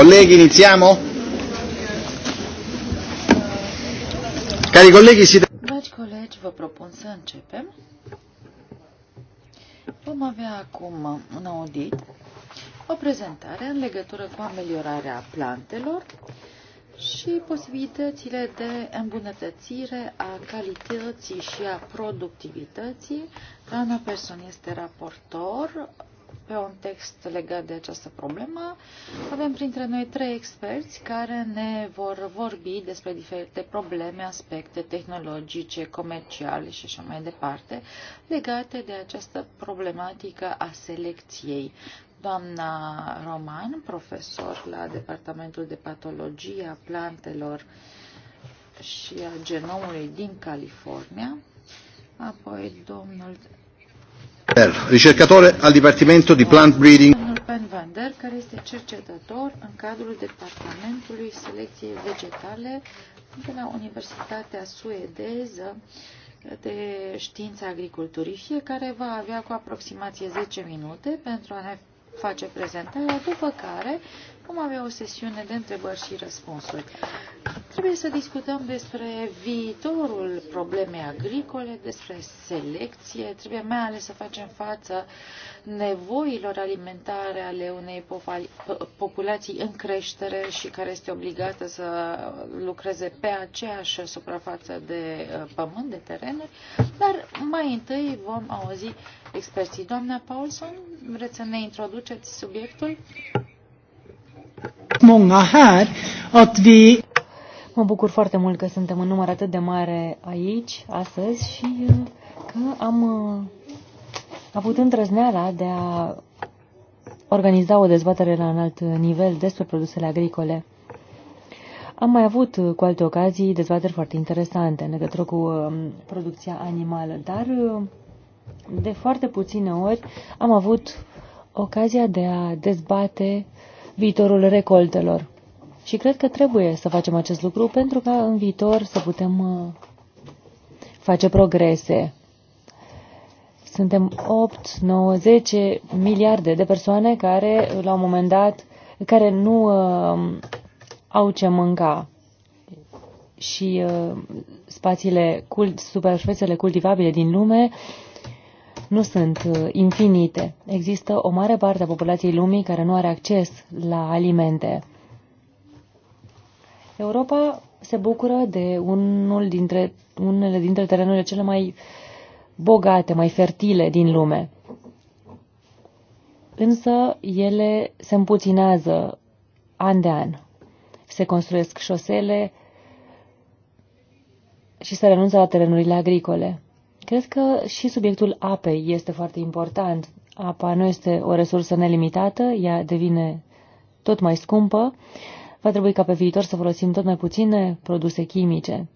Colleghi, iniziamo? Cari colleghi, si... Dragi colegi, vă propun să începem. Vom avea acum un audit, o prezentare în legătură cu ameliorarea plantelor și posibilitățile de îmbunătățire a calității și a productivității. Doamna Person este raportor pe un text legat de această problemă. Avem printre noi trei experți care ne vor vorbi despre diferite probleme, aspecte tehnologice, comerciale și așa mai departe, legate de această problematică a selecției. Doamna Roman, profesor la Departamentul de Patologie a Plantelor și a Genomului din California, apoi domnul Vander, ricercatore al Dipartimento di Plant Breeding. Domnul Ben Vander, care este cercetător în cadrul Departamentului Selecției Vegetale de la Universitatea Suedeză de Știință Agriculturii. Fiecare va avea cu aproximație 10 minute pentru a ne face prezentarea, după care Vom avea o sesiune de întrebări și răspunsuri. Trebuie să discutăm despre viitorul problemei agricole, despre selecție. Trebuie mai ales să facem față nevoilor alimentare ale unei populații în creștere și care este obligată să lucreze pe aceeași suprafață de uh, pământ, de terenuri. Dar mai întâi vom auzi experții. Doamna Paulson, vreți să ne introduceți subiectul? Många här att vi Mă bucur foarte mult că suntem în număr atât de mare aici, astăzi, și uh, că am uh, avut îndrăzneala de a organiza o dezbatere la înalt nivel despre produsele agricole. Am mai avut uh, cu alte ocazii dezbateri foarte interesante în legătură cu producția animală, dar de foarte puține ori am avut ocazia de a dezbate uh, viitorul recoltelor. Și cred că trebuie să facem acest lucru pentru ca în viitor să putem uh, face progrese. Suntem 8, 9, 10 miliarde de persoane care la un moment dat care nu uh, au ce mânca și uh, spațiile cult, suprafețele cultivabile din lume uh, nu sunt uh, infinite. Există o mare parte a populației lumii care nu are acces la alimente. Europa se bucură de unul dintre, unele dintre terenurile cele mai bogate, mai fertile din lume. Însă ele se împuținează an de an. Se construiesc șosele și se renunță la terenurile agricole. Cred că și subiectul apei este foarte important. Apa nu este o resursă nelimitată, ea devine tot mai scumpă. Va trebui ca pe viitor să folosim tot mai puține produse chimice.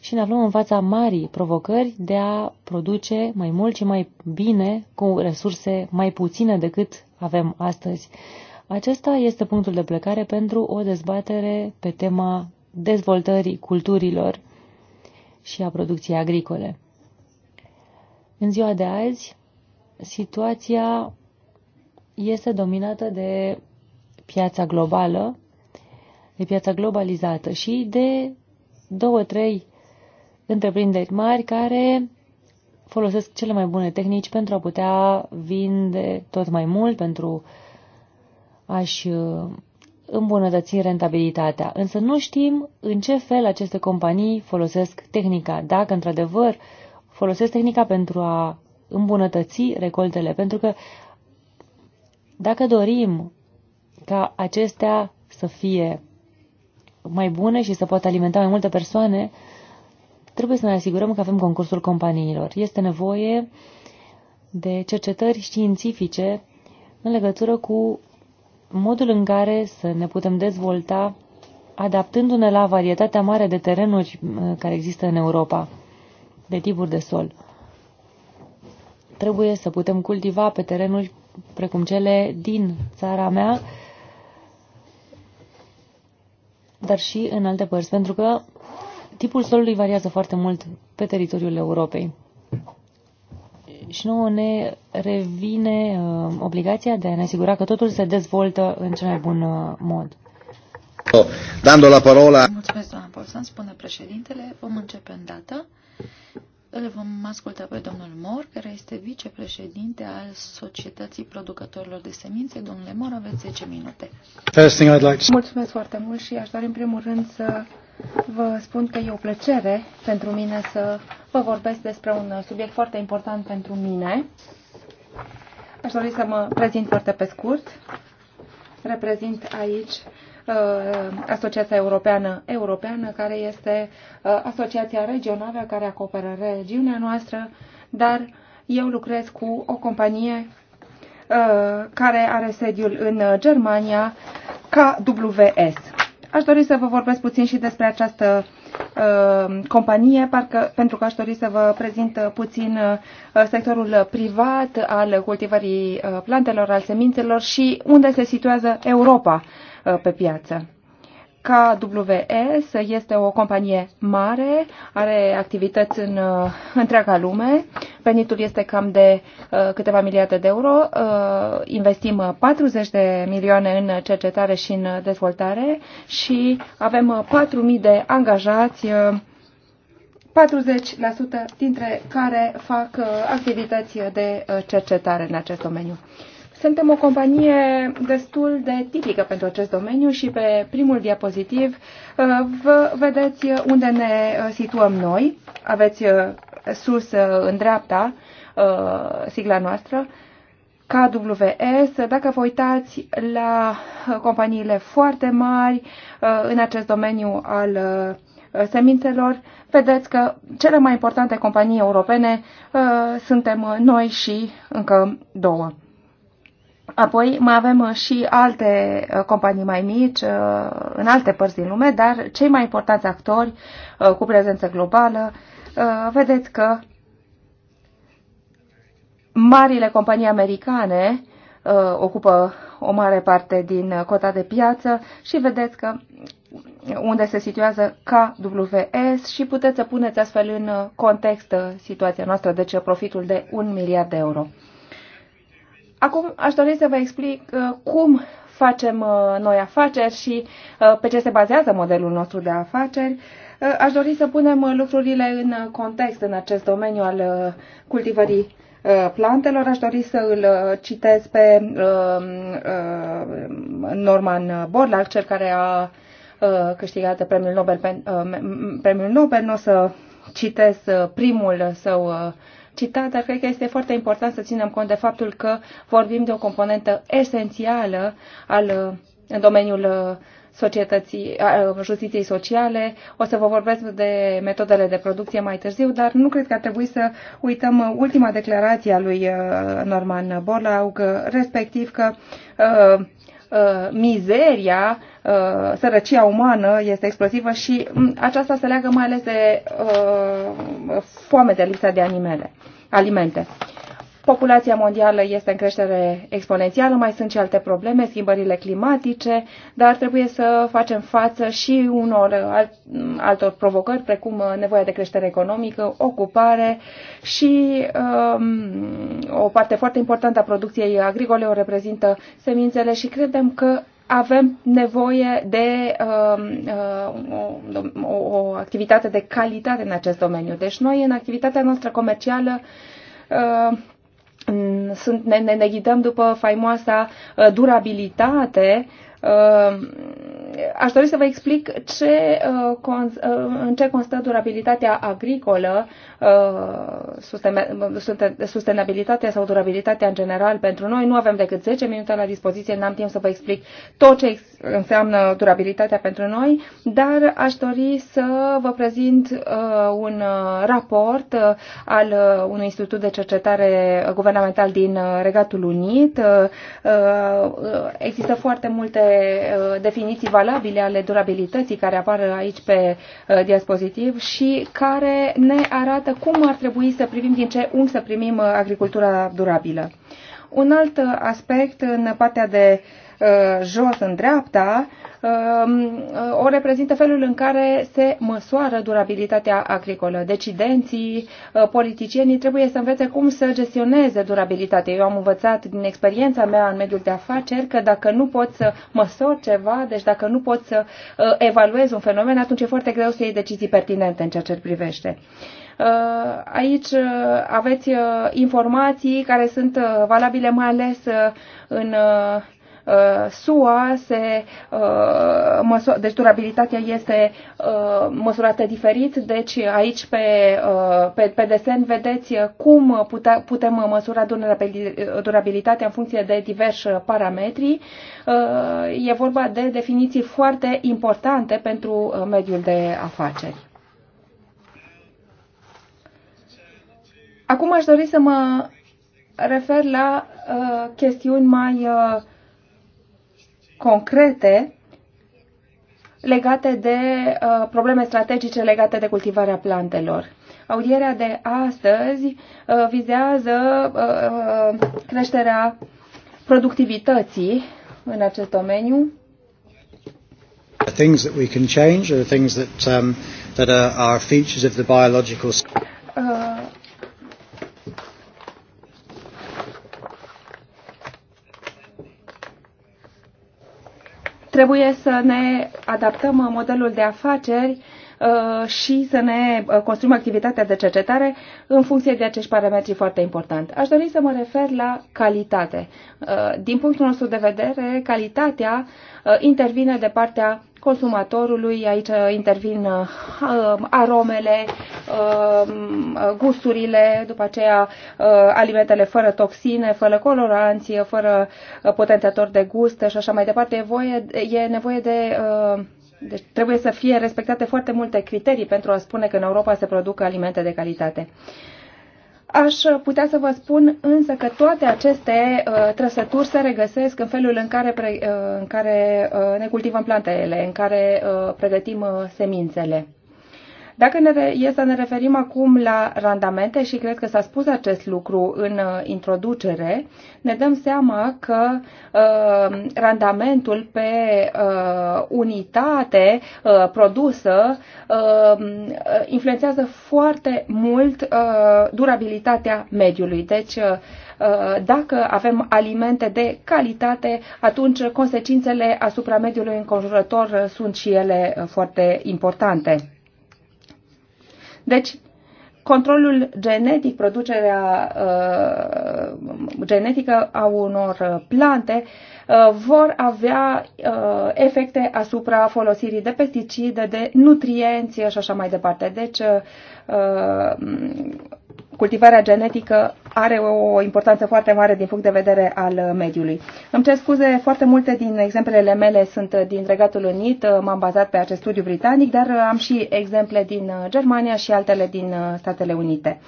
Și ne aflăm în fața marii provocări de a produce mai mult și mai bine cu resurse mai puține decât avem astăzi. Acesta este punctul de plecare pentru o dezbatere pe tema dezvoltării culturilor și a producției agricole. În ziua de azi, situația este dominată de piața globală, de piața globalizată și de două, trei întreprinderi mari care folosesc cele mai bune tehnici pentru a putea vinde tot mai mult, pentru a-și uh, îmbunătăți rentabilitatea. Însă nu știm în ce fel aceste companii folosesc tehnica, dacă într-adevăr folosesc tehnica pentru a îmbunătăți recoltele, pentru că dacă dorim ca acestea să fie mai bune și să poată alimenta mai multe persoane, trebuie să ne asigurăm că avem concursul companiilor. Este nevoie de cercetări științifice în legătură cu modul în care să ne putem dezvolta adaptându-ne la varietatea mare de terenuri uh, care există în Europa de tipuri de sol. Trebuie să putem cultiva pe terenuri precum cele din țara mea, dar și în alte părți, pentru că tipul solului variază foarte mult pe teritoriul Europei. Și nouă ne revine uh, obligația de a ne asigura că totul se dezvoltă în cel mai bun uh, mod. Dando la parola. Mulțumesc, doamna Polsan, spune președintele. Vom începe în data. Îl vom asculta pe domnul Mor, care este vicepreședinte al Societății Producătorilor de Semințe. Domnule Mor, aveți 10 minute. Mulțumesc foarte mult și aș dori în primul rând să vă spun că e o plăcere pentru mine să vă vorbesc despre un subiect foarte important pentru mine. Aș dori să mă prezint foarte pe scurt. Reprezint aici Uh, asociația Europeană Europeană, care este uh, asociația regională care acoperă regiunea noastră, dar eu lucrez cu o companie uh, care are sediul în Germania, KWS. Aș dori să vă vorbesc puțin și despre această companie, parcă, pentru că aș dori să vă prezint puțin sectorul privat al cultivării plantelor, al semințelor și unde se situează Europa Uh, pe piață. KWS este o companie mare, are activități în uh, întreaga lume, venitul este cam de uh, câteva miliarde de euro, uh, investim 40 uh, de milioane în cercetare și în dezvoltare și avem 4.000 uh, de angajați, uh, 40% dintre care fac uh, activități de uh, cercetare în acest domeniu. Uh, suntem o companie destul de tipică pentru acest domeniu și pe primul diapozitiv uh, vă vedeți unde ne uh, situăm noi. Aveți uh, sus în dreapta sigla noastră, KWS. Dacă vă uitați la companiile foarte mari în acest domeniu al semințelor, vedeți că cele mai importante companii europene suntem noi și încă două. Apoi mai avem uh, și alte uh, companii mai mici uh, în alte părți din lume, dar cei mai importanți actori cu prezență globală, vedeți că marile companii americane ocupă o mare parte din cota de piață și vedeți că unde se situează KWS și puteți să puneți astfel în context situația noastră, deci profitul de 1 miliard de euro. Acum aș dori să vă explic uh, cum facem uh, noi afaceri și uh, pe ce se bazează modelul nostru de afaceri. Aș dori să punem lucrurile în context în acest domeniu al cultivării plantelor. Aș dori să îl citez pe Norman Borlaug, cel care a câștigat premiul Nobel. Premiul Nobel, nu o să citez primul său citat, dar cred că este foarte important să ținem cont de faptul că vorbim de o componentă esențială al, uh, în domeniul uh, societății, uh, justiției sociale. O să vă vorbesc de metodele de producție mai târziu, dar nu cred că ar trebui să uităm ultima declarație a lui Norman Borlaug, respectiv că uh, Uh, mizeria, uh, sărăcia umană este explozivă și mm, aceasta se leagă mai ales de uh, foamea de lipsa de animele, alimente. Populația mondială este în creștere exponențială, mai sunt și alte probleme, schimbările climatice, dar trebuie să facem față și unor alt, altor provocări, precum uh, nevoia de creștere economică, ocupare și um, o parte foarte importantă a producției agricole o reprezintă semințele și credem că avem nevoie de um, uh, o, o, o activitate de calitate în acest domeniu. Deci noi, în activitatea noastră comercială, uh, sunt, ne, ne, ne ghidăm după faimoasa uh, durabilitate uh, aș dori să vă explic ce, uh, uh, în ce constă durabilitatea agricolă, uh, sustenabilitatea sau durabilitatea în general pentru noi. Nu avem decât 10 minute la dispoziție, n-am timp să vă explic tot ce înseamnă durabilitatea pentru noi, dar aș dori să vă prezint un raport al unui institut de cercetare guvernamental din Regatul Unit. Există foarte multe definiții valabile valabile ale durabilității care apar aici pe uh, diapozitiv și care ne arată cum ar trebui să privim din ce unghi să primim uh, agricultura durabilă. Un alt uh, aspect în partea de uh, Uh, jos în dreapta um, uh, o reprezintă felul în care se măsoară durabilitatea agricolă. Decidenții, uh, politicienii trebuie să învețe cum să gestioneze durabilitatea. Eu am învățat din experiența mea în mediul de afaceri că dacă nu poți să măsori ceva, deci dacă nu poți să evaluezi un fenomen, atunci e foarte greu să iei decizii pertinente în ceea ce privește. Aici aveți informații care sunt valabile mai ales în Uh, SUA se uh, măsoară, deci durabilitatea este uh, măsurată diferit, deci aici pe, pe, pe desen vedeți cum putea, putem măsura durabilitatea în funcție de diversi parametri. E vorba de definiții foarte importante pentru mediul de afaceri. Acum aș dori să mă refer la uh, chestiuni mai uh, concrete legate de uh, probleme strategice legate de cultivarea plantelor. Audierea de astăzi uh, vizează uh, uh creșterea productivității în acest domeniu. Things that we can change are things that um, that are, are features of the biological. Uh, Trebuie să ne adaptăm uh, modelul de afaceri uh, și să ne uh, construim activitatea de cercetare în funcție de acești parametri foarte importante. Aș dori să mă refer la calitate. Din punctul nostru de vedere, calitatea intervine de partea consumatorului. Aici intervin uh, aromele, um, gusturile, după aceea uh, alimentele fără toxine, fără coloranți, fără uh, potențator de gust și așa mai departe. E, voie, e nevoie de deci trebuie să fie respectate foarte multe criterii pentru a spune că în Europa se produc alimente de calitate. Uh, Aș putea să vă spun însă că toate aceste uh, trăsături se regăsesc în felul în care, pre, uh, în care uh, ne cultivăm plantele, în care uh, pregătim uh, semințele. Dacă ne, e să ne referim acum la randamente și cred că s-a spus acest lucru în uh, introducere, ne dăm seama că uh, randamentul pe uh, unitate uh, produsă uh, influențează foarte mult uh, durabilitatea mediului. Deci, uh, dacă avem alimente de calitate, atunci consecințele asupra mediului înconjurător sunt și ele uh, foarte importante. Deci, controlul genetic, producerea uh, genetică a unor plante uh, vor avea uh, efecte asupra folosirii de pesticide, de nutrienți și așa mai departe. Deci, uh, cultivarea genetică are o importanță foarte mare din punct de vedere al mediului. Îmi cer scuze, foarte multe din exemplele mele sunt din Regatul Unit, m-am bazat pe acest studiu britanic, dar am și exemple din Germania și altele din Statele Unite.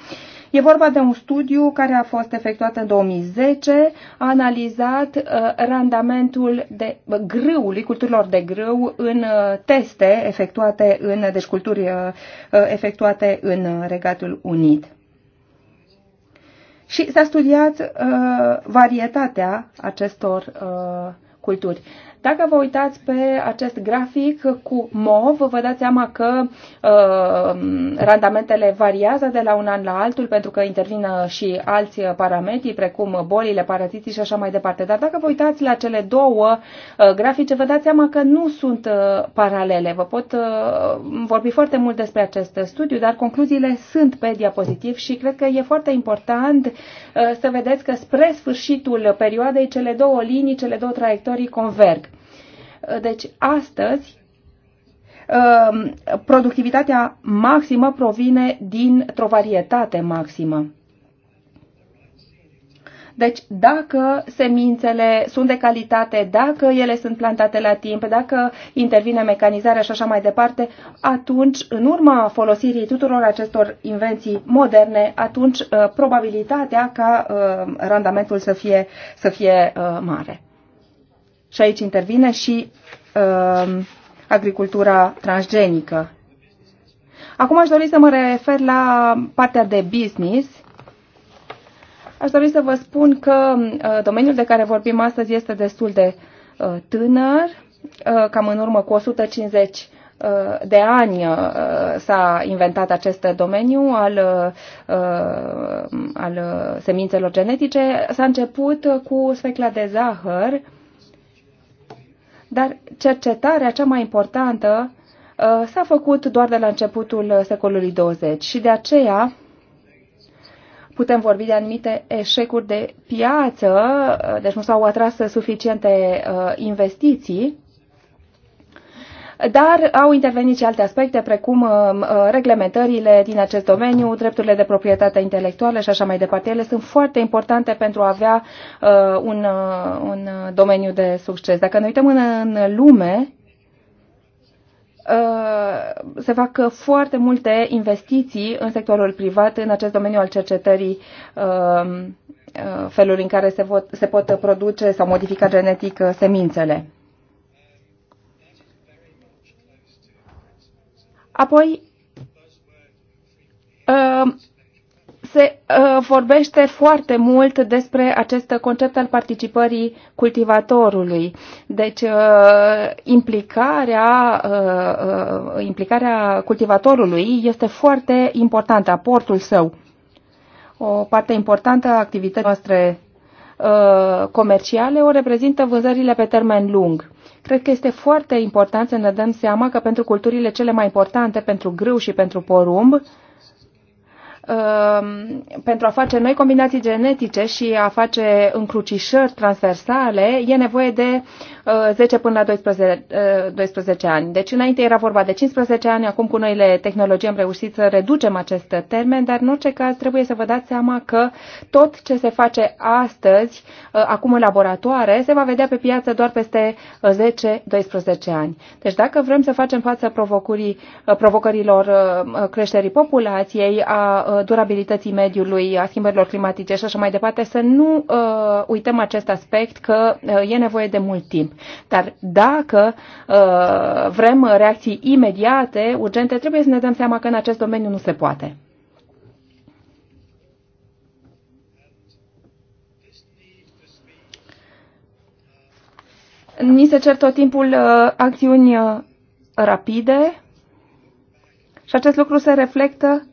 E vorba de un studiu care a fost efectuat în 2010, a analizat uh, randamentul de uh, grâului, culturilor de grâu, în uh, teste efectuate în, deci culturi uh, uh efectuate în Regatul Unit și s-a studiat uh, varietatea acestor uh, culturi. Dacă vă uitați pe acest grafic cu MOV, vă dați seama că uh, randamentele variază de la un an la altul pentru că intervin uh, și alți parametri precum bolile, paraziții și așa mai departe. Dar dacă vă uitați la cele două uh, grafice, vă dați seama că nu sunt uh, paralele. Vă pot uh, vorbi foarte mult despre acest studiu, dar concluziile sunt pe diapozitiv și cred că e foarte important uh, să vedeți că spre sfârșitul perioadei cele două linii, cele două traiectorii converg. Deci, astăzi, um, productivitatea maximă provine dintr-o varietate maximă. Deci, dacă semințele sunt de calitate, dacă ele sunt plantate la timp, dacă intervine mecanizarea și așa mai departe, atunci, în urma folosirii tuturor acestor invenții moderne, atunci uh, probabilitatea ca uh, randamentul să fie, să fie uh, mare. Și aici intervine și uh, agricultura transgenică. Acum aș dori să mă refer la partea de business. Aș dori să vă spun că uh, domeniul de care vorbim astăzi este destul de uh, tânăr, uh, cam în urmă cu 150 uh, de ani uh, s-a inventat acest domeniu al, uh, al semințelor genetice. S-a început cu specla de zahăr, dar cercetarea cea mai importantă uh, s-a făcut doar de la începutul uh, secolului 20 și de aceea putem vorbi de anumite eșecuri de piață, uh, deci nu s-au atras suficiente investiții dar au intervenit și alte aspecte, precum uh, uh, reglementările din acest domeniu, drepturile de proprietate intelectuală și așa mai departe. Ele sunt foarte importante pentru a avea uh, un, un domeniu de succes. Dacă ne uităm în, în lume, se fac foarte multe investiții în sectorul privat în acest domeniu al cercetării felul în care se, pot, se pot produce sau modifica genetic semințele. Apoi, uh, se uh, vorbește foarte mult despre acest concept al participării cultivatorului. Deci, uh, implicarea, implicarea cultivatorului este foarte importantă, aportul său. O parte importantă a activității noastre comerciale o reprezintă vânzările pe termen lung. Cred că este foarte important să ne dăm seama că pentru culturile cele mai importante, pentru grâu și pentru porumb, um, pentru a face noi combinații genetice și a face încrucișări transversale, e nevoie de 10 uh, până la 12, 12 uh, ani. Deci înainte era vorba de 15 ani, acum cu noile tehnologii am reușit să reducem acest termen, dar în orice caz trebuie să vă dați seama că tot ce se face astăzi, uh, acum în laboratoare, se va vedea pe piață doar peste 10-12 ani. Deci dacă vrem să facem față provocărilor creșterii populației, a durabilității mediului, a schimbărilor climatice și așa mai departe, să nu uităm acest aspect că e nevoie de mult timp. Dar dacă uh, vrem reacții imediate, urgente, trebuie să ne dăm seama că în acest domeniu nu se poate. Ni se cer tot timpul uh, acțiuni uh, rapide și acest lucru se reflectă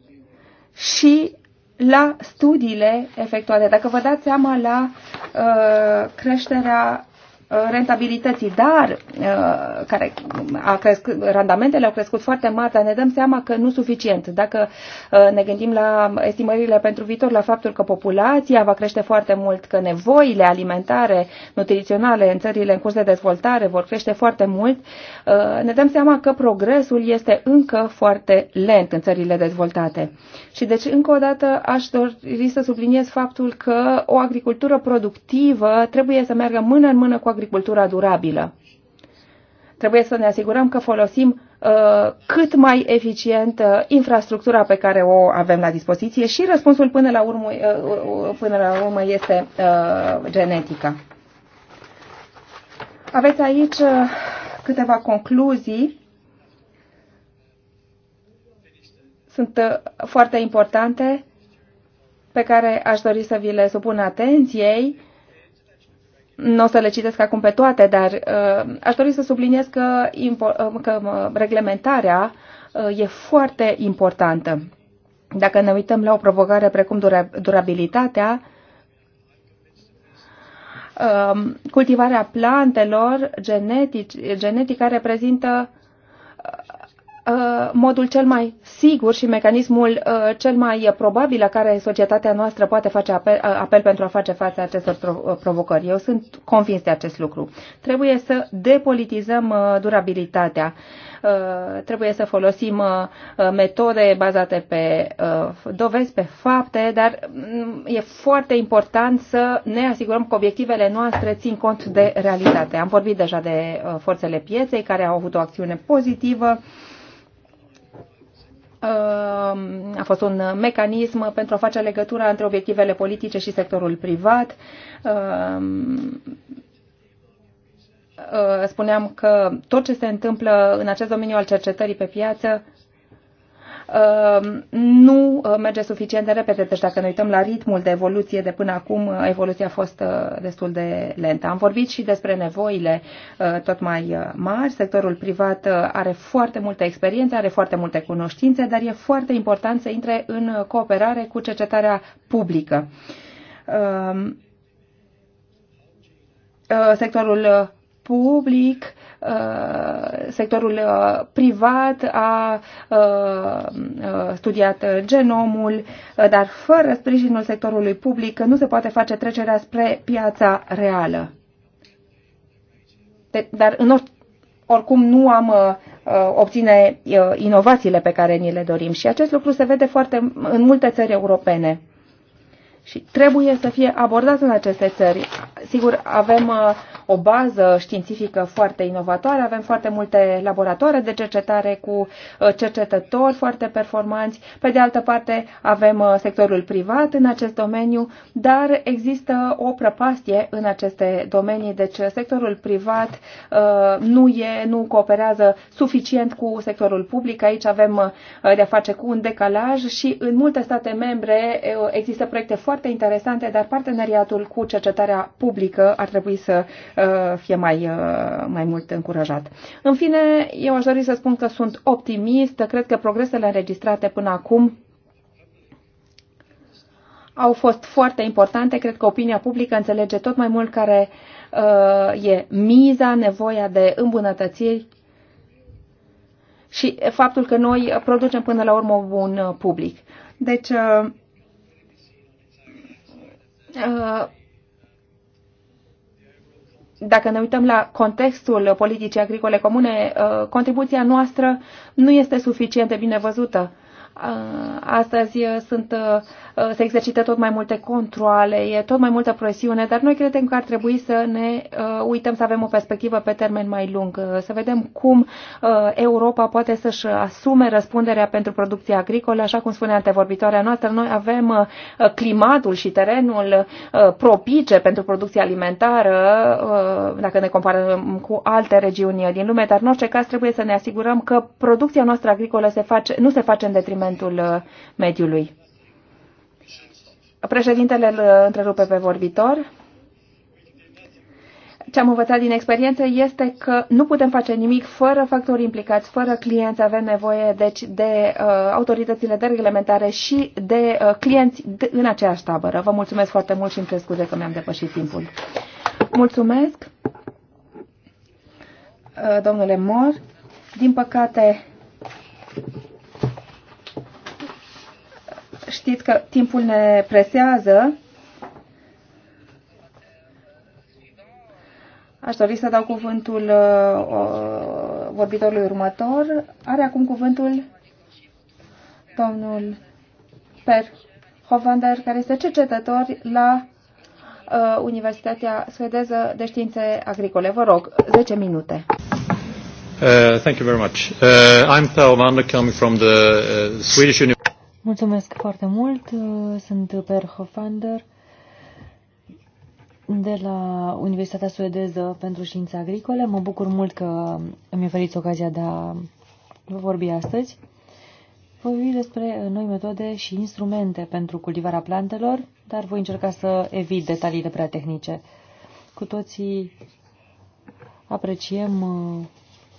și la studiile efectuate. Dacă vă dați seama la uh, creșterea Uh, rentabilității, dar uh, care a crescut, randamentele au crescut foarte mari, dar ne dăm seama că nu suficient. Dacă uh, ne gândim la estimările pentru viitor, la faptul că populația va crește foarte mult, că nevoile alimentare, nutriționale în țările în curs de dezvoltare vor crește foarte mult, ne dăm seama că progresul este încă foarte lent în țările dezvoltate. Și deci, încă o dată, aș dori să subliniez faptul că o agricultură productivă trebuie să meargă mână în mână cu agricultura durabilă. Trebuie să ne asigurăm că folosim uh, cât mai eficient uh, infrastructura pe care o avem la dispoziție și răspunsul până la urmă, uh, până la urmă este genetica. Aveți aici câteva concluzii. Sunt foarte importante pe care aș dori să vi le supun atenției nu o să le citesc acum pe toate, dar uh, aș dori să subliniez că, uh, că uh, reglementarea uh, e foarte importantă. Dacă ne uităm la o provocare precum dura, durabilitatea, um, cultivarea plantelor genetic, genetica reprezintă uh, Uh, modul cel mai sigur și mecanismul uh, cel mai probabil la care societatea noastră poate face apel, uh, apel pentru a face față acestor provocări. Eu sunt convins de acest lucru. Trebuie să depolitizăm durabilitatea. Trebuie să folosim metode bazate pe dovezi, pe fapte, dar mm, e foarte important să ne asigurăm că obiectivele noastre țin cont de realitate. Am vorbit deja de forțele pieței care au avut o acțiune pozitivă a fost un mecanism pentru a face legătura între obiectivele politice și sectorul privat. Ă, spuneam că tot ce se întâmplă în acest domeniu al cercetării pe piață Ehm, nu uh, merge suficient de repede. Deci dacă ne uităm la ritmul de evoluție de până acum, uh, evoluția a fost uh, destul de lentă. Am vorbit și despre nevoile tot mai mari. Sectorul privat are foarte multă experiență, are foarte multe cunoștințe, dar e foarte important să intre în cooperare cu cercetarea publică. Ehm, sectorul public uh, Uh, sectorul uh, privat a uh, studiat genomul, dar fără sprijinul sectorului public nu se poate face trecerea spre piața reală. De, dar în or oricum nu am uh, obține uh, inovațiile pe care ni le dorim și acest lucru se vede foarte în multe țări europene și trebuie să fie abordat în aceste țări. Sigur, avem uh, o bază științifică foarte inovatoare, avem foarte multe laboratoare de cercetare cu uh, cercetători foarte performanți. Pe de altă parte, avem uh, sectorul privat în acest domeniu, dar există o prăpastie în aceste domenii, deci sectorul privat nu, e, nu cooperează suficient cu sectorul public. Aici avem de-a face cu un decalaj și în multe state membre există proiecte foarte foarte interesante, dar parteneriatul cu cercetarea publică ar trebui să uh, fie mai, uh, mai mult încurajat. În fine, eu aș dori să spun că sunt optimist, cred că progresele înregistrate până acum au fost foarte importante. Cred că opinia publică înțelege tot mai mult care uh, e miza, nevoia de îmbunătățiri și faptul că noi producem până la urmă un bun public. Deci, uh, Uh, dacă ne uităm la contextul politicii agricole comune, uh, contribuția noastră nu este suficient de bine văzută Astăzi uh, sunt, uh, uh, se exercită tot mai multe controle, e tot mai multă presiune, dar noi credem că ar trebui să ne uităm să avem o perspectivă pe termen mai lung, să vedem cum Europa poate să-și asume răspunderea pentru producția agricolă, așa cum spune antevorbitoarea noastră, noi avem climatul și terenul propice pentru producția alimentară, dacă ne comparăm cu alte regiuni din lume, dar în orice caz trebuie să ne asigurăm că producția noastră agricolă se face, nu se face în detrimentul Departamentul uh, Mediului. Președintele îl uh, întrerupe pe vorbitor. Ce am învățat din experiență este că nu putem face nimic fără factori implicați, fără clienți. Avem nevoie deci de uh, autoritățile de reglementare și de uh, clienți de, în aceeași tabără. Vă mulțumesc foarte mult și îmi cer scuze că mi-am depășit timpul. Mulțumesc, uh, domnule Mor. Din păcate, știți că timpul ne presează. Aș dori să dau cuvântul uh, vorbitorului următor. Are acum cuvântul domnul Per Hovander, care este cercetător la uh, Universitatea Suedeză de Științe Agricole. Vă rog, 10 minute. Uh, thank you very much. Uh, I'm Per Hovander, coming from the uh, Swedish University. Mulțumesc foarte mult. Uh, sunt Per Hofander de la Universitatea Suedeză pentru Științe Agricole. Mă bucur mult că îmi oferiți ocazia de a vă vorbi astăzi. Voi vorbi despre noi metode și instrumente pentru cultivarea plantelor, dar voi încerca să evit detaliile prea tehnice. Cu toții apreciem uh,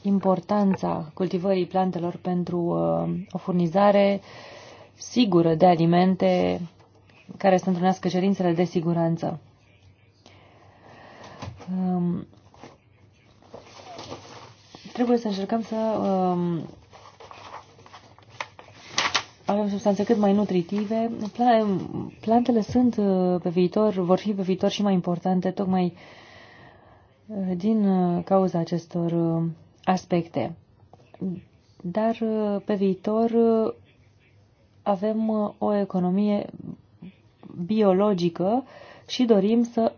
importanța cultivării plantelor pentru uh, o furnizare sigură de alimente care să întâlnească cerințele de siguranță. Um, trebuie să încercăm să um, avem substanțe cât mai nutritive. Plantele sunt uh, pe viitor, vor fi pe viitor și mai importante, tocmai uh, din uh, cauza acestor aspecte. Dar pe viitor avem uh, o economie biologică și dorim să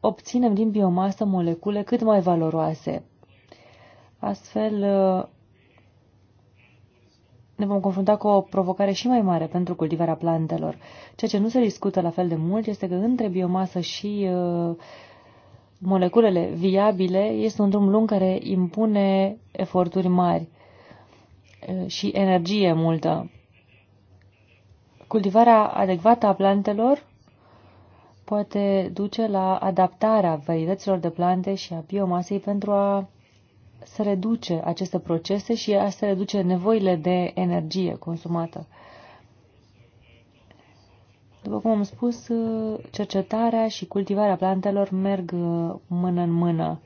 obținem din biomasă molecule cât mai valoroase. Astfel, uh, ne vom confrunta cu o provocare și mai mare pentru cultivarea plantelor. Ceea ce nu se discută la fel de mult este că între biomasă și uh, moleculele viabile este un drum lung care impune eforturi mari și energie multă. Cultivarea adecvată a plantelor poate duce la adaptarea varietăților de plante și a biomasei pentru a se reduce aceste procese și a se reduce nevoile de energie consumată. După cum am spus, cercetarea și cultivarea plantelor merg mână în mână.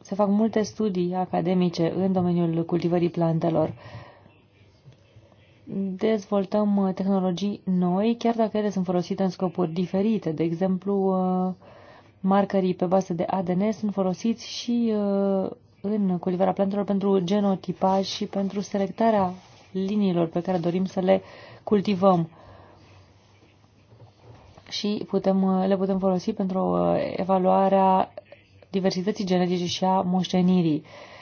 Se fac multe studii academice în domeniul cultivării plantelor dezvoltăm uh, tehnologii noi, chiar dacă ele sunt folosite în scopuri diferite. De exemplu, uh, marcării pe bază de ADN sunt folosiți și uh, în cultivarea plantelor pentru genotipaj și pentru selectarea liniilor pe care dorim să le cultivăm. Și putem, le putem folosi pentru evaluarea diversității genetice și a moștenirii. Uh,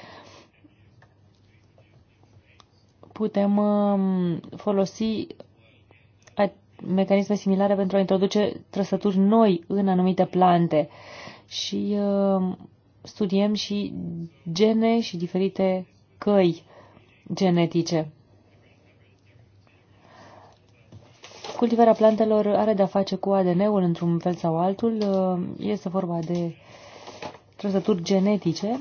putem um, folosi mecanisme similare pentru a introduce trăsături noi în anumite plante și um, studiem și gene și diferite căi genetice. Cultivarea plantelor are de-a face cu ADN-ul într-un fel sau altul. Um, este vorba de trăsături genetice.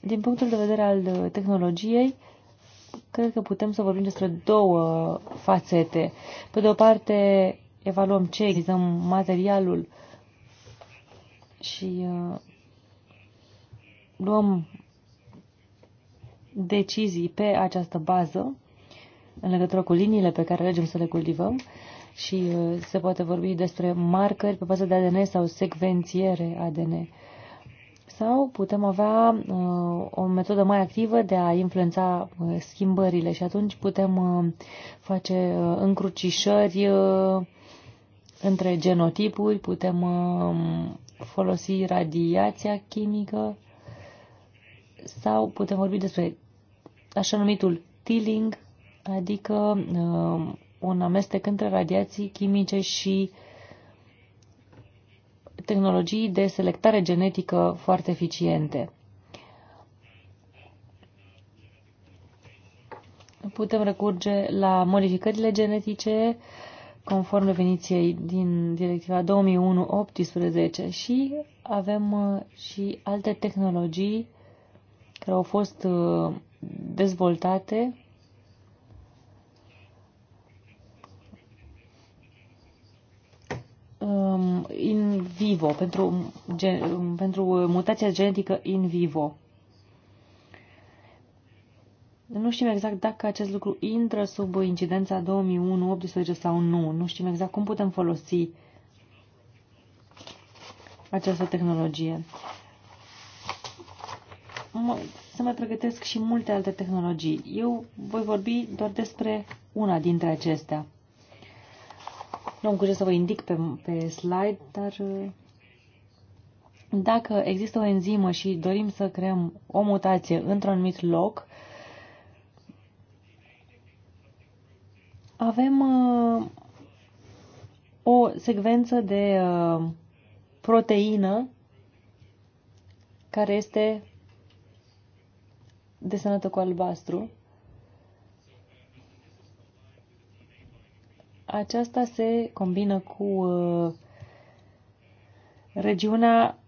Din punctul de vedere al uh, tehnologiei, cred că putem să vorbim despre două fațete. Pe de o parte, evaluăm ce examinăm materialul și uh, luăm decizii pe această bază în legătură cu liniile pe care alegem să le cultivăm și uh, se poate vorbi despre marcări pe bază de ADN sau secvențiere ADN sau putem avea uh, o metodă mai activă de a influența uh, schimbările și atunci putem uh, face încrucișări între genotipuri, putem um, folosi radiația chimică sau putem vorbi despre așa numitul tilling, adică um, un amestec între radiații chimice și uh, tehnologii de selectare genetică foarte eficiente. Putem recurge la modificările genetice conform definiției din directiva 2001-18 și avem uh, și alte tehnologii care au fost uh, dezvoltate Um, in vivo, pentru, gen, pentru mutația genetică in vivo. Nu știm exact dacă acest lucru intră sub incidența 2001-18 sau nu. Nu știm exact cum putem folosi această tehnologie. să mai pregătesc și multe alte tehnologii. Eu voi vorbi doar despre una dintre acestea. Nu am curaj să vă indic pe, pe slide, dar uh, dacă există o enzimă și dorim să creăm o mutație într-un anumit loc, avem uh, o secvență de uh, proteină care este desenată cu albastru. aceasta se combină cu uh, regiunea,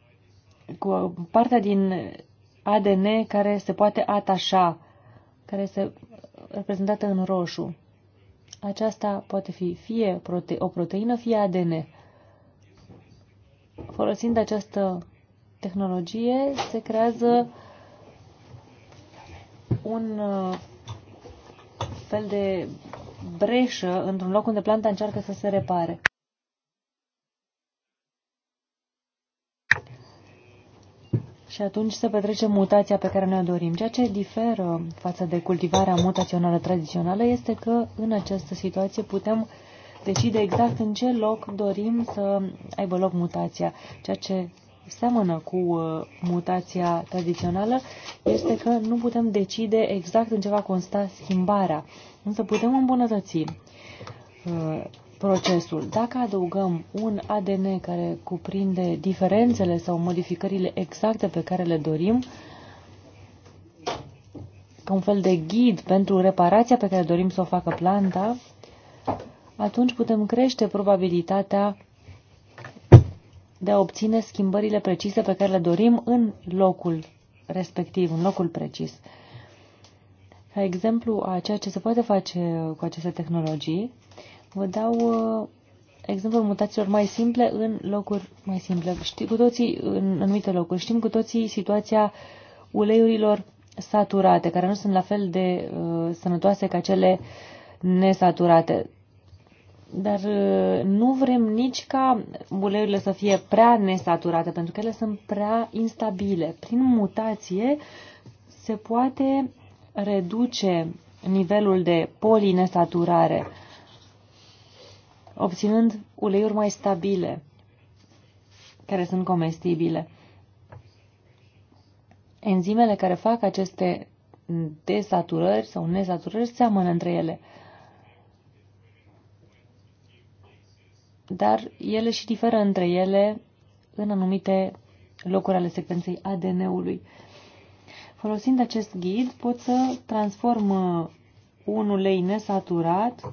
cu uh, partea din ADN care se poate atașa, care este reprezentată în roșu. Aceasta poate fi fie prote o proteină, fie ADN. Folosind această tehnologie, se creează un uh, fel de breșă într-un loc unde planta încearcă să se repare. Și atunci se petrece mutația pe care ne-o dorim. Ceea ce diferă față de cultivarea mutațională tradițională este că în această situație putem decide exact în ce loc dorim să aibă loc mutația, ceea ce seamănă cu uh, mutația tradițională este că nu putem decide exact în ce va consta schimbarea, însă putem îmbunătăți uh, procesul. Dacă adăugăm un ADN care cuprinde diferențele sau modificările exacte pe care le dorim, ca un fel de ghid pentru reparația pe care dorim să o facă planta, atunci putem crește probabilitatea de a obține schimbările precise pe care le dorim în locul respectiv, în locul precis. Ca exemplu a ceea ce se poate face cu aceste tehnologii, vă dau uh, exemplul mutațiilor mai simple în locuri mai simple. Știi cu toții, în anumite locuri, știm cu toții situația uleiurilor saturate, care nu sunt la fel de uh, sănătoase ca cele nesaturate. Dar uh, nu vrem nici ca uleiurile să fie prea nesaturate, pentru că ele sunt prea instabile. Prin mutație se poate reduce nivelul de polinesaturare, obținând uleiuri mai stabile, care sunt comestibile. Enzimele care fac aceste desaturări sau nesaturări seamănă între ele. dar ele și diferă între ele în anumite locuri ale secvenței ADN-ului. Folosind acest ghid, pot să transform uh, un ulei nesaturat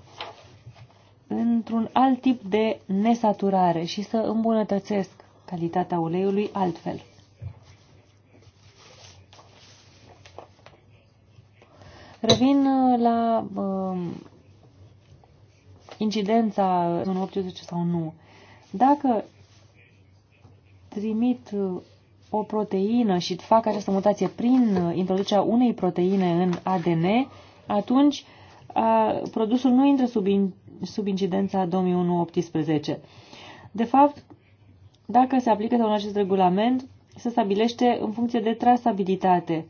într-un alt tip de nesaturare și să îmbunătățesc calitatea uleiului altfel. Revin uh, la uh, incidența zonă 18 sau nu. Dacă trimit uh, o proteină și fac această mutație prin uh, introducerea unei proteine în ADN, atunci a, uh, produsul nu intră sub, in, sub incidența 2001-18. De fapt, dacă se aplică sau acest regulament, se stabilește în funcție de trasabilitate.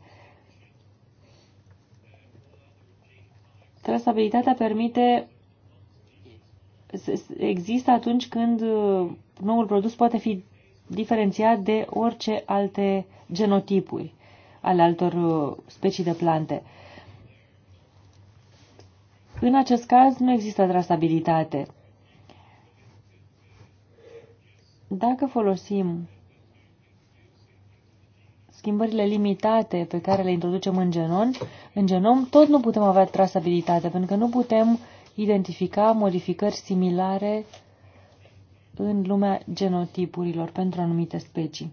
Trasabilitatea permite există atunci când uh, noul produs poate fi diferențiat de orice alte genotipuri ale altor uh, specii de plante. În acest caz nu există trasabilitate. Dacă folosim schimbările limitate pe care le introducem în genom, în genom tot nu putem avea trasabilitate, pentru că nu putem identifica modificări similare în lumea genotipurilor pentru anumite specii.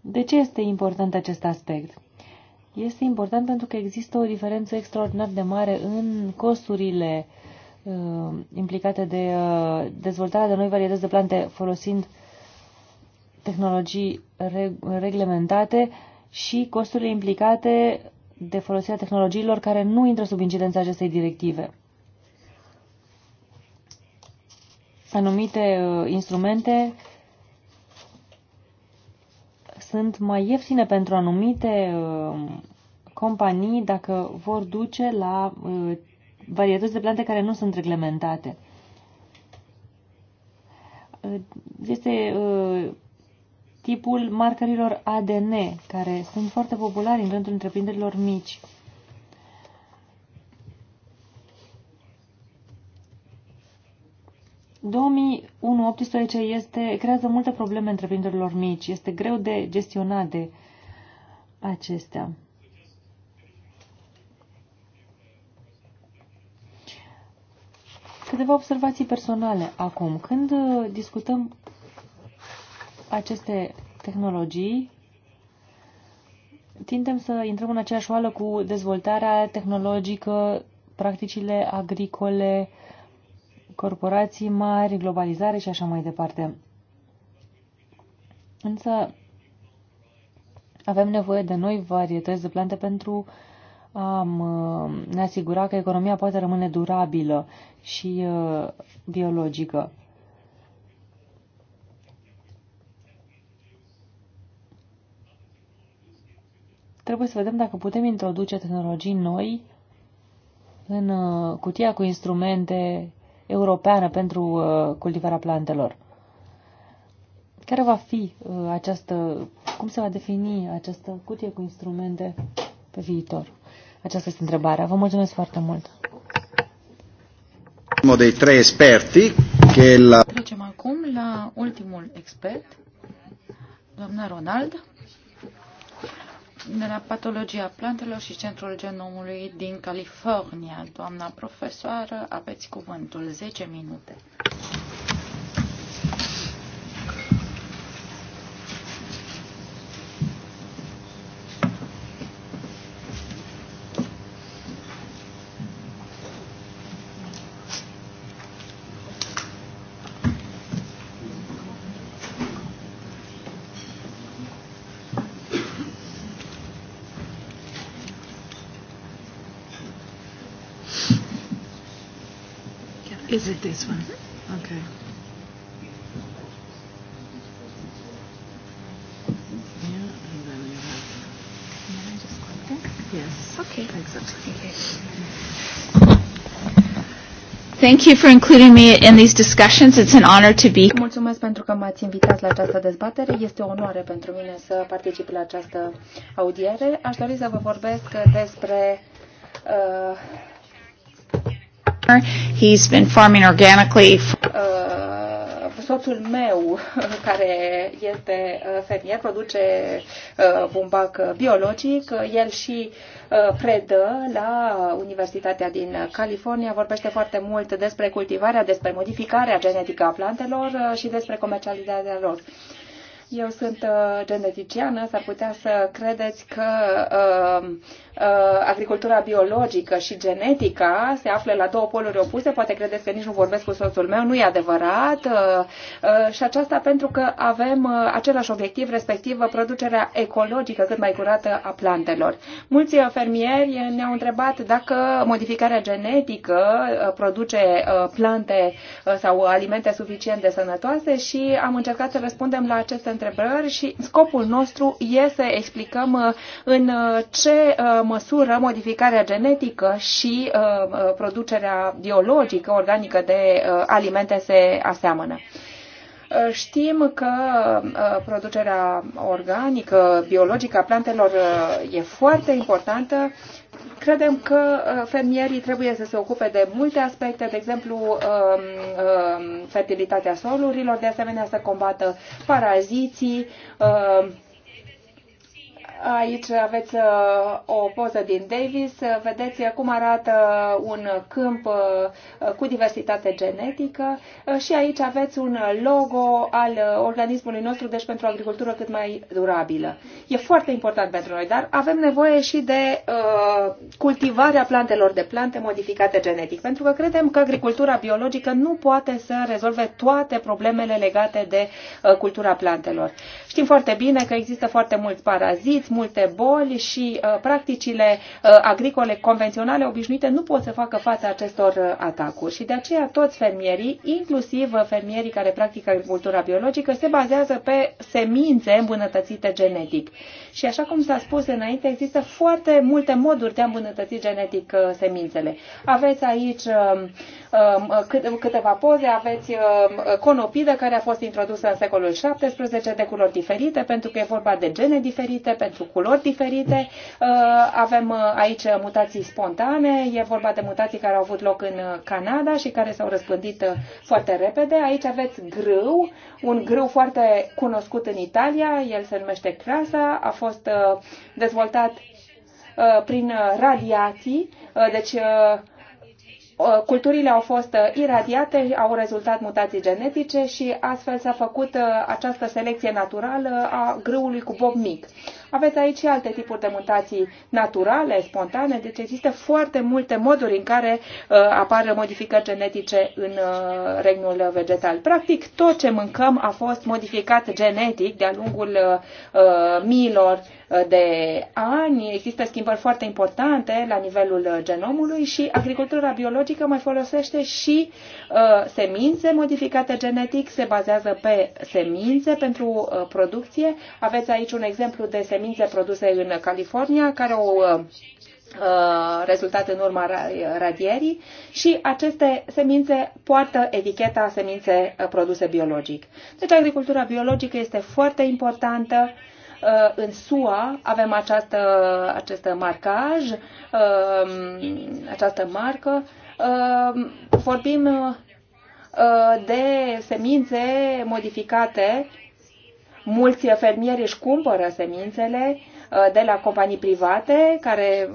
De ce este important acest aspect? Este important pentru că există o diferență extraordinar de mare în costurile uh, implicate de uh, dezvoltarea de noi varietăți de plante folosind tehnologii reg reglementate și costurile implicate de folosirea tehnologiilor care nu intră sub incidența acestei directive. Anumite uh, instrumente sunt mai ieftine pentru anumite uh, companii dacă vor duce la uh, varietăți de plante care nu sunt reglementate. Este tipul marcărilor ADN, care sunt foarte populari în rândul întreprinderilor mici. 2001 este, creează multe probleme întreprinderilor mici. Este greu de gestionat de acestea. Câteva observații personale acum. Când discutăm aceste tehnologii tindem să intrăm în aceeași oală cu dezvoltarea tehnologică, practicile agricole, corporații mari, globalizare și așa mai departe. Însă avem nevoie de noi varietăți de plante pentru a uh, ne asigura că economia poate rămâne durabilă și uh, biologică. Trebuie să vedem dacă putem introduce tehnologii noi în uh, cutia cu instrumente europeană pentru uh, cultivarea plantelor. Care va fi uh, această, cum se va defini această cutie cu instrumente pe viitor? Aceasta este întrebarea. Vă mulțumesc foarte mult. trei experti. Trecem acum la ultimul expert, doamna Ronald de la Patologia Plantelor și Centrul Genomului din California. Doamna profesoară, aveți cuvântul 10 minute. is it this one? Okay. Okay. Thank you for including me in these discussions. It's an honor to be. Mulțumesc pentru că m-ați invitat la această dezbatere. Este o onoare pentru mine să particip la această audiere. Aș dori să vă vorbesc despre uh, He's been farming organically. Uh, uh, soțul meu, care este uh, fermier, produce bumbac uh, biologic. El și predă la Universitatea din California, vorbește foarte mult despre cultivarea, despre modificarea genetică a plantelor și despre comercializarea lor. Eu sunt geneticiană, s-ar putea să credeți că uh, Uh, agricultura biologică și genetica se află la două poluri opuse. Poate credeți că nici nu vorbesc cu soțul meu, nu e adevărat. Uh, uh, și aceasta pentru că avem același obiectiv, respectiv producerea ecologică cât mai curată a plantelor. Mulți fermieri ne-au întrebat dacă modificarea genetică produce plante sau alimente suficient de sănătoase și am încercat să răspundem la aceste întrebări și scopul nostru e să explicăm în ce măsură modificarea genetică și uh, uh, producerea biologică, organică de uh, alimente se aseamănă. Știm că producerea organică, biologică a plantelor e foarte importantă. Credem că fermierii trebuie să se ocupe de multe aspecte, de exemplu um, um, fertilitatea solurilor, de asemenea să combată paraziții, um, Aici aveți uh, o poză din Davis. Vedeți cum arată un câmp uh, cu diversitate genetică uh, și aici aveți un logo al organismului nostru, deci pentru o agricultură cât mai durabilă. E foarte important pentru noi, dar avem nevoie și de cultivarea plantelor de plante modificate genetic, pentru că credem că agricultura biologică nu poate să rezolve toate problemele legate de cultura plantelor. Știm foarte bine că există foarte mulți paraziți, multe boli și uh, practicile uh, agricole convenționale obișnuite nu pot să facă față acestor uh, atacuri. Și de aceea toți fermierii, inclusiv fermierii care practică agricultura biologică, se bazează pe semințe îmbunătățite genetic. Și așa cum s-a spus înainte, există foarte multe moduri de a îmbunătăți genetic semințele. Aveți aici um, câteva poze, aveți conopidă care a fost introdusă în secolul 17 de culori diferite, pentru că e vorba de gene diferite, pentru cu culori diferite. Uh, avem uh, aici mutații spontane, e vorba de mutații care au avut loc în uh, Canada și care s-au răspândit foarte repede. Aici aveți grâu, un grâu foarte cunoscut în Italia, el se numește crasa, a fost dezvoltat prin radiații, deci Uh, culturile au fost uh, iradiate, au rezultat mutații genetice și astfel s-a făcut uh, această selecție naturală a grâului cu bob mic. Aveți aici și alte tipuri de mutații naturale, spontane, deci există foarte multe moduri în care apar modificări genetice în regnul vegetal. Practic, tot ce mâncăm a fost modificat genetic de-a lungul miilor de ani. Există schimbări foarte importante la nivelul uh, genomului și agricultura biologică mai folosește și uh, semințe modificate genetic, se bazează pe semințe pentru uh, producție. Aveți aici un exemplu de semințe produse în California care au rezultat în urma radierii și aceste semințe poartă eticheta semințe produse biologic. Deci agricultura biologică este foarte importantă Uh, în SUA avem această, acest marcaj, uh, această marcă. Uh, vorbim de semințe modificate. Mulți fermieri își cumpără semințele de la companii private care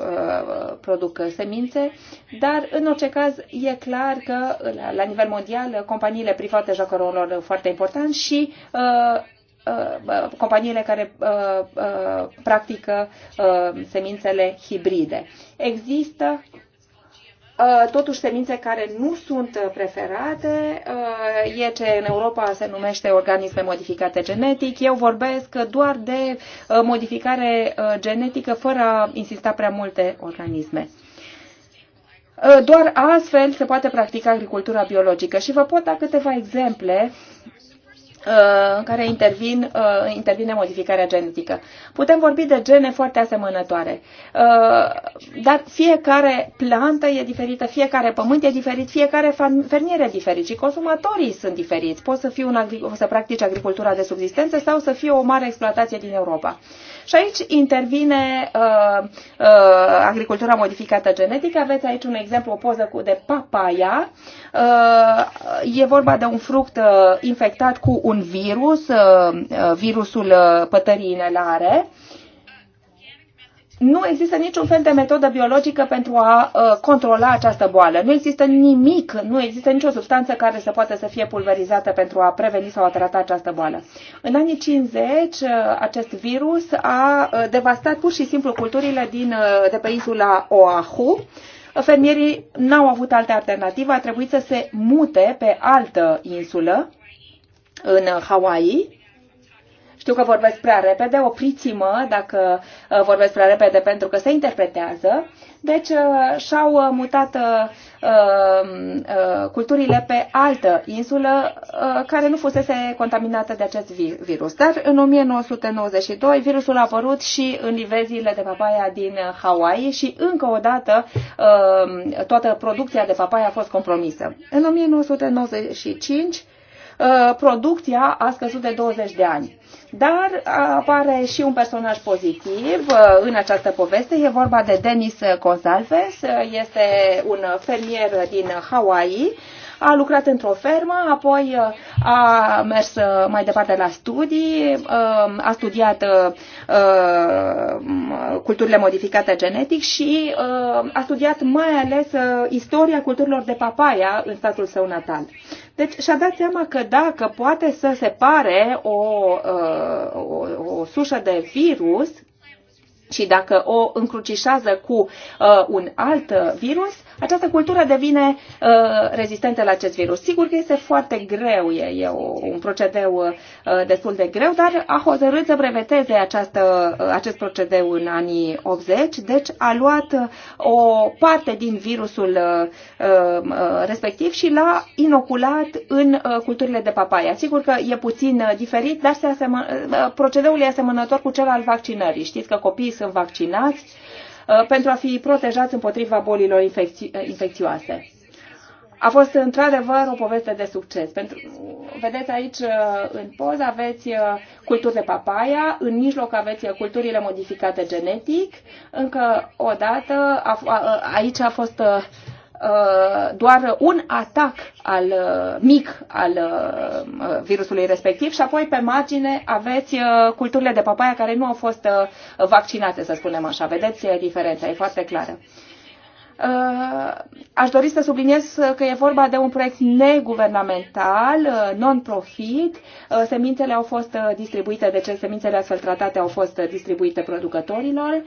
produc semințe, dar în orice caz e clar că la nivel mondial companiile private joacă un rol foarte important și Uh, uh, companiile care uh, practică semințele hibride. Există totuși semințe care nu sunt preferate, e ce în Europa se numește organisme modificate genetic. Eu vorbesc doar de modificare genetică fără a insista prea multe organisme. Doar astfel se poate practica agricultura biologică și vă pot da câteva exemple Uh, în care intervin, uh, intervine modificarea genetică. Putem vorbi de gene foarte asemănătoare, uh, dar fiecare plantă e diferită, fiecare pământ e diferit, fiecare fermier e diferit și consumatorii sunt diferiți. Poți să, fii un, să practici agricultura de subsistență sau să fie o mare exploatație din Europa. Și aici intervine uh, uh, agricultura modificată genetică. Aveți aici un exemplu, o poză cu de papaya. Uh, e vorba de un fruct uh, infectat cu un virus, uh, uh virusul uh, pătării inelare. Uh, nu există niciun fel de metodă biologică pentru a uh, controla această boală. Nu există nimic, nu există nicio substanță care să poată să fie pulverizată pentru a preveni sau a trata această boală. În anii 50, uh, acest virus a uh, devastat pur și simplu culturile din, uh, de pe insula Oahu. Fermierii n-au avut alte alternative, a trebuit să se mute pe altă insulă, în Hawaii, știu că vorbesc prea repede, opriți-mă dacă uh, vorbesc prea repede pentru că se interpretează. Deci uh, și-au uh, mutat culturile pe altă insulă care nu fusese contaminată de acest virus. Dar în 1992 virusul a apărut și în livezile de papaya din Hawaii și încă o dată toată producția de papaya a fost compromisă. În 1995 Uh, producția a scăzut de 20 de ani. Dar apare și un personaj pozitiv uh, în această poveste. E vorba de Denis Gonzalves, uh, este un fermier din Hawaii, a lucrat într-o fermă, apoi a mers mai departe la studii, a studiat culturile modificate genetic și a studiat mai ales istoria culturilor de papaya în statul său natal. Deci și-a dat seama că dacă poate să separe o, uh, o, o sușă de virus și dacă o încrucișează cu uh, un alt uh, virus, această cultură devine uh, rezistentă la acest virus. Sigur că este foarte greu, e, e un procedeu uh, destul de greu, dar a hotărât să breveteze această, uh, acest procedeu în anii 80, deci a luat uh, o parte din virusul uh, uh, respectiv și l-a inoculat în uh, culturile de papaya. Sigur că e puțin uh, diferit, dar se asemă, uh, uh, procedeul e asemănător cu cel al vaccinării. Știți că copiii sunt vaccinați, Uh, pentru a fi protejați împotriva bolilor infecți uh, infecțioase. A fost într-adevăr o poveste de succes. Pentru, vedeți aici uh, în poză aveți culturi de papaya, în mijloc aveți culturile modificate genetic. Încă o dată, a, a, aici a fost Uh, doar un atac al uh, mic al uh, virusului respectiv și apoi pe margine aveți culturile de papaya care nu au fost vaccinate, să spunem așa. Vedeți diferența, e foarte clară. Aș dori să subliniez că e vorba de un proiect neguvernamental, non-profit. Semințele au fost distribuite, deci semințele astfel tratate au fost distribuite producătorilor.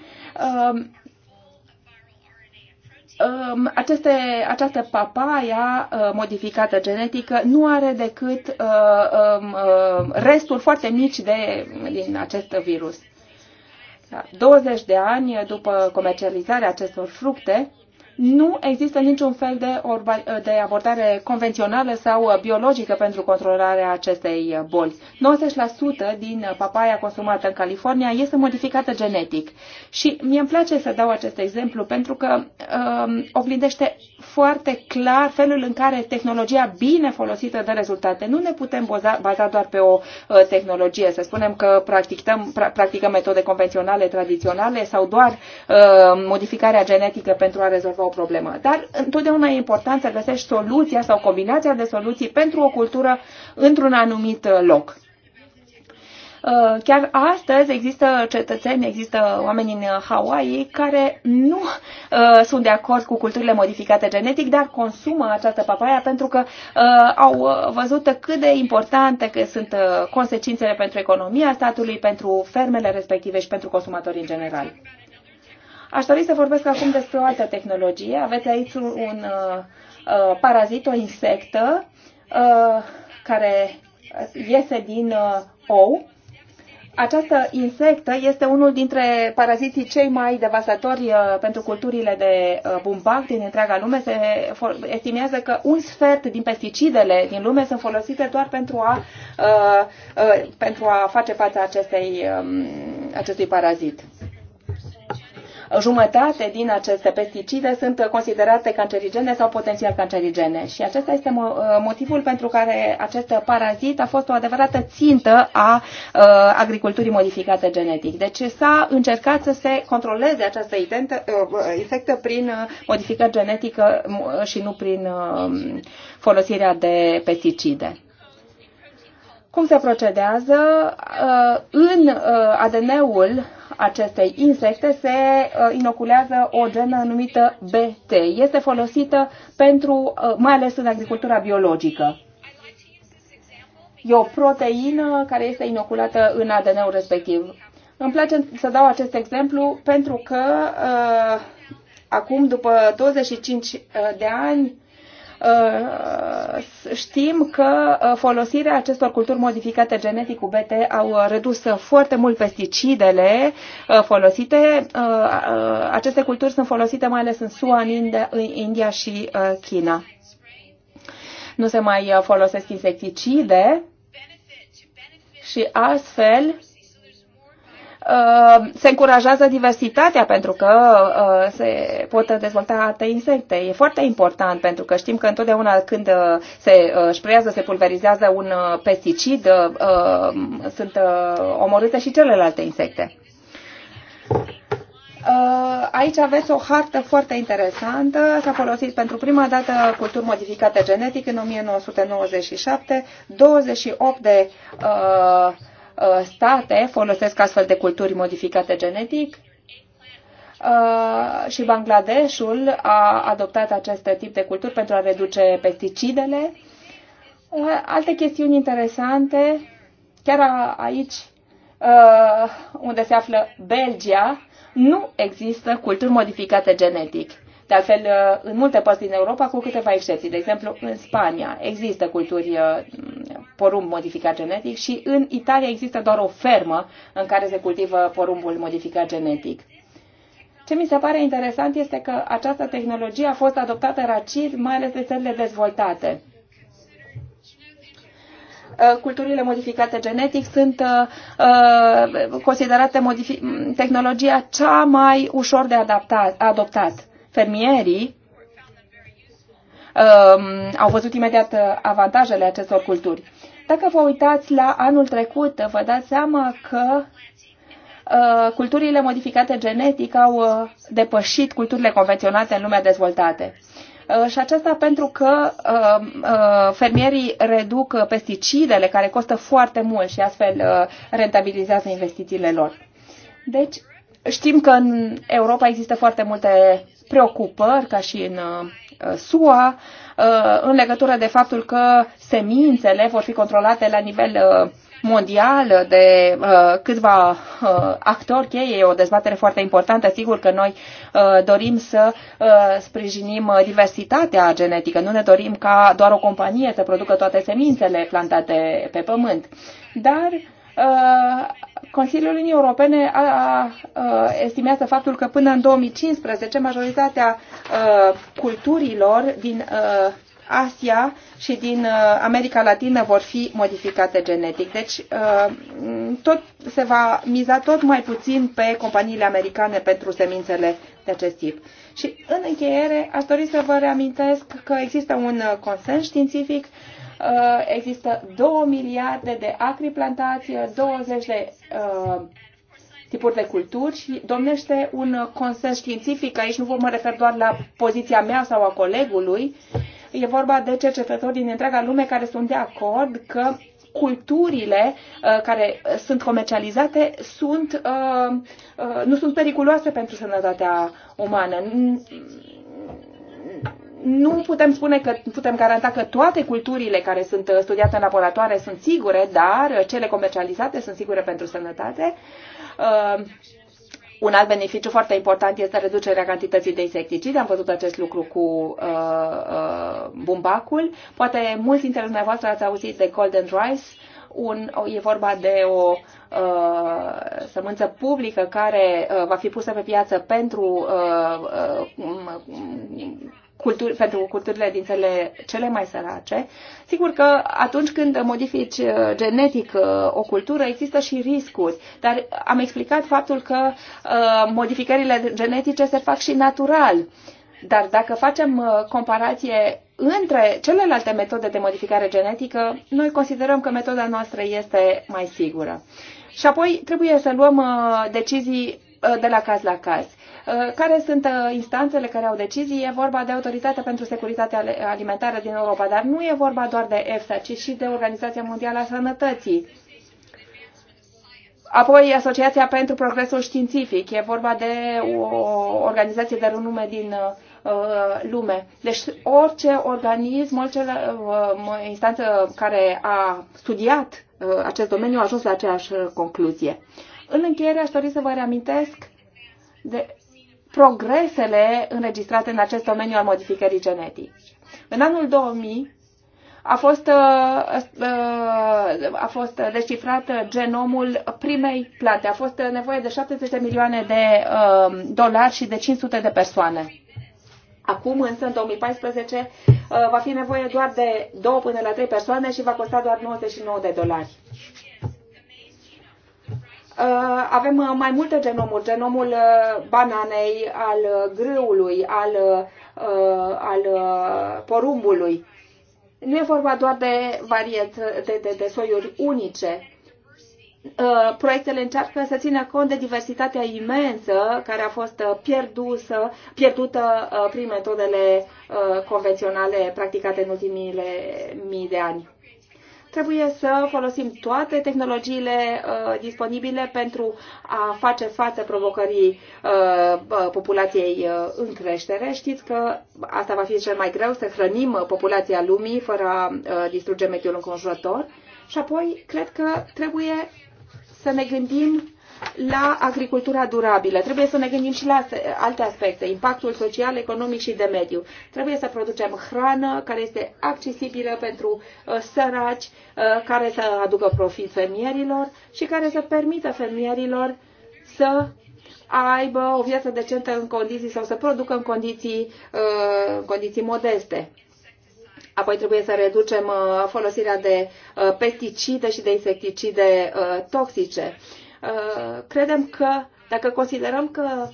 Um, aceste, această papaya uh, modificată genetică nu are decât uh, um, uh, resturi foarte mici de, din acest virus. 20 de ani după comercializarea acestor fructe, nu există niciun fel de, orba, de abordare convențională sau biologică pentru controlarea acestei boli. 90% din papaya consumată în California este modificată genetic. Și mie îmi place să dau acest exemplu pentru că um, oglindește foarte clar felul în care tehnologia bine folosită dă rezultate. Nu ne putem baza, baza doar pe o uh, tehnologie, să spunem că practicăm, pra, practicăm metode convenționale, tradiționale sau doar uh, modificarea genetică pentru a rezolva problemă. Dar întotdeauna e important să găsești soluția sau combinația de soluții pentru o cultură într-un anumit uh, loc. Uh, chiar astăzi există cetățeni, există oameni în uh, Hawaii care nu uh, sunt de acord cu culturile modificate genetic, dar consumă această papaya pentru că uh, au văzut cât de importante că sunt consecințele pentru economia statului, pentru fermele respective și pentru consumatorii în general. Aș dori să vorbesc acum despre o altă tehnologie. Aveți aici un un uh, uh, parazit, o insectă, uh, care iese din uh, ou. Această insectă este unul dintre paraziții cei mai devastatori uh, pentru culturile de uh, bumbac din întreaga lume. Se estimează că un sfert din pesticidele din lume sunt folosite doar pentru a, uh, uh, pentru a face față acestei, um, acestui parazit jumătate din aceste pesticide sunt considerate cancerigene sau potențial cancerigene. Și acesta este uh, motivul pentru care acest parazit a fost o adevărată țintă a uh, agriculturii modificate genetic. Deci s-a încercat să se controleze această infectă uh, prin modificare genetică și nu prin um, folosirea de pesticide cum se procedează în ADN-ul acestei insecte se uh, inoculează o genă numită BT. Este folosită pentru, uh, mai ales în agricultura biologică. E o proteină care este inoculată în ADN-ul respectiv. Îmi place să dau acest exemplu pentru că uh, acum, după 25 de ani, Uh, știm că uh, folosirea acestor culturi modificate genetic cu BT au uh, redus foarte mult pesticidele folosite. Aceste culturi sunt folosite mai ales în SUA, în India și China. Nu se mai folosesc insecticide și astfel Uh, se încurajează diversitatea pentru că uh, se pot dezvolta alte insecte. E foarte important pentru că știm că întotdeauna când uh, se șprează, se pulverizează un pesticid, sunt omorâte și celelalte insecte. Aici aveți o hartă foarte interesantă. S-a folosit pentru prima dată culturi modificate genetic în 1997, 28 de uh, Uh, state folosesc astfel de culturi modificate genetic uh, și Bangladeshul a adoptat acest tip de culturi pentru a reduce pesticidele. Uh, alte chestiuni interesante, chiar aici unde se află Belgia, nu există culturi modificate genetic. De altfel, în multe părți din Europa, cu câteva excepții, de exemplu, în Spania, există culturi porumb modificat genetic și în Italia există doar o fermă în care se cultivă porumbul modificat genetic. Ce mi se pare interesant este că această tehnologie a fost adoptată rapid, mai ales de țările dezvoltate uh, culturile modificate genetic sunt uh, uh considerate tehnologia cea mai ușor de adaptat, adoptat. Fermierii uh, au văzut imediat uh, avantajele acestor culturi. Dacă vă uitați la anul trecut, vă dați seama că uh, culturile modificate genetic au uh, depășit culturile convenționate în lumea dezvoltată. Uh, și aceasta pentru că fermierii reduc pesticidele care costă foarte mult și astfel rentabilizează investițiile lor. Deci, știm că în Europa există foarte multe preocupări, ca și în SUA. Uh, în legătură de faptul că semințele vor fi controlate la nivel uh, mondial de uh, câțiva uh, actori cheie. E o dezbatere foarte importantă. Sigur că noi uh, dorim să uh, sprijinim diversitatea genetică. Nu ne dorim ca doar o companie să producă toate semințele plantate pe pământ. Dar uh, Uh, Consiliul Uniunii Europene a, a, a uh, estimează faptul că până în 2015 majoritatea a, uh, culturilor din a, Asia și din America Latină vor fi modificate genetic. Deci tot se va miza tot mai puțin pe companiile americane pentru semințele de acest tip. Și în încheiere aș dori să vă reamintesc că există un consens științific Uh, există 2 miliarde de acri plantați, 20 uh, de uh, tipuri de culturi și domnește un consens științific, aici nu vă mă refer doar la poziția mea sau a colegului, e vorba de cercetători din întreaga lume care sunt de acord că culturile uh, care sunt comercializate sunt, uh, uh, nu sunt periculoase pentru sănătatea umană nu putem spune că putem garanta că toate culturile care sunt uh, studiate în laboratoare sunt sigure, dar uh, cele comercializate sunt sigure pentru sănătate. Uh, un alt beneficiu foarte important este reducerea cantității de insecticide. Am văzut acest lucru cu uh, uh, bumbacul. Poate mulți dintre dumneavoastră ați auzit de Golden Rice. Un, e vorba de o uh, sămânță publică care uh, va fi pusă pe piață pentru uh, uh, um, culturi, pentru culturile din țările cele mai sărace. Sigur că atunci când modifici uh, genetic uh, o cultură, există și riscuri, dar am explicat faptul că uh, modificările genetice se fac și natural. Dar dacă facem comparație între celelalte metode de modificare genetică, noi considerăm că metoda noastră este mai sigură. Și apoi trebuie să luăm decizii de la caz la caz. Eh, care sunt eh, instanțele care au decizii. E vorba de Autoritatea pentru Securitatea Alimentară din Europa, dar nu e vorba doar de EFSA, ci și de Organizația Mondială a Sănătății. Apoi Asociația pentru Progresul Științific. E vorba de o organizație de renume din eh, lume. Deci orice organism, orice instanță care a studiat acest domeniu a ajuns la aceeași concluzie. În încheiere aș dori să vă reamintesc de progresele înregistrate în acest domeniu al modificării genetice. În anul 2000 a fost, uh, uh, a fost descifrat genomul primei plante. A fost nevoie de 70 de milioane de uh, dolari și de 500 de persoane. Acum, însă, în 2014, va fi nevoie doar de 2 până la 3 persoane și va costa doar 99 de dolari. Uh, avem uh, mai multe genomuri. Genomul uh, bananei, al grâului, al, al porumbului. Nu e vorba doar de, variet, de, de, de soiuri unice. Proiectele încearcă să țină cont de diversitatea imensă care a fost pierdusă, pierdută prin metodele convenționale practicate în ultimile mii de ani Trebuie să folosim toate tehnologiile uh, disponibile pentru a face față provocării uh, uh, populației în creștere. Știți că asta va fi cel mai greu, să hrănim populația lumii fără a distruge mediul înconjurător. Și apoi, cred că trebuie să ne gândim la agricultura durabilă. Trebuie să ne gândim și la alte aspecte, impactul social, economic și de mediu. Trebuie să producem hrană care este accesibilă pentru uh, săraci, uh, care să aducă profit fermierilor și care să permită fermierilor să aibă o viață decentă în condiții sau să producă în condiții, uh, în condiții modeste. Apoi trebuie să reducem folosirea de pesticide și de insecticide toxice. Uh, credem că, dacă considerăm că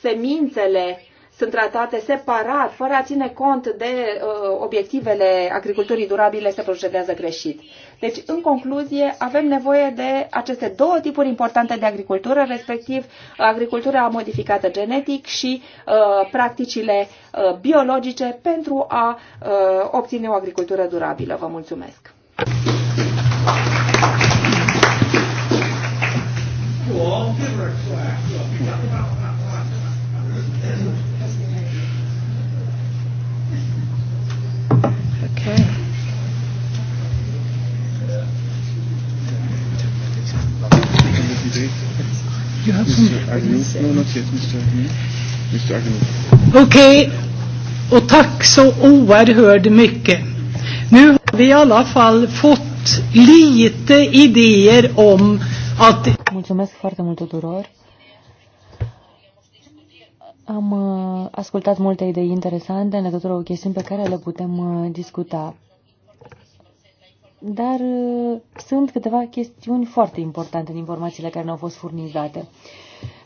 semințele sunt tratate separat, fără a ține cont de uh, obiectivele agriculturii durabile, se procedează greșit. Deci, în concluzie, avem nevoie de aceste două tipuri importante de agricultură, respectiv agricultura modificată genetic și uh, practicile uh, biologice pentru a uh, obține o agricultură durabilă. Vă mulțumesc! Okay. You have some No, not yet, Mr. Mr. Agnew. Okej, okay. och tack så oerhört mycket. Nu har vi i alla fall fått lite idéer om att Mulțumesc foarte mult tuturor. Am uh, ascultat multe idei interesante în legătură cu chestiuni pe care le putem uh, discuta. Dar uh, sunt câteva chestiuni foarte importante în informațiile care ne-au fost furnizate.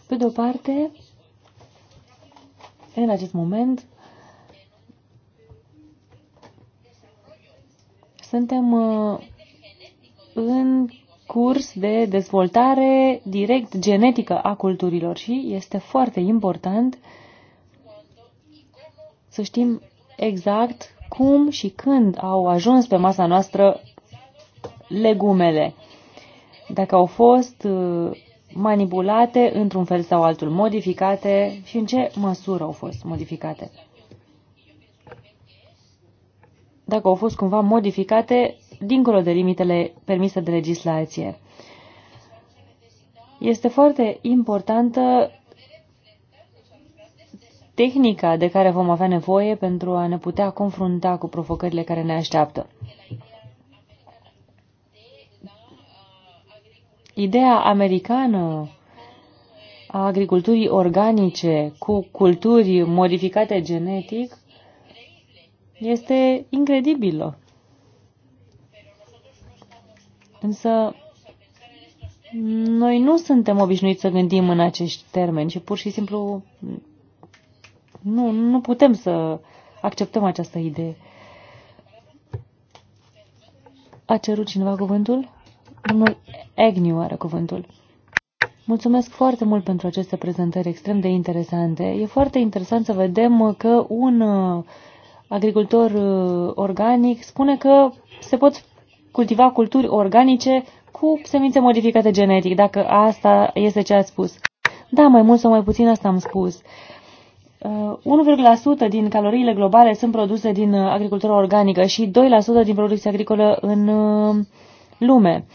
Pe de o parte, în acest moment, suntem în curs de dezvoltare direct genetică a culturilor și este foarte important să știm exact cum și când au ajuns pe masa noastră legumele. Dacă au fost uh, manipulate într-un fel sau altul, modificate și în ce măsură au fost modificate. Dacă au fost cumva modificate dincolo de limitele permise de legislație. Este foarte importantă tehnica de care vom avea nevoie pentru a ne putea confrunta cu provocările care ne așteaptă. Ideea americană a agriculturii organice cu culturi modificate genetic este incredibilă. Însă noi nu suntem obișnuiți să gândim în acești termeni și pur și simplu nu, nu putem să acceptăm această idee. A cerut cineva cuvântul? Domnul Agnew are cuvântul. Mulțumesc foarte mult pentru aceste prezentări extrem de interesante. E foarte interesant să vedem că un uh, agricultor uh, organic spune că se pot cultiva culturi organice cu semințe modificate genetic, dacă asta este ce ați spus. Da, mai mult sau mai puțin asta am spus. 1,1% uh, din caloriile globale sunt produse din uh, agricultura organică și 2% din producția agricolă în uh, lume.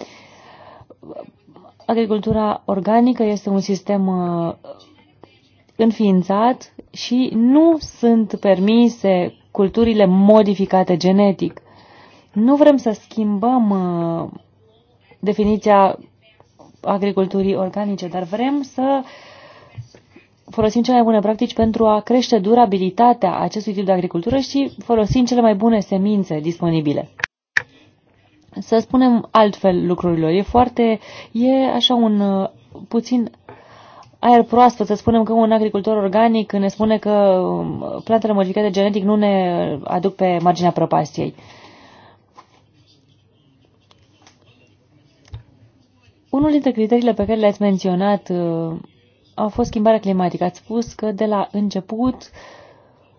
Agricultura organică este un sistem înființat și nu sunt permise culturile modificate genetic. Nu vrem să schimbăm uh, definiția agriculturii organice, dar vrem să folosim cele mai bune practici pentru a crește durabilitatea acestui tip de agricultură și folosim cele mai bune semințe disponibile. Să spunem altfel lucrurilor. E foarte, e așa un uh, puțin aer proaspăt, să spunem că un agricultor organic ne spune că um, plantele modificate genetic nu ne aduc pe marginea prăpastiei. Uh, Unul dintre criteriile pe care le-ați menționat uh, a fost schimbarea climatică. Ați spus că de la început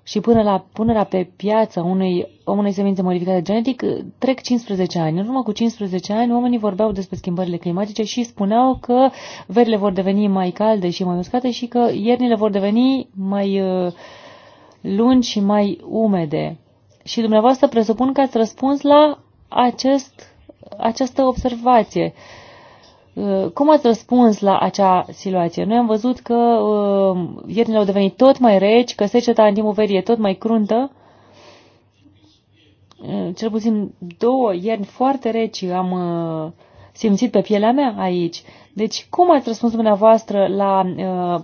și până la punerea pe piață unei, unei semințe modificate genetic uh, trec 15 ani. În urmă cu 15 ani oamenii vorbeau despre schimbările climatice și spuneau că verile vor deveni mai calde și mai uscate și că iernile vor deveni mai uh, lungi și mai umede. Și dumneavoastră presupun că ați răspuns la acest, această observație. Uh, Uh, cum ați răspuns la acea situație? Noi am văzut că uh, iernile au devenit tot mai reci, că seceta în timpul verii e tot mai cruntă. Uh, cel puțin două ierni foarte reci am simțit pe pielea mea aici. Deci, cum ați răspuns dumneavoastră la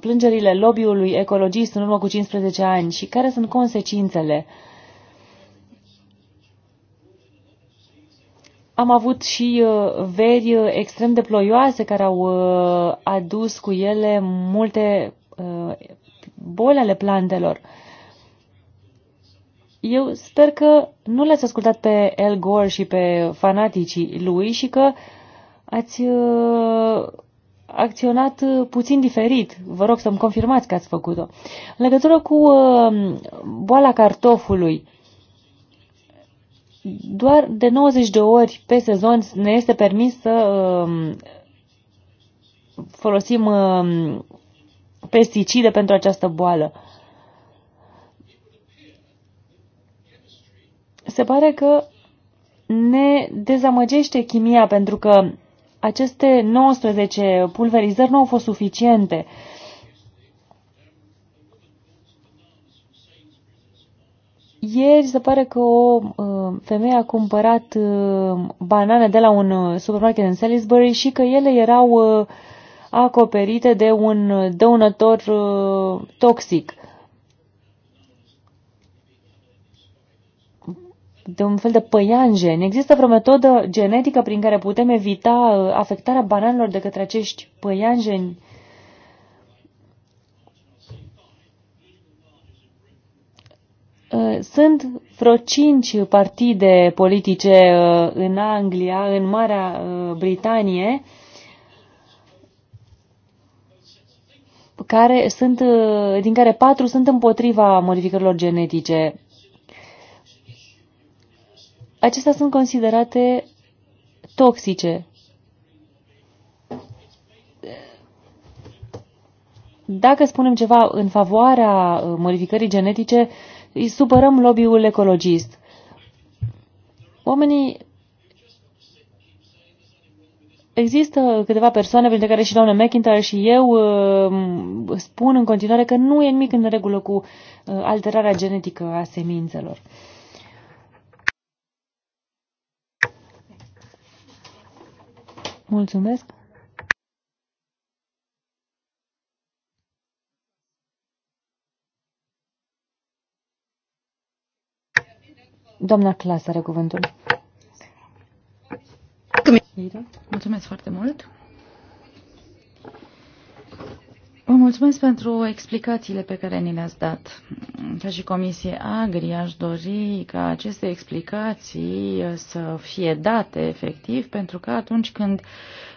plângerile lobby-ului ecologist în urmă cu 15 ani și care sunt consecințele? Uh, Am avut și uh, veri uh, extrem de ploioase care au uh, adus cu ele multe boli ale plantelor. Eu sper că nu l-ați ascultat pe El Gore și pe fanaticii lui și că ați acționat puțin diferit. Vă rog să-mi confirmați că ați făcut-o. În legătură cu boala cartofului, doar de 90 de ori pe sezon ne este permis să um, folosim um, pesticide pentru această boală. Se pare că ne dezamăgește chimia pentru că aceste 19 pulverizări nu au fost suficiente. Uh, Ieri se pare că o uh, femeie a cumpărat uh, banane de la un uh, supermarket în Salisbury și că ele erau acoperite de un dăunător toxic. de un fel de păianjen. Există vreo metodă genetică prin care putem evita afectarea bananelor de către acești păianjeni? Uh, sunt vreo cinci partide politice uh, în Anglia, în Marea uh, Britanie, care sunt, din care patru sunt împotriva modificărilor genetice. Acestea sunt considerate toxice. Dacă spunem ceva în favoarea modificării genetice, uh, îi supărăm lobby-ul ecologist. Oamenii Există câteva persoane, printre care și doamna McIntyre și eu, uh, spun în continuare că nu e nimic în regulă cu uh, alterarea genetică a semințelor. Mulțumesc. Doamna Clas are cuvântul. Mulțumesc foarte mult. Vă mulțumesc pentru explicațiile pe care ni le-ați dat. Ca și Comisie Agri, aș dori ca aceste explicații să fie date efectiv, pentru că atunci când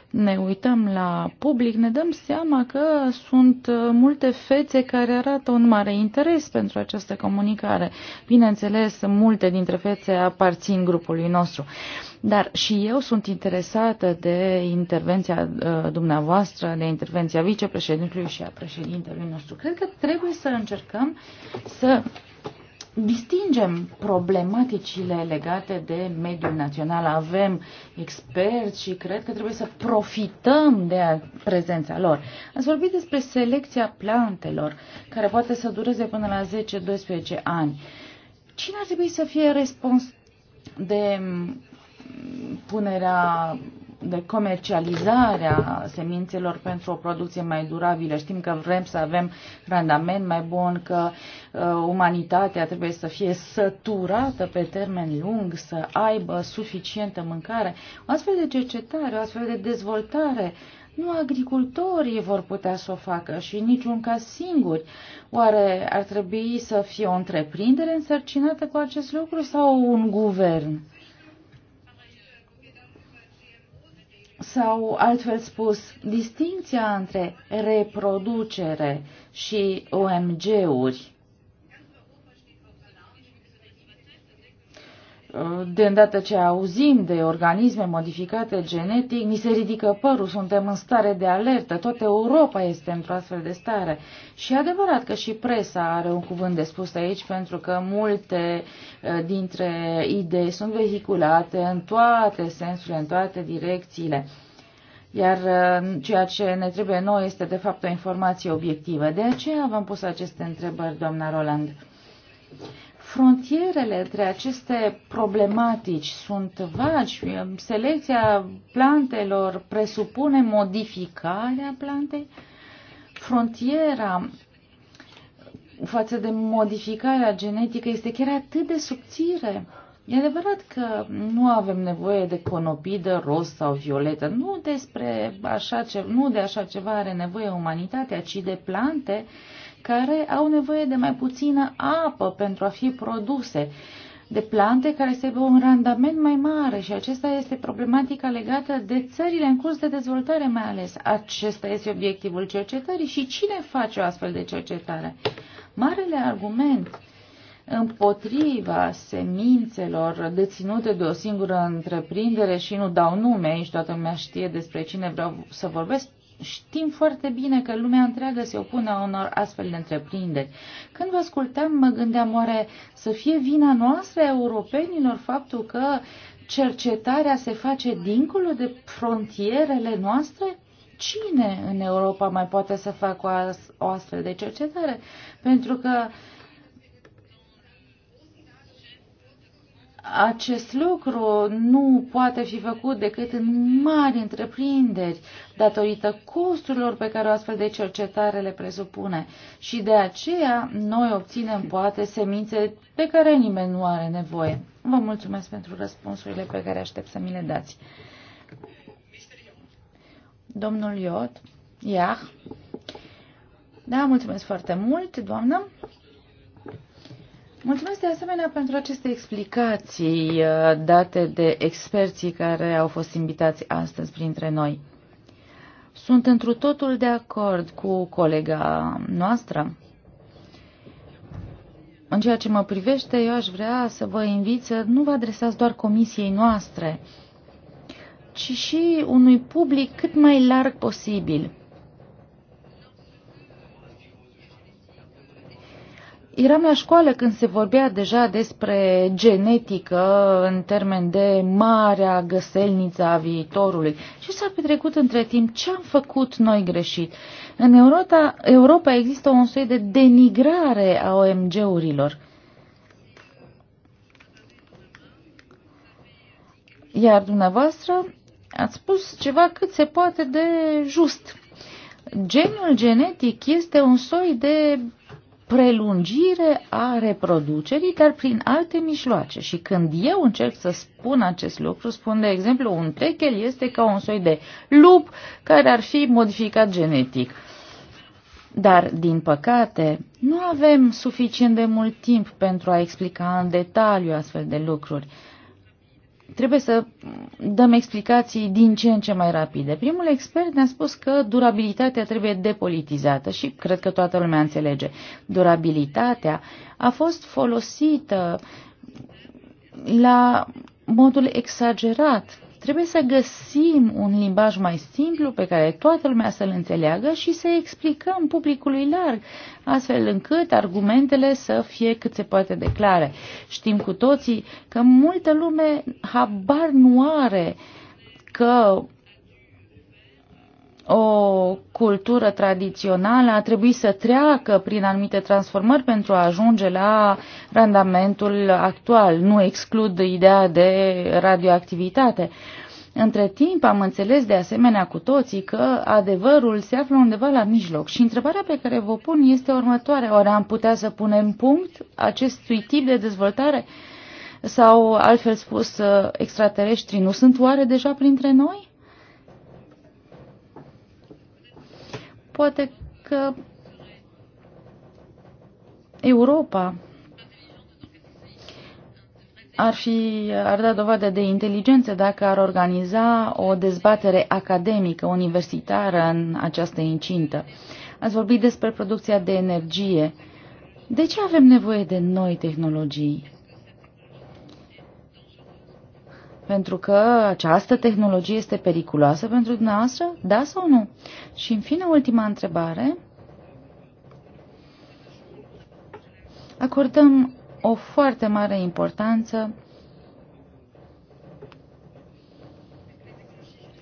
ne uităm la public, ne dăm seama că sunt uh, multe fețe care arată un mare interes pentru această comunicare. Bineînțeles, multe dintre fețe aparțin grupului nostru. Dar și eu sunt interesată de intervenția uh, dumneavoastră, de intervenția vicepreședintelui și a președintelui nostru. Cred că trebuie să încercăm să distingem problematicile legate de mediul național. Avem experți și cred că trebuie să profităm de prezența lor. Ați vorbit despre selecția plantelor, care poate să dureze până la 10-12 ani. Cine ar trebui să fie respons de punerea de comercializarea semințelor pentru o producție mai durabilă. Știm că vrem să avem randament mai bun, că uh, umanitatea trebuie să fie săturată pe termen lung, să aibă suficientă mâncare. O astfel de cercetare, o astfel de dezvoltare nu agricultorii vor putea să o facă și niciun caz singuri. Oare ar trebui să fie o întreprindere însărcinată cu acest lucru sau un guvern? sau, altfel spus, distinția între reproducere și OMG-uri de îndată ce auzim de organisme modificate genetic, ni se ridică părul, suntem în stare de alertă, toată Europa este într-o astfel de stare. Și adevărat că și presa are un cuvânt de spus aici, pentru că multe eh, dintre idei sunt vehiculate în toate sensurile, în toate direcțiile. Iar eh, ceea ce ne trebuie noi este de fapt o informație obiectivă. De aceea v-am pus aceste întrebări, doamna Roland. Frontierele între aceste problematici sunt vagi. Selecția plantelor presupune modificarea plantei. Frontiera față de modificarea genetică este chiar atât de subțire. E adevărat că nu avem nevoie de conopidă roz sau violetă. Nu, despre așa ce, nu de așa ceva are nevoie umanitatea, ci de plante uh, care au nevoie de mai puțină apă pentru a fi produse, de plante care să aibă un randament mai mare și acesta este problematica legată de țările în curs de dezvoltare mai ales. Acesta este obiectivul cercetării și cine face o astfel de cercetare? Marele argument împotriva semințelor deținute de o singură întreprindere și nu dau nume, aici toată lumea știe despre cine vreau să vorbesc, știm foarte bine că lumea întreagă se opune unor astfel de întreprinderi. Când vă ascultam, mă gândeam oare să fie vina noastră europenilor faptul că cercetarea se face dincolo de frontierele noastre? Cine în Europa mai poate să facă o astfel de cercetare? Pentru că uh, Acest lucru nu poate fi făcut decât în mari întreprinderi, datorită costurilor pe care o astfel de cercetare le presupune. Și de aceea noi obținem poate semințe pe care nimeni nu are nevoie. Vă mulțumesc pentru răspunsurile pe care aștept să mi le dați. Domnul Iot, Iah. Da, mulțumesc foarte mult, doamnă. Mulțumesc de asemenea pentru aceste explicații uh, date de experții care au fost invitați astăzi printre noi. Sunt întru totul de acord cu colega noastră. În ceea ce mă privește, eu aș vrea să vă invit să nu vă adresați doar comisiei noastre, ci și unui public cât mai larg posibil. Eram la școală când se vorbea deja despre genetică în termen de marea găselniță a viitorului. Ce s-a petrecut între timp? Ce am făcut noi greșit? În Europa, Europa există un soi de denigrare a OMG-urilor. Iar dumneavoastră ați spus ceva cât se poate de just. Genul genetic este un soi de prelungire a reproducerii, dar prin alte mijloace. Și când eu încerc să spun acest lucru, spun de exemplu, un techel este ca un soi de lup care ar fi modificat genetic. Dar, din păcate, nu avem suficient de mult timp pentru a explica în detaliu astfel de lucruri trebuie să dăm explicații din ce în ce mai rapide. Primul expert ne-a spus că durabilitatea trebuie depolitizată și cred că toată lumea înțelege. Durabilitatea a fost folosită la modul exagerat Trebuie să găsim un limbaj mai simplu pe care toată lumea să-l înțeleagă și să explicăm publicului larg, astfel încât argumentele să fie cât se poate de clare. Știm cu toții că multă lume habar nu are că o cultură tradițională a trebuit să treacă prin anumite transformări pentru a ajunge la randamentul actual. Nu exclud ideea de radioactivitate. Între timp am înțeles de asemenea cu toții că adevărul se află undeva la mijloc și întrebarea pe care vă pun este următoarea. Oare am putea să punem punct acestui tip de dezvoltare? Sau, altfel spus, extraterestrii nu sunt oare deja printre noi? poate că Europa ar, fi, ar da dovadă de inteligență dacă ar organiza o dezbatere academică, universitară în această incintă. Ați vorbit despre producția de energie. De ce avem nevoie de noi tehnologii? Pentru că această tehnologie este periculoasă pentru dumneavoastră? Da sau nu? Și în fine, ultima întrebare. Acordăm o foarte mare importanță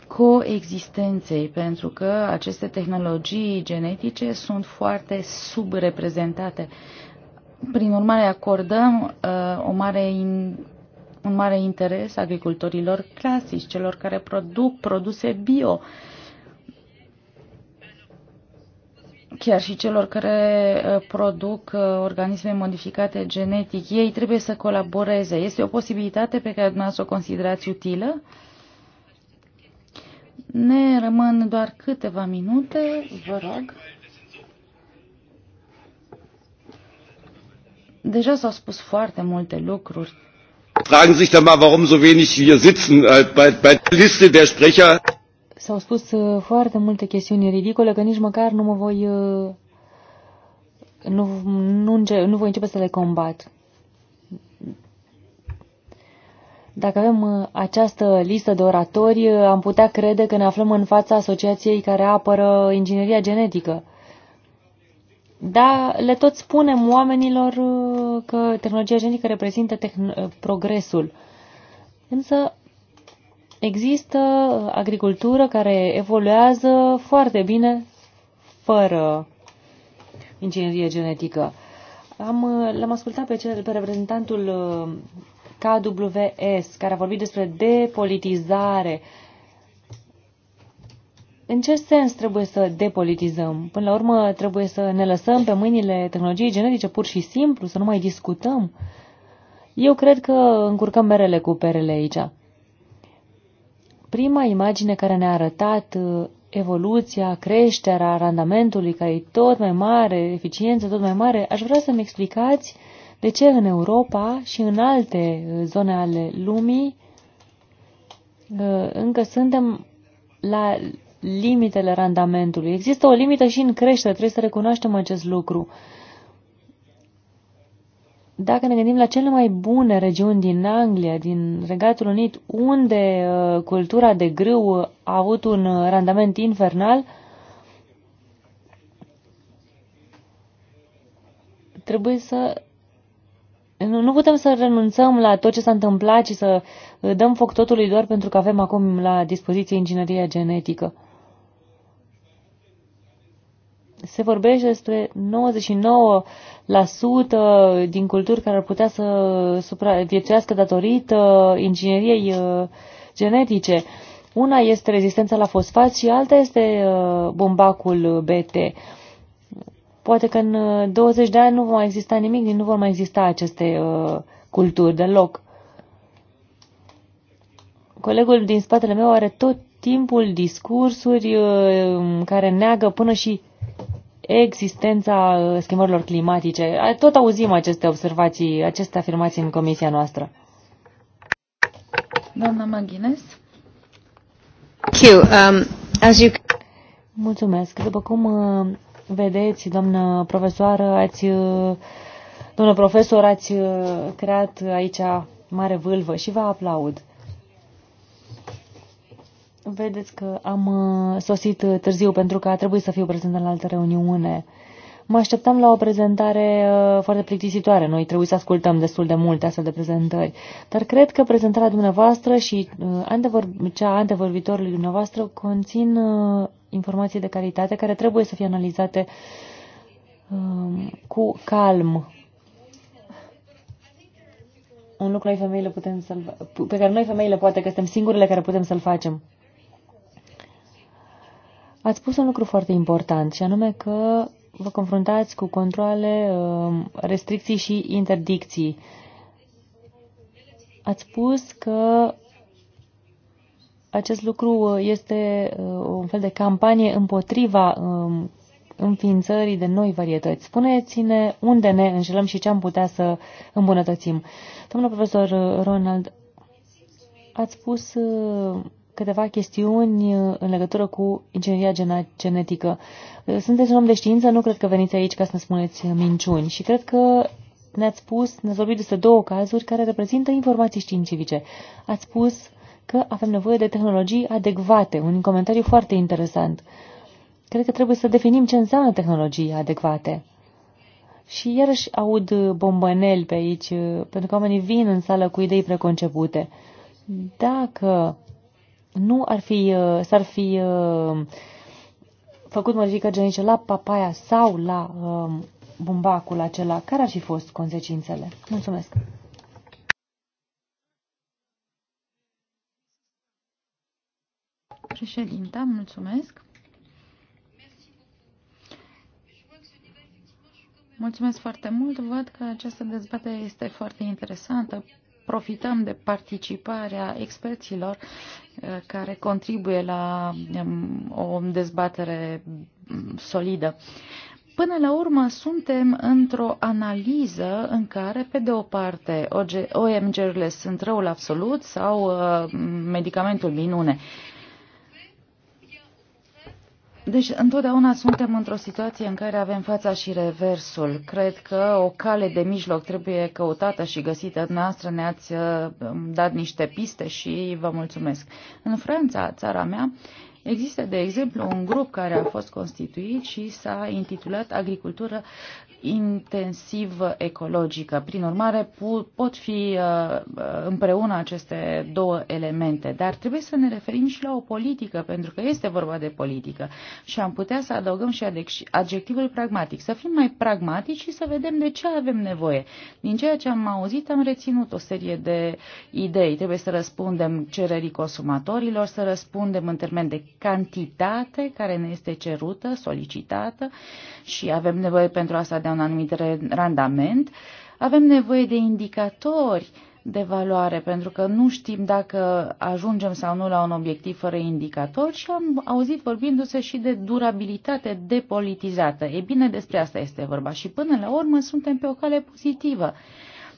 coexistenței, pentru că aceste tehnologii genetice sunt foarte subreprezentate. Prin urmare, acordăm uh, o mare in, un mare interes agricultorilor clasici, celor care produc produse bio, chiar și celor care uh, produc uh, organisme modificate genetic. Ei trebuie să colaboreze. Este o posibilitate pe care dumneavoastră o considerați utilă? Ne rămân doar câteva minute, vă rog. Deja s-au spus foarte multe lucruri. Fragen Sie sich dann mal, warum so wenig hier sitzen äh, bei, bei der Liste der Sprecher. S-au spus uh, foarte multe chestiuni ridicole că nici măcar nu mă voi uh, nu, nu, înce nu voi începe să le combat. Dacă avem uh, această listă de oratori, am putea crede că ne aflăm în fața asociației care apără ingineria genetică. Da, le tot spunem oamenilor uh, că tehnologia genică reprezintă tehn uh, progresul. Însă există uh, agricultură care evoluează foarte bine fără inginerie genetică. Am, l-am ascultat pe, cel, pe reprezentantul KWS, care a vorbit despre depolitizare în ce sens trebuie să depolitizăm? Până la urmă trebuie să ne lăsăm pe mâinile tehnologiei genetice pur și simplu, să nu mai discutăm? Eu cred că încurcăm merele cu perele aici. Prima imagine care ne-a arătat uh, evoluția, creșterea randamentului, care e tot mai mare, eficiență tot mai mare, aș vrea să-mi explicați de ce în Europa și în alte uh, zone ale lumii uh, încă suntem la limitele randamentului. Există o limită și în creștere, trebuie să recunoaștem acest lucru. Dacă ne gândim la cele mai bune regiuni din Anglia, din Regatul Unit, unde uh, cultura de grâu a avut un uh, randament infernal, trebuie să nu, nu putem să renunțăm la tot ce s-a întâmplat și să uh, dăm foc totului doar pentru că avem acum la dispoziție ingineria genetică se vorbește despre 99% din culturi care ar putea să supraviețuiască datorită ingineriei uh, genetice. Una este rezistența la fosfat și alta este uh, bumbacul BT. Poate că în 20 uh, de ani nu va mai exista nimic, nu vor mai exista aceste culturi deloc. Colegul din spatele meu are tot timpul discursuri care neagă până și existența uh, schimbărilor climatice. Tot auzim aceste observații, aceste afirmații în comisia noastră. Doamna Maghines. Um, Mulțumesc. După cum uh, vedeți, doamnă profesoară, ați, uh, doamnă profesor, ați creat aici mare vâlvă și vă aplaud. Vedeți că am uh, sosit uh, târziu pentru că a trebuit să fiu prezent în altă reuniune. Mă așteptam la o prezentare uh, foarte plictisitoare. Noi trebuie să ascultăm destul de multe astfel de prezentări. Dar cred că prezentarea dumneavoastră și cea antevorbitorului dumneavoastră conțin informații de calitate care trebuie să fie analizate um, cu calm. Un lucru noi femeile putem să pe care noi femeile poate că suntem singurele care putem să-l facem. Ați spus un lucru foarte important, și anume că vă confruntați cu controle, um, restricții și interdicții. Ați spus că acest lucru uh, este uh, un fel de campanie împotriva um, înființării de noi varietăți. Spuneți-ne unde ne înșelăm și ce am putea să îmbunătățim. Domnul profesor Ronald, ați spus uh, câteva chestiuni uh, în legătură cu ingineria genetică. Uh, sunteți un om de știință, nu cred că veniți aici ca să ne spuneți uh, minciuni și cred că ne-ați spus, ne-ați vorbit despre două cazuri care reprezintă informații științifice. Ați spus că avem nevoie de tehnologii adecvate, un comentariu foarte interesant. Cred că trebuie să definim ce înseamnă tehnologii adecvate. Și iarăși aud bombăneli pe aici, pentru că oamenii vin în sală cu idei preconcepute. Dacă nu ar fi, uh, s-ar fi uh, făcut modificări genice la papaya sau la um, bumbacul acela, care ar fi fost consecințele? Mulțumesc! Președinta, mulțumesc! Mulțumesc foarte mult. Văd că această dezbatere este foarte interesantă profităm de participarea experților uh, care contribuie la um, o dezbatere solidă. Până la urmă, suntem într-o analiză în care, pe de o parte, OMG-urile sunt răul absolut sau uh, medicamentul minune. Uh, deci, întotdeauna suntem într-o situație în care avem fața și reversul. Cred că o cale de mijloc trebuie căutată și găsită. Noastră ne-ați uh, dat niște piste și vă mulțumesc. În Franța, țara mea, Există, de exemplu, un grup care a fost constituit și s-a intitulat Agricultură intensiv ecologică. Prin urmare, pot fi uh, uh, împreună aceste două elemente, dar trebuie să ne referim și la o politică, pentru că este vorba de politică și am putea să adăugăm și adjectivul pragmatic, să fim mai pragmatici și să vedem de ce avem nevoie. Din ceea ce am auzit, am reținut o serie de idei. Trebuie să răspundem cererii consumatorilor, să răspundem în termen de cantitate care ne este cerută, solicitată și avem nevoie pentru asta de de un anumit randament, avem nevoie de indicatori de valoare, pentru că nu știm dacă ajungem sau nu la un obiectiv fără indicator și am auzit vorbindu-se și de durabilitate depolitizată. E bine, despre asta este vorba și până la urmă suntem pe o cale pozitivă.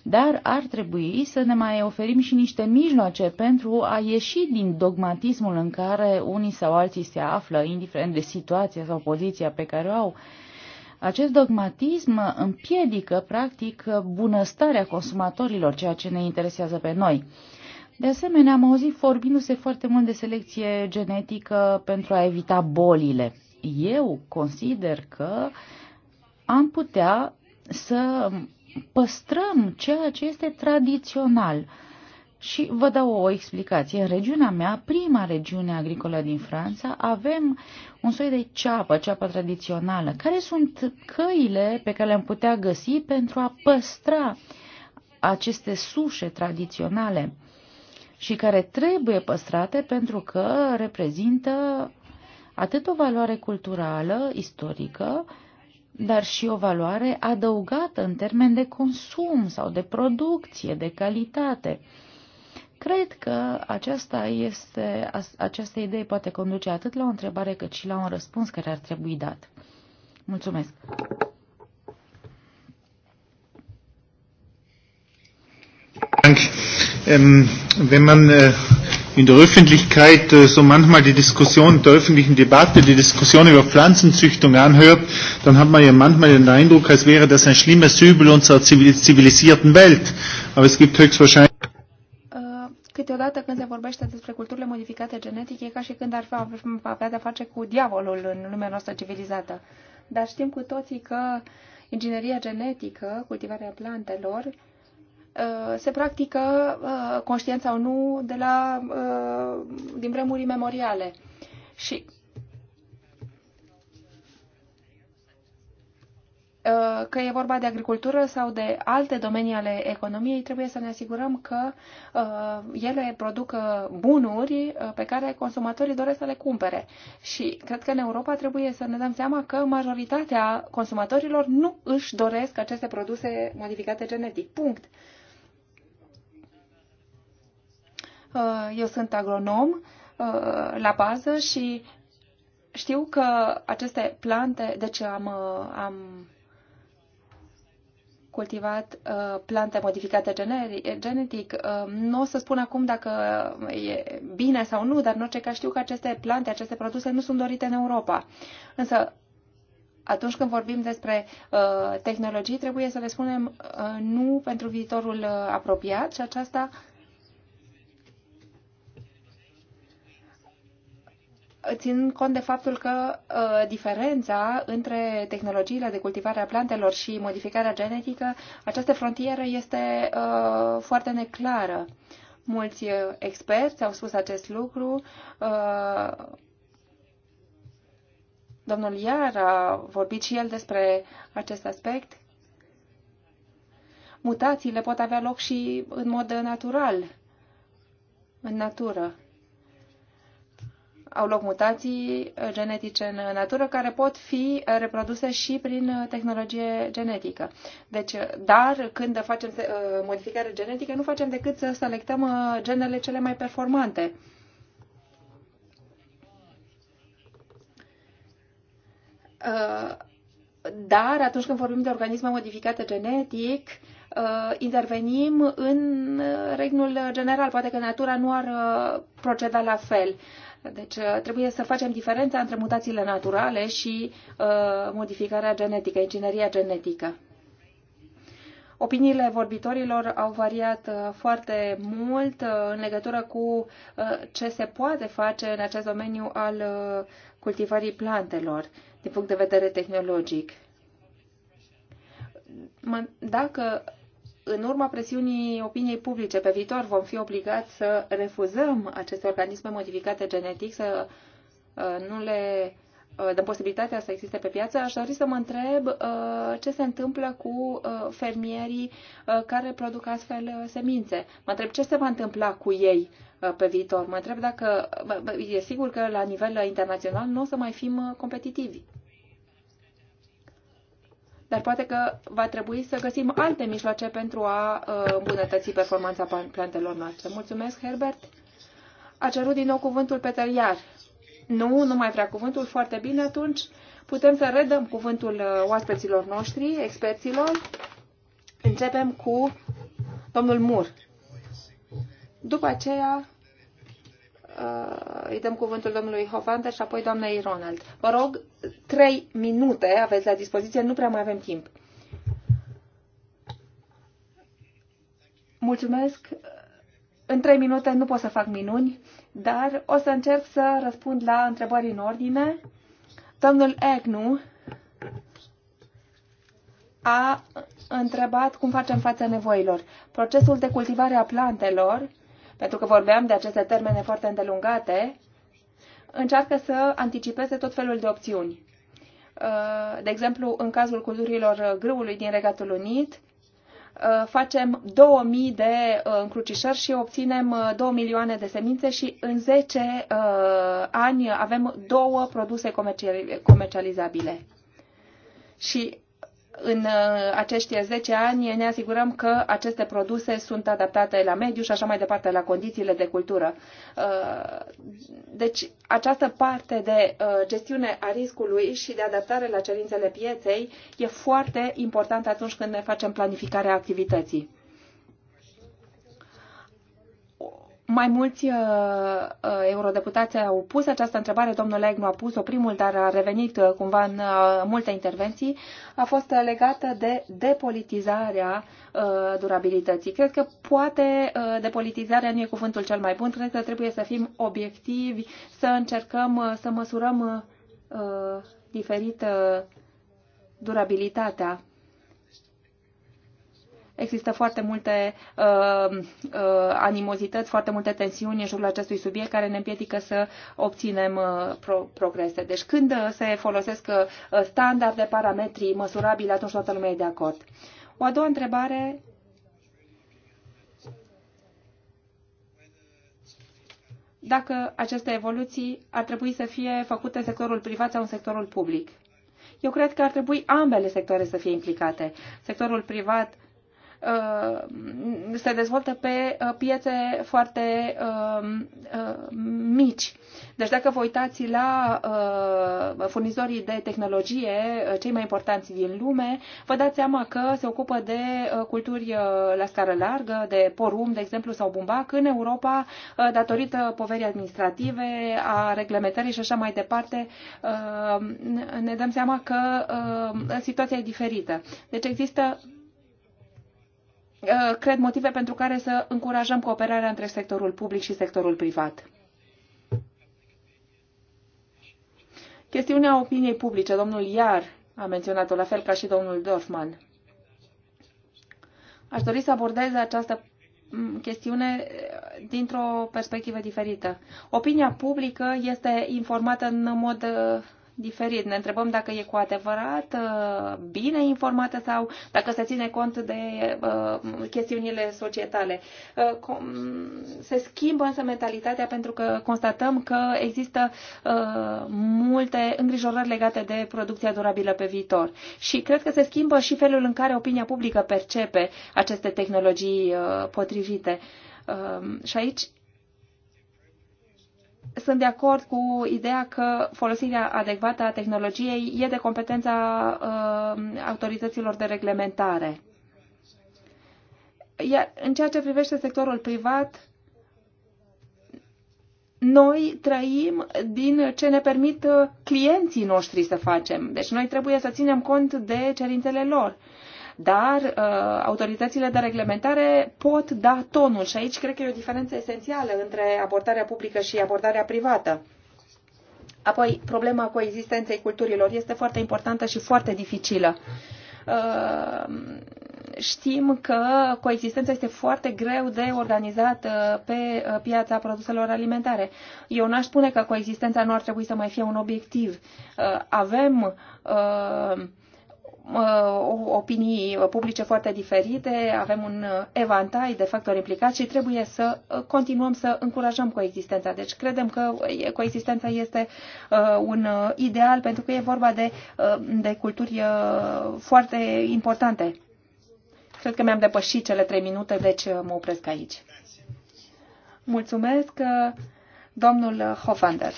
Dar ar trebui să ne mai oferim și niște mijloace pentru a ieși din dogmatismul în care unii sau alții se află, indiferent de situația sau poziția pe care o au. Uh, acest dogmatism împiedică, practic, bunăstarea consumatorilor, ceea ce ne interesează pe noi. De asemenea, am auzit vorbindu-se foarte mult de selecție genetică pentru a evita bolile. Eu consider că am putea să păstrăm ceea ce este tradițional. Și vă dau o explicație. În regiunea mea, prima regiune agricolă din Franța, avem un soi de ceapă, ceapă tradițională. Care sunt căile pe care le-am putea găsi pentru a păstra aceste sușe tradiționale și care trebuie păstrate pentru că reprezintă atât o valoare culturală, istorică, dar și o valoare adăugată în termen de consum sau de producție, de calitate. Cred că aceasta, este, această idee poate conduce atât la o întrebare cât și la un răspuns care ar trebui dat. Mulțumesc! Dank. Ähm, wenn man äh, in der Öffentlichkeit äh, so manchmal die Diskussion der öffentlichen Debatte, die Diskussion über Pflanzenzüchtung anhört, dann hat man ja manchmal den Eindruck, als wäre das ein schlimmes Übel unserer zivilisierten Welt. Aber es gibt höchstwahrscheinlich Câteodată când se vorbește despre culturile modificate genetic, e ca și când ar fi avea de-a face cu diavolul în lumea noastră civilizată. Dar știm cu toții că ingineria genetică, cultivarea plantelor, uh, se practică, uh, conștient sau nu, de la, uh, din vremuri memoriale. Și Uh, că e vorba de agricultură sau de alte domenii ale economiei, trebuie să ne asigurăm că uh, ele produc uh, bunuri pe care consumatorii doresc să le cumpere. Și cred că în Europa trebuie să ne dăm seama că majoritatea consumatorilor nu își doresc aceste produse modificate genetic. Punct. Eu sunt agronom la bază și știu că aceste plante, deci am, am cultivat uh, plante modificate genetic. Uh, nu o să spun acum dacă e bine sau nu, dar în orice caz știu că aceste plante, aceste produse nu sunt dorite în Europa. Însă, atunci când vorbim despre uh, tehnologii, trebuie să le spunem uh, nu pentru viitorul uh, apropiat și aceasta uh, ținând cont de faptul că uh, diferența între tehnologiile de cultivare a plantelor și modificarea genetică, această frontieră este uh, foarte neclară. Mulți uh, experți au spus acest lucru. Uh, domnul Iar a vorbit și el despre acest aspect. Mutațiile pot avea loc și în mod uh, natural, în natură au loc mutații uh, genetice în natură care pot fi uh, reproduse și prin uh, tehnologie genetică. Deci, dar când facem modificare genetică, nu facem decât să selectăm genele cele mai performante. Dar atunci când vorbim de organisme modificate genetic, intervenim în regnul general. Poate că natura nu ar proceda la fel deci uh, trebuie să facem diferența între mutațiile naturale și uh, modificarea genetică, ingineria genetică. Opiniile vorbitorilor au variat uh, foarte mult uh, în legătură cu ce se poate face în acest domeniu al cultivării plantelor din punct de vedere tehnologic. Dacă în urma presiunii opiniei publice pe viitor vom fi obligați să refuzăm aceste organisme modificate genetic, să uh, nu le uh, dăm posibilitatea să existe pe piață, aș dori să mă întreb uh, ce se întâmplă cu fermierii care produc astfel semințe. Mă întreb ce se va întâmpla cu ei pe viitor. Mă întreb dacă e sigur că la nivel internațional nu o să mai fim competitivi dar poate că va trebui să găsim alte mijloace pentru a uh, îmbunătăți performanța plantelor noastre. Mulțumesc, Herbert. A cerut din nou cuvântul Peter Iar. Nu, nu mai vrea cuvântul. Foarte bine, atunci putem să redăm cuvântul uh, oaspeților noștri, experților. Începem cu domnul Mur. După aceea uh, îi dăm cuvântul domnului Hovander și apoi doamnei Ronald. Vă rog, trei minute aveți la dispoziție, nu prea mai avem timp. Mulțumesc. În trei minute nu pot să fac minuni, dar o să încerc să răspund la întrebări în ordine. Domnul Egnu a întrebat cum facem față nevoilor. Procesul de cultivare a plantelor pentru că vorbeam de aceste termene foarte îndelungate, încearcă să anticipeze tot felul de opțiuni. Uh, de exemplu, în cazul culturilor grâului din Regatul Unit, uh, facem 2000 de uh, încrucișări și obținem 2 milioane de semințe și în 10 ani avem două produse comercializabile. Și în uh, acești 10 ani ne asigurăm că aceste produse sunt adaptate la mediu și așa mai departe, la condițiile de cultură. Uh, deci această parte de uh, gestiune a riscului și de adaptare la cerințele pieței e foarte importantă atunci când ne facem planificarea activității. Mai mulți uh, uh, eurodeputați au pus această întrebare, domnul nu a pus-o primul, dar a revenit uh, cumva în uh, multe intervenții, a fost uh, legată de depolitizarea uh, durabilității. Cred că poate uh, depolitizarea nu e cuvântul cel mai bun, cred că trebuie să fim obiectivi, să încercăm uh, să măsurăm uh, uh diferit uh, durabilitatea Există foarte multe uh, uh, animozități, foarte multe tensiuni în jurul acestui subiect care ne împiedică să obținem uh, pro- progrese. Deci când uh, se folosesc uh, standarde, parametri măsurabile atunci toată lumea e de acord. O a doua întrebare dacă aceste evoluții ar trebui să fie făcute în sectorul privat sau în sectorul public. Eu cred că ar trebui ambele sectoare să fie implicate. Sectorul privat Uh, se dezvoltă pe uh, piețe foarte uh, mici. Deci dacă vă uitați la furnizorii de tehnologie, cei mai importanți din lume, vă dați seama că se ocupă de culturi la scară largă, de porum, de exemplu, sau bumbac, în Europa, datorită poverii administrative, a reglementării și așa mai departe, ne dăm seama că situația e diferită. Deci există Uh, cred, motive pentru care să încurajăm cooperarea între sectorul public și sectorul privat. Chestiunea opiniei publice, domnul Iar a menționat-o, la fel ca și domnul Dorfman. Aș dori să abordez această mm, chestiune uh, dintr-o perspectivă diferită. Opinia publică este informată în mod uh, diferit. Ne întrebăm dacă e cu adevărat uh, bine informată sau dacă se ține cont de uh, chestiunile societale. Uh, se schimbă însă mentalitatea pentru că constatăm că există multe îngrijorări legate de producția durabilă pe viitor. Și cred că se schimbă și felul în care opinia publică percepe aceste tehnologii potrivite. Și aici sunt de acord cu ideea că folosirea adecvată a tehnologiei e de competența uh, autorităților de reglementare. Iar în ceea ce privește sectorul privat, noi trăim din ce ne permit uh, clienții noștri să facem. Deci noi trebuie să ținem cont de cerințele lor. Uh, dar uh, autoritățile de reglementare pot da tonul și aici cred că e o diferență esențială între abordarea publică și abordarea privată. Apoi, problema coexistenței culturilor este foarte importantă și foarte dificilă. Uh, știm că coexistența este foarte greu de organizată uh, pe uh, piața produselor alimentare. Eu n-aș spune că coexistența nu ar trebui să mai fie un obiectiv. Uh, avem Uh, opinii publice foarte diferite, avem un uh, evantai de factori implicați și trebuie să uh, continuăm să încurajăm coexistența. Deci credem că coexistența este un ideal pentru că e vorba de, de culturi foarte importante. Cred că mi-am depășit cele trei minute, deci mă opresc aici. Mulțumesc, domnul Hofander.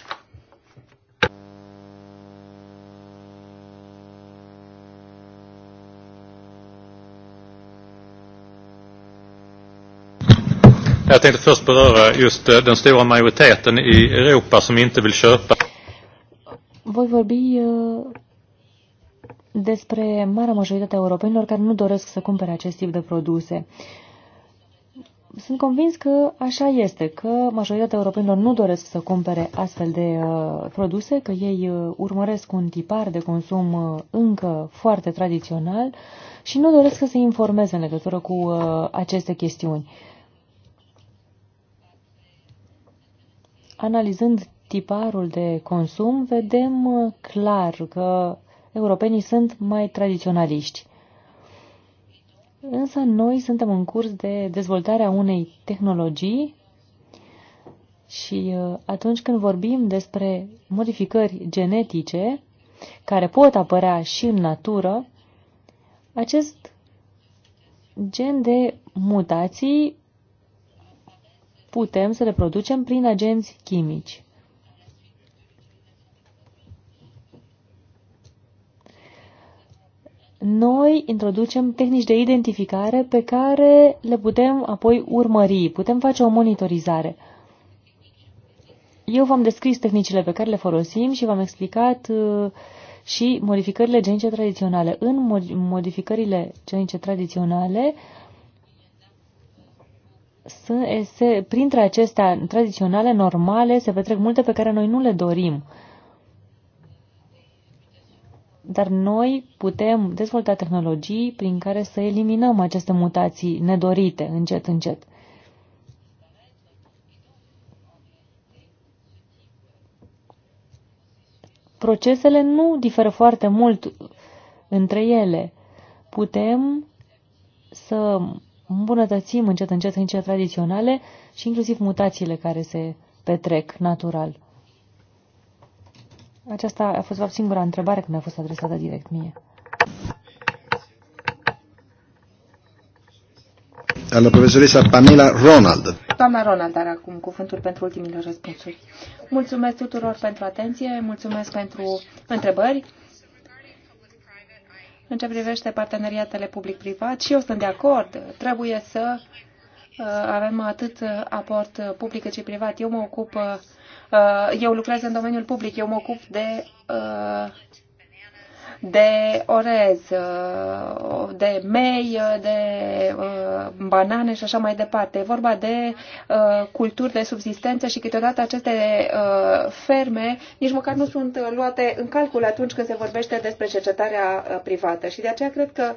Jag tänkte först beröra just eh, den stora majoriteten i Europa som inte vill köpa. Voi vorbi eh, despre marea majoritate a europenilor care nu doresc să cumpere acest tip de produse. Sunt convins că așa este, că majoritatea europenilor nu doresc să cumpere astfel de eh, produse, că ei urmăresc un tipar de consum încă foarte tradițional și nu doresc să se informeze în legătură cu aceste chestiuni. analizând tiparul de consum, vedem uh, clar că europenii sunt mai tradiționaliști. Însă noi suntem în curs de dezvoltarea unei tehnologii și uh, atunci când vorbim despre modificări genetice care pot apărea și în natură, acest gen de mutații putem să le producem prin agenți chimici. Noi introducem tehnici de identificare pe care le putem apoi urmări, putem face o monitorizare. Eu v-am descris tehnicile pe care le folosim și v-am explicat uh, și modificările genice tradiționale. În modificările genice tradiționale, sunt, se, printre acestea tradiționale, normale, se petrec multe pe care noi nu le dorim. Dar noi putem dezvolta tehnologii prin care să eliminăm aceste mutații nedorite, încet, încet. Procesele nu diferă foarte mult între ele. Putem să îmbunătățim încet, încet hâncile tradiționale și inclusiv mutațiile care se petrec natural. Aceasta a fost, fapt, singura întrebare care mi-a fost adresată direct mie. Alla profesoressa Pamela Ronald. Doamna Ronald are acum cuvântul pentru ultimile răspunsuri. Mulțumesc tuturor pentru atenție, mulțumesc pentru întrebări. În ce privește parteneriatele public-privat, și eu sunt de acord, trebuie să uh, avem atât aport public cât și privat. Eu mă ocup, uh, eu lucrez în domeniul public, eu mă ocup de uh, de orez, uh, de mei, uh, de uh, banane și așa mai departe. E vorba de culturi de subsistență și câteodată aceste ferme nici măcar nu sunt luate în calcul atunci când se vorbește despre cercetarea privată. Și de aceea cred că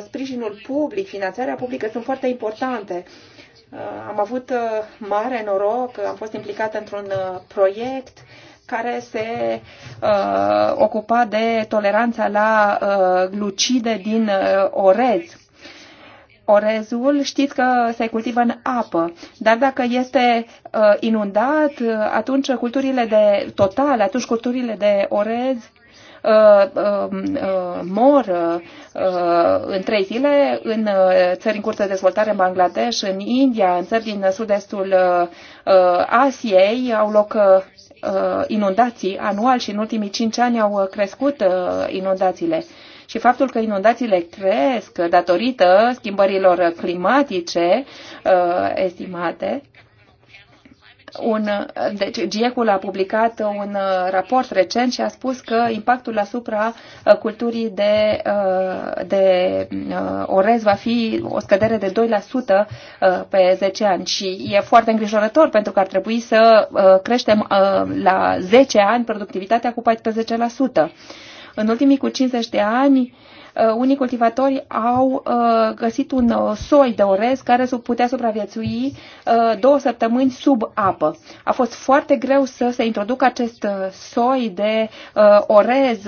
sprijinul public, finanțarea publică sunt foarte importante. Am avut mare noroc, am fost implicată într-un proiect uh, care se uh, ocupa de toleranța la uh, glucide din uh, orez. Orezul știți că se cultivă în apă, dar dacă este uh, inundat, uh, atunci culturile de total, atunci culturile de orez uh, um, uh, mor în trei zile în țări în curs de dezvoltare, în Bangladesh, în India, în țări din sud-estul Asiei, au loc Uh, inundații anual și în ultimii cinci ani au uh, crescut uh, inundațiile. Și faptul că inundațiile cresc datorită schimbărilor climatice estimate, un, deci GIEC-ul a publicat un uh, raport recent și a spus că impactul asupra uh, culturii de, uh, de orez va fi o scădere de 2% pe 10 ani și e foarte îngrijorător pentru că ar trebui să creștem la 10 ani productivitatea cu 14%. În ultimii cu 50 de ani, Uh, unii cultivatori au uh, găsit un uh, soi de orez care putea supraviețui două săptămâni sub apă. A fost foarte greu să se introducă acest soi de orez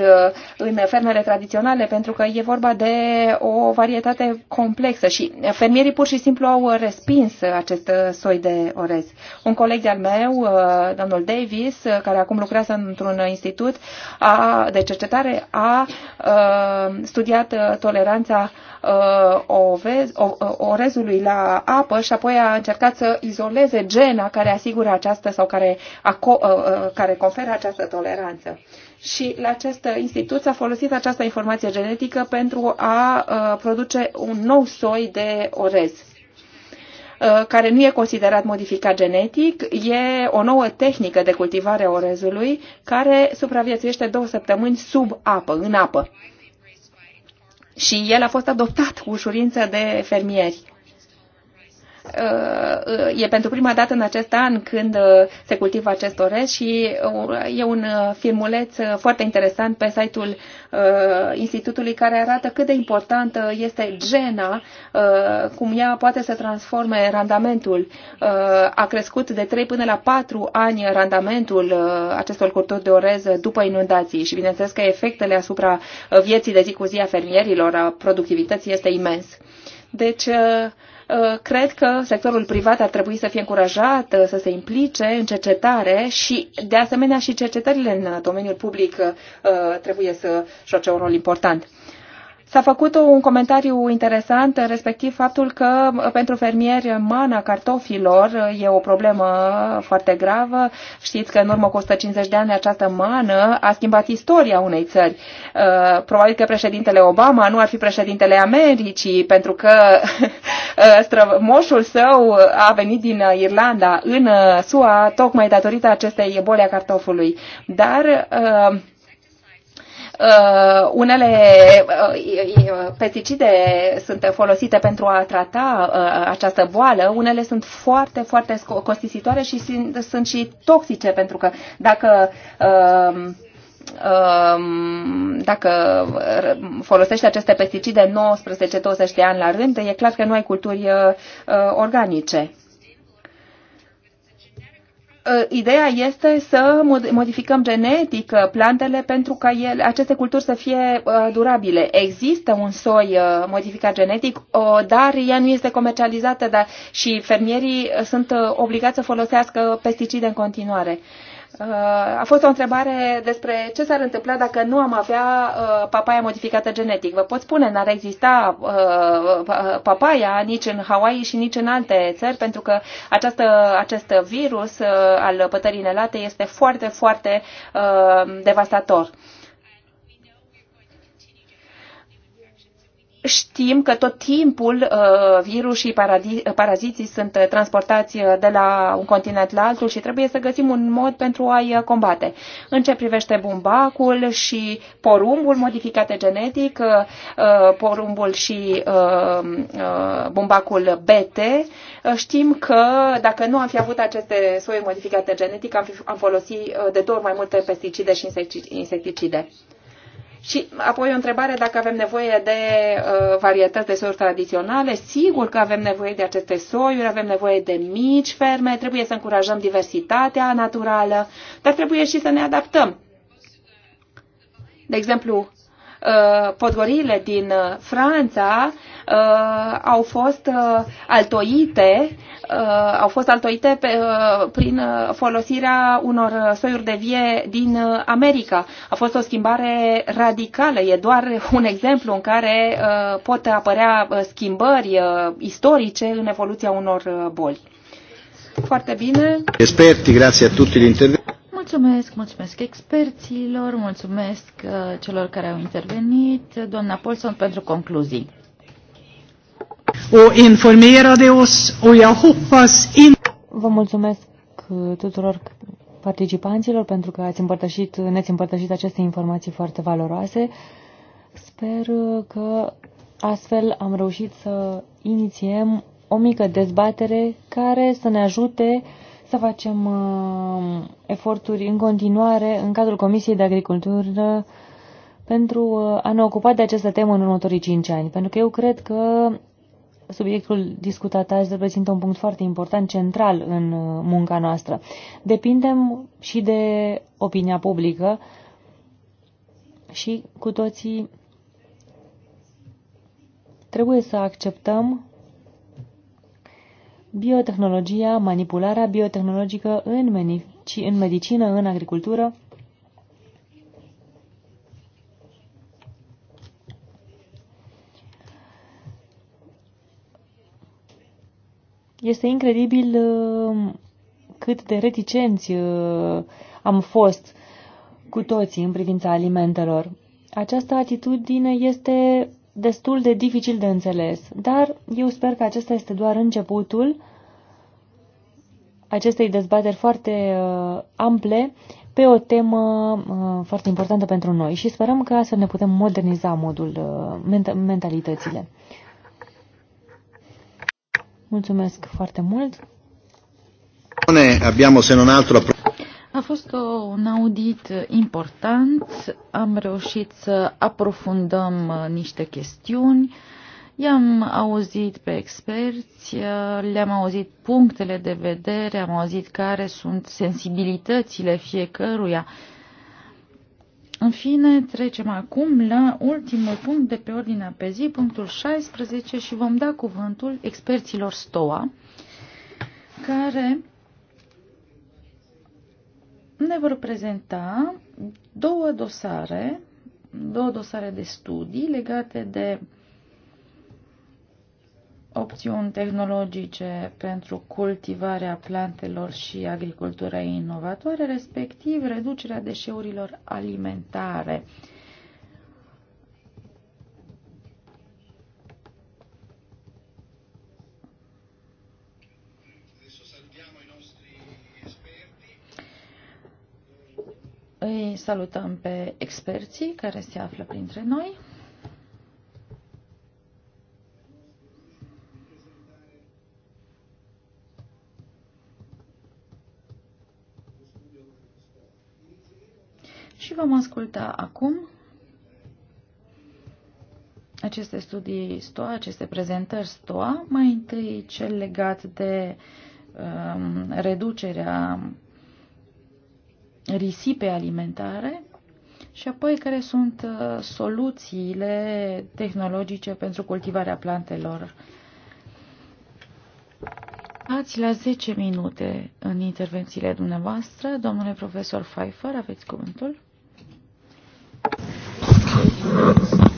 în fermele tradiționale pentru că e vorba de o varietate complexă și fermierii pur și simplu au respins acest soi de orez. Un coleg de-al meu, domnul Davis, care acum lucrează într-un institut de cercetare, a studiat utilizat toleranța uh, orezului la apă și apoi a încercat să izoleze gena care asigură această sau care, aco, uh, uh, care conferă această toleranță. Și la acest institut s-a folosit această informație genetică pentru a produce un nou soi de orez care nu e considerat modificat genetic, e o nouă tehnică de cultivare a orezului care supraviețuiește două săptămâni sub apă, în apă și el a fost adoptat cu ușurință de fermieri e pentru prima dată în acest an când uh, se cultivă acest orez și uh, e un uh, filmuleț foarte interesant pe site-ul institutului care arată cât de importantă este gena, cum ea poate să transforme randamentul. A crescut de 3 până la 4 ani randamentul acestor culturi de orez după inundații și bineînțeles că efectele asupra vieții de zi cu zi a fermierilor, a productivității este imens. Deci, Uh, cred că sectorul privat ar trebui să fie încurajat uh, să se implice în cercetare și, de asemenea, și cercetările în uh, domeniul public trebuie să joace un rol important. S-a făcut un comentariu interesant, respectiv faptul că uh, pentru fermieri mana cartofilor uh, e o problemă foarte gravă. Știți că în urmă cu 150 de ani această mană a schimbat istoria unei țări. Uh, probabil că președintele Obama nu ar fi președintele Americii, pentru că moșul său a venit din Irlanda în SUA tocmai datorită acestei boli a cartofului. Dar Uh, unele uh, uh, pesticide sunt folosite pentru a trata această boală, unele sunt foarte, foarte costisitoare și sunt, sunt și toxice, pentru că dacă um, um, dacă folosești aceste pesticide 19-20 de ani la rând, e clar că nu ai culturi organice. Ă, ideea este să modificăm genetic ă, plantele pentru ca ele, aceste culturi să fie ă, durabile. Există un soi modificat genetic, dar ea nu este comercializată dar și fermierii sunt obligați să folosească pesticide în continuare. Uh, a fost o întrebare despre ce s-ar întâmpla dacă nu am avea uh, papaya modificată genetic. Vă pot spune, n-ar exista uh, papaya nici în Hawaii și nici în alte țări, pentru că această, acest virus al pătării nelate este foarte, foarte devastator. știm că tot timpul uh, virus și uh, paraziții sunt uh, transportați de la un continent la altul și trebuie să găsim un mod pentru a-i combate. În ce privește bumbacul și porumbul modificate genetic, porumbul și bumbacul BT, știm că dacă nu am fi avut aceste soiuri modificate genetic, am, fi, am folosit de două ori mai multe pesticide și insecticide. Și apoi o întrebare dacă avem nevoie de uh, varietăți de soiuri tradiționale. Sigur că avem nevoie de aceste soiuri, avem nevoie de mici ferme, trebuie să încurajăm diversitatea naturală, dar trebuie și să ne adaptăm. De exemplu, Uh, podgorile din uh, Franța uh, au fost altoite, au fost altoite pe, prin folosirea unor soiuri de vie din America. A fost o schimbare radicală, e doar un exemplu în care pot apărea schimbări istorice în evoluția unor boli. Foarte bine. Experti, grazie a tutti gli interventi. Mulțumesc, mulțumesc experților, mulțumesc uh, celor care au intervenit, doamna Polson, pentru concluzii. O informerade oss O jag hoppas in... Vă mulțumesc tuturor participanților pentru că ați împărtășit, ne-ați împărtășit aceste informații foarte valoroase. Sper uh, că astfel am reușit să inițiem o mică dezbatere care să ne ajute să facem uh, eforturi în continuare în cadrul Comisiei de Agricultură pentru uh, a ne ocupa de această temă în următorii cinci ani, pentru că eu cred că subiectul discutat azi reprezintă un punct foarte important, central în uh, munca noastră. Depindem și de opinia publică și cu toții trebuie să acceptăm biotehnologia, manipularea biotehnologică în, medici, în medicină, în agricultură, Este incredibil uh, cât de reticenți uh, am fost cu toții în privința alimentelor. Această atitudine este destul de dificil de înțeles, dar eu sper că acesta este doar începutul acestei dezbateri foarte uh, ample pe o temă uh, foarte importantă pentru noi și sperăm că astfel ne putem moderniza modul, uh, ment mentalitățile. Mulțumesc foarte mult! Abbiamo se non altro a fost o, un audit important, am reușit să aprofundăm uh, niște chestiuni, i-am auzit pe experți, uh, le-am auzit punctele de vedere, am auzit care sunt sensibilitățile fiecăruia. În fine, trecem acum la ultimul punct de pe ordinea pe zi, punctul 16, și vom da cuvântul experților STOA, care ne vor prezenta două dosare, două dosare de studii legate de opțiuni tehnologice pentru cultivarea plantelor și agricultura inovatoare, respectiv reducerea deșeurilor alimentare. Îi salutăm pe experții care se află printre noi. Și vom asculta acum aceste studii STOA, aceste prezentări STOA, mai întâi cel legat de um, reducerea risipe alimentare și apoi care sunt uh, soluțiile tehnologice pentru cultivarea plantelor. Ați la 10 minute în intervențiile dumneavoastră. Domnule profesor Pfeiffer, aveți cuvântul?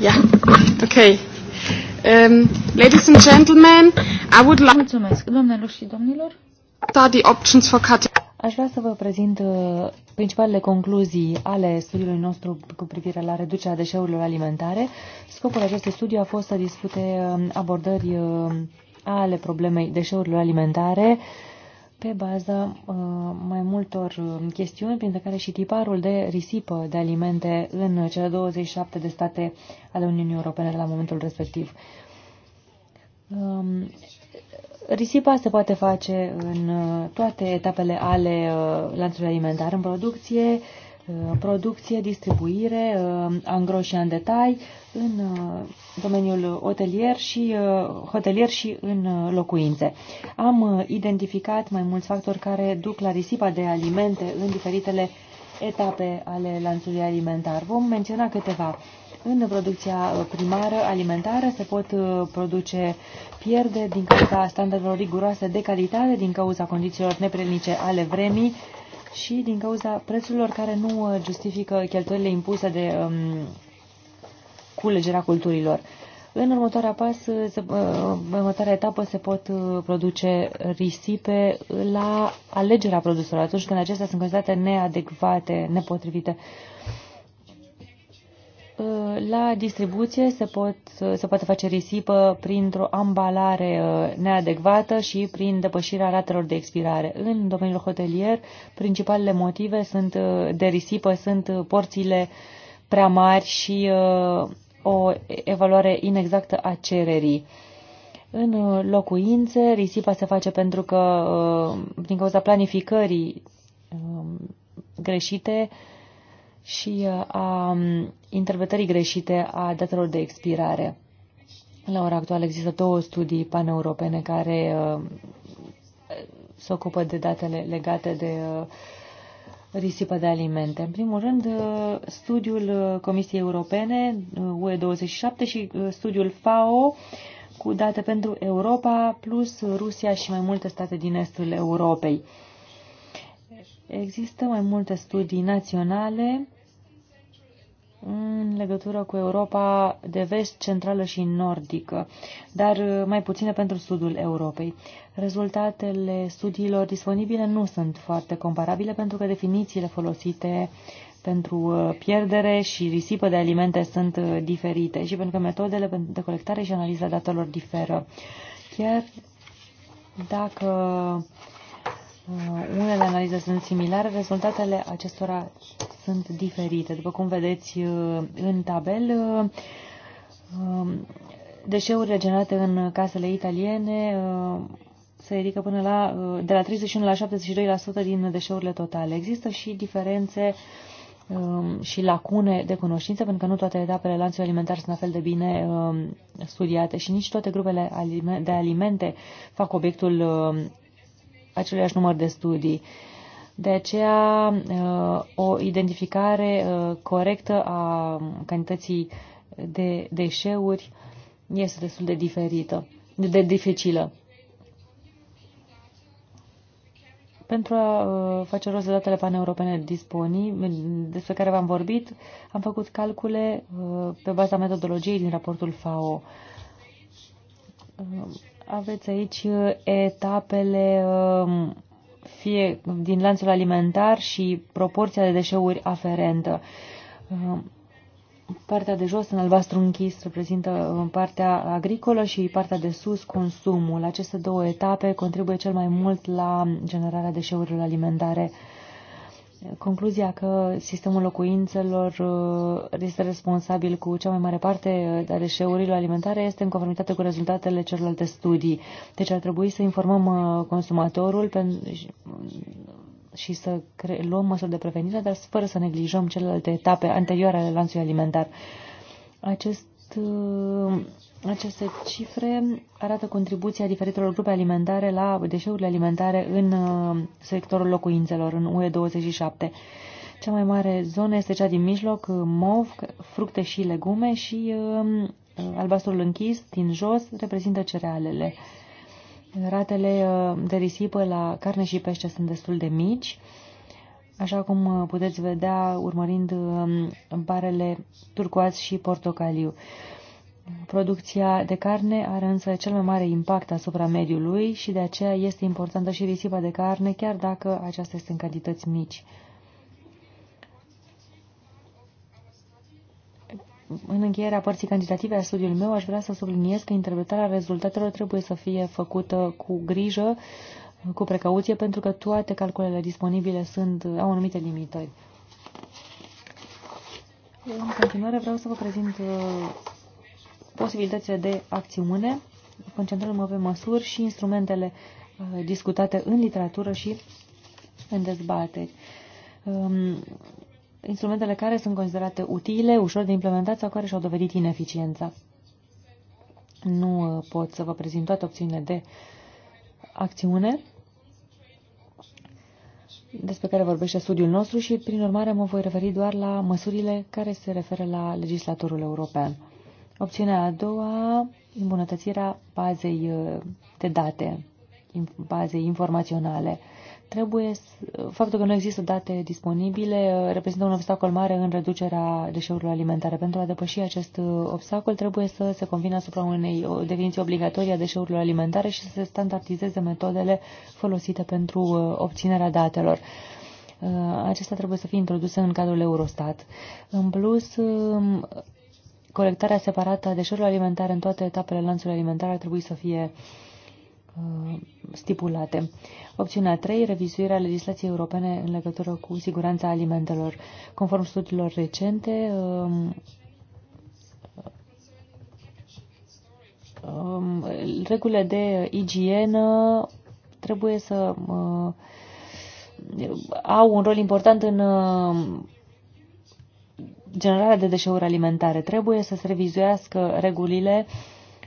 Yeah. Okay. Um, ladies and gentlemen, I would like... Mulțumesc, domnilor și domnilor. Study options for cutting. Aș vrea să vă prezint uh, principalele concluzii ale studiului nostru cu privire la reducerea deșeurilor alimentare. Scopul acestui studiu a fost să discute um, abordări uh, ale problemei deșeurilor alimentare pe baza uh, mai multor um, chestiuni, printre care și tiparul de risipă de alimente în cele 27 de state ale Uniunii Europene la momentul respectiv um, Risipa se poate face în uh, toate etapele ale uh, lanțului alimentar, în producție, uh, producție, distribuire, angro și în detai, în domeniul hotelier și, hotelier și în locuințe. Am identificat mai mulți factori care duc la risipa de alimente în diferitele etape ale lanțului alimentar. Vom menționa câteva în producția uh, primară alimentară se pot uh, produce pierde din cauza standardelor riguroase de calitate, din cauza condițiilor neprelnice ale vremii și din cauza prețurilor care nu uh, justifică cheltuielile impuse de um, culegerea culturilor. În următoarea, pas, se, următoarea etapă se pot produce risipe la alegerea produselor, atunci când acestea sunt considerate neadecvate, nepotrivite. Uh, la distribuție se, pot, se poate face risipă printr-o ambalare uh, neadecvată și prin depășirea ratelor de expirare. În domeniul hotelier, principalele motive sunt uh, de risipă sunt uh, porțiile prea mari și o evaluare inexactă a cererii. În locuințe, risipa se face pentru că, din cauza planificării greșite, și uh, a um, interpretării greșite a datelor de expirare. La ora actuală există două studii paneuropene care uh, se ocupă de datele legate de uh, risipă de alimente. În primul rând, studiul Comisiei Europene UE27 și studiul FAO cu date pentru Europa, plus Rusia și mai multe state din estul Europei. Există mai multe studii naționale în legătură cu Europa de vest, centrală și nordică, dar mai puține pentru sudul Europei. Rezultatele studiilor disponibile nu sunt foarte comparabile pentru că definițiile folosite pentru uh, pierdere și risipă de alimente sunt uh, diferite și pentru că metodele de colectare și analiza datelor diferă. Chiar dacă Uh, unele analize sunt similare, rezultatele acestora sunt diferite. După cum vedeți uh, în tabel, uh, um, deșeurile generate în casele italiene se ridică până la, de la 31 la 72% din deșeurile totale. Există și diferențe um, și lacune de cunoștință, pentru că nu toate etapele lanțului alimentar sunt la fel de bine um, studiate și nici toate grupele de alimente fac obiectul același număr de studii. De aceea, uh, o identificare uh, corectă a cantității de deșeuri este destul de diferită, de dificilă. Pentru a uh, face rost de datele paneuropene disponibile despre care v-am vorbit, am făcut calcule pe baza metodologiei din raportul FAO. Aveți aici uh, etapele um, fie din lanțul alimentar și proporția de deșeuri aferentă. Um, partea de jos, în albastru închis, reprezintă um, partea agricolă și partea de sus, consumul. Aceste două etape contribuie cel mai mult la generarea deșeurilor alimentare concluzia că sistemul locuințelor uh, este responsabil cu cea mai mare parte uh, a deșeurilor alimentare este în conformitate cu rezultatele celorlalte studii. Deci ar trebui să informăm uh, consumatorul mm, și să luăm măsuri de prevenire, dar fără să neglijăm celelalte etape anterioare ale lanțului alimentar. Acest aceste cifre arată contribuția diferitelor grupe alimentare la deșeurile alimentare în uh, sectorul locuințelor, în UE27. Cea mai mare zonă este cea din mijloc, uh, mov, fructe și legume și uh, albastrul închis, din jos, reprezintă cerealele. Ratele de risipă la carne și pește sunt destul de mici, așa cum puteți vedea urmărind barele turcoaz și portocaliu. Producția de carne are însă cel mai mare impact asupra mediului și de aceea este importantă și risipa de carne, chiar dacă aceasta este în cantități mici. În încheierea părții cantitative a studiului meu, aș vrea să subliniez că interpretarea rezultatelor trebuie să fie făcută cu grijă, cu precauție, pentru că toate calculele disponibile sunt, au anumite limitări. În continuare vreau să vă prezint uh, posibilitățile de acțiune, concentrându-mă pe măsuri și instrumentele uh, discutate în literatură și în dezbateri. Um, instrumentele care sunt considerate utile, ușor de implementat sau care și-au dovedit ineficiența. Nu uh, pot să vă prezint toate opțiunile de acțiune despre care vorbește studiul nostru și, prin urmare, mă voi referi doar la măsurile care se referă la legislatorul european. Opțiunea a doua, îmbunătățirea bazei uh, de date, bazei informaționale. Trebuie uh, faptul că nu există date disponibile uh, reprezintă un obstacol mare în reducerea deșeurilor alimentare. Pentru a depăși acest obstacol, trebuie să se convină asupra unei definiții obligatorii a deșeurilor alimentare și să se standardizeze metodele folosite pentru obținerea datelor acesta trebuie să fie introdusă în cadrul Eurostat. În plus, um, colectarea separată a deșeurilor alimentare în toate etapele lanțului alimentar ar trebui să fie uh, stipulate. Opțiunea 3. Revizuirea legislației europene în legătură cu siguranța alimentelor. Conform studiilor recente, um, um, regulile de igienă trebuie să uh, au un rol important în uh, generarea de deșeuri alimentare. Trebuie să se revizuiască regulile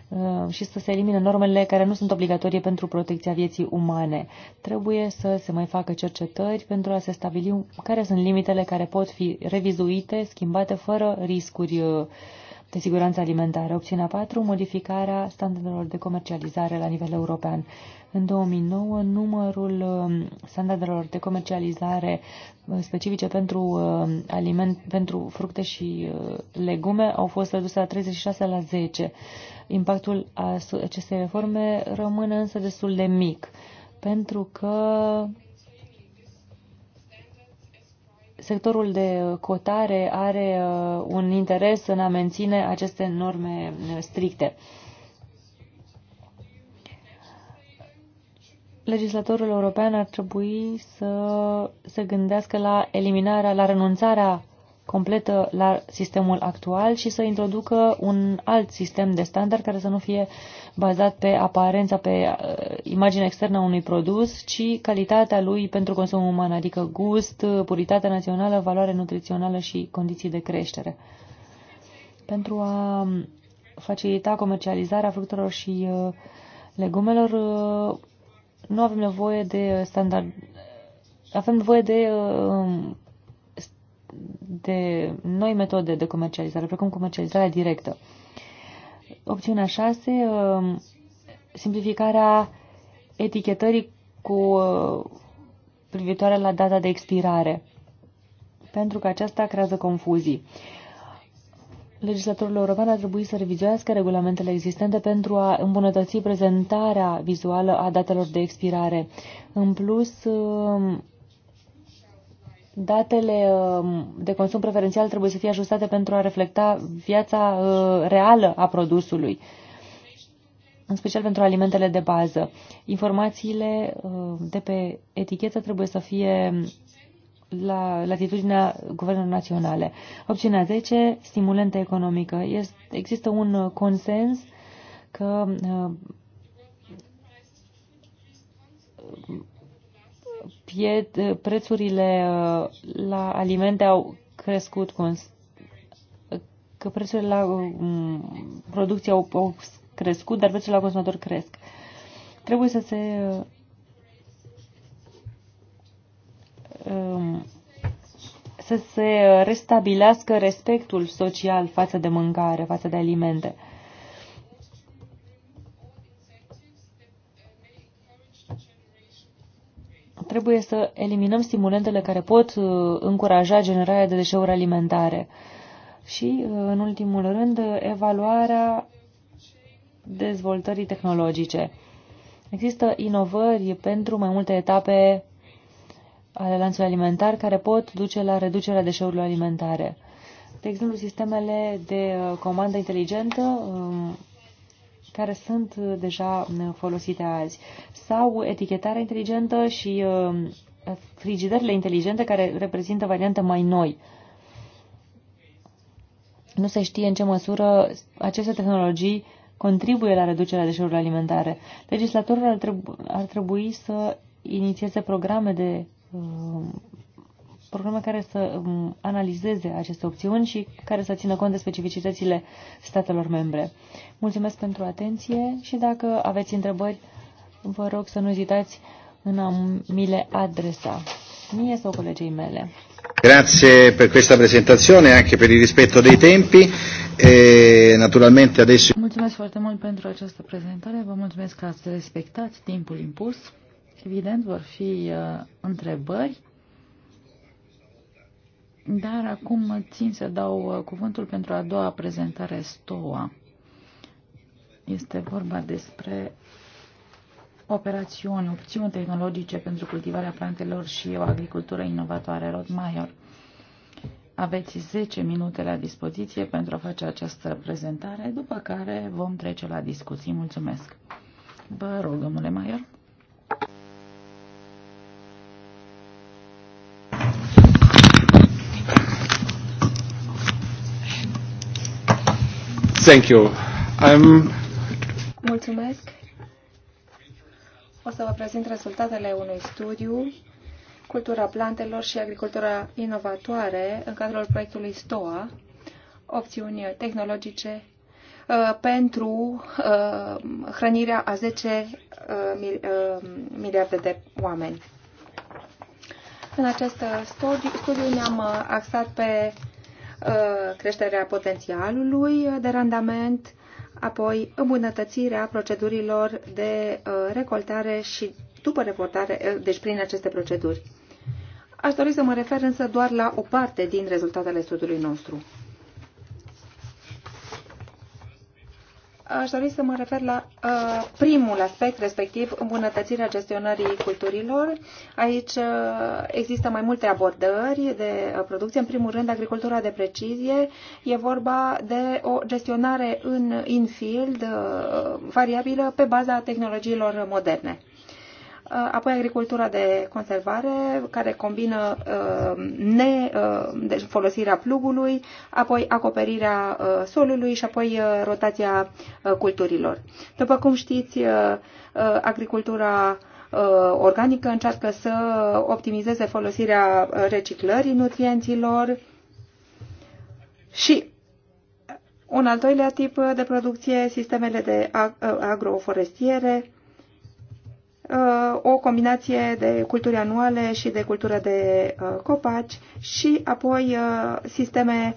uh, și să se elimine normele care nu sunt obligatorie pentru protecția vieții umane. Trebuie să se mai facă cercetări pentru a se stabili care sunt limitele care pot fi revizuite, schimbate, fără riscuri uh, de siguranță alimentară. Opțiunea 4, modificarea standardelor de comercializare la nivel european. În 2009, numărul um, standardelor de comercializare uh, specifice pentru, uh, aliment, pentru fructe și uh, legume au fost reduse la 36 la 10. Impactul acestei reforme rămâne însă destul de mic, pentru că sectorul de cotare are uh, un interes în a menține aceste norme uh, stricte. Legislatorul european ar trebui să se gândească la eliminarea, la renunțarea completă la sistemul actual și să introducă un alt sistem de standard care să nu fie bazat pe aparența, pe uh, imaginea externă a unui produs, ci calitatea lui pentru consumul uman, adică gust, puritatea națională, valoare nutrițională și condiții de creștere. Pentru a um, facilita comercializarea fructelor și uh, legumelor, uh, nu avem nevoie de standard avem nevoie de um, de noi metode de comercializare, precum comercializarea directă. Opțiunea 6, um, simplificarea etichetării cu uh, privitoare la data de expirare, pentru că aceasta creează confuzii. Legislatorul european ar trebui să revizuiască regulamentele existente pentru a îmbunătăți prezentarea vizuală a datelor de expirare. În plus, um, datele uh, de consum preferențial trebuie să fie ajustate pentru a reflecta viața uh, reală a produsului, în special pentru alimentele de bază. Informațiile uh, de pe etichetă trebuie să fie la latitudinea guvernelor naționale. Opțiunea 10, stimulente economică. Este, există un consens că Eh, prețurile eh, la alimente au crescut eh, că prețurile la mm, producție au, au crescut, dar prețurile la consumator cresc. Trebuie să se să se restabilească respectul social față de mâncare, față de alimente. Trebuie să eliminăm stimulentele care pot uh, încuraja generarea de deșeuri alimentare. Și, uh, în ultimul rând, evaluarea dezvoltării tehnologice. Există inovări pentru mai multe etape ale lanțului alimentar care pot duce la reducerea deșeurilor alimentare. De exemplu, sistemele de uh, comandă inteligentă um, care sunt uh, deja uh, folosite azi, sau etichetarea inteligentă și uh, frigiderile inteligente care reprezintă variante mai noi. Nu se știe în ce măsură aceste tehnologii contribuie la reducerea deșeurilor alimentare. Legislatorul ar, trebui să inițieze programe de programe care să um, analizeze aceste opțiuni și care să țină cont de specificitățile statelor membre. Mulțumesc pentru atenție și dacă aveți întrebări, vă rog să nu ezitați în a mi le adresa, mie sau colegii mele. Grazie per questa presentazione e anche per il rispetto dei tempi. E, naturalmente adesso... Mulțumesc foarte mult pentru această prezentare, vă mulțumesc că ați respectat timpul impus. Evident, vor fi uh, întrebări dar acum țin să dau uh, cuvântul pentru a doua prezentare STOA. Este vorba despre operațiuni, opțiuni tehnologice pentru cultivarea plantelor și o agricultură inovatoare, Rod Maior. Aveți 10 minute la dispoziție pentru a face această prezentare, după care vom trece la discuții. Mulțumesc! Vă rog, domnule Maior. Thank you. I'm... Mulțumesc. O să vă prezint rezultatele unui studiu cultura plantelor și agricultura inovatoare în cadrul proiectului STOA, opțiuni tehnologice uh, pentru uh, hrănirea a 10 uh, miliarde de oameni. În acest studiu, studiu ne-am axat pe Uh, creșterea potențialului de randament, apoi îmbunătățirea procedurilor de uh, recoltare și după reportare, uh, deci prin aceste proceduri. Aș dori să mă refer însă doar la o parte din rezultatele studiului nostru. aș dori să mă refer la uh, primul aspect, respectiv îmbunătățirea gestionării culturilor. Aici uh, există mai multe abordări de uh, producție. În primul rând, agricultura de precizie. E vorba de o gestionare în infield, uh, variabilă, pe baza tehnologiilor moderne. Uh, apoi agricultura de conservare, care combină uh, ne, uh, deci folosirea plugului, apoi acoperirea solului și apoi rotația culturilor. După cum știți, agricultura organică încearcă să optimizeze folosirea reciclării nutrienților și un al doilea tip de producție, sistemele de agroforestiere, Uh, o combinație de culturi anuale și de cultură de uh, copaci și apoi uh, sisteme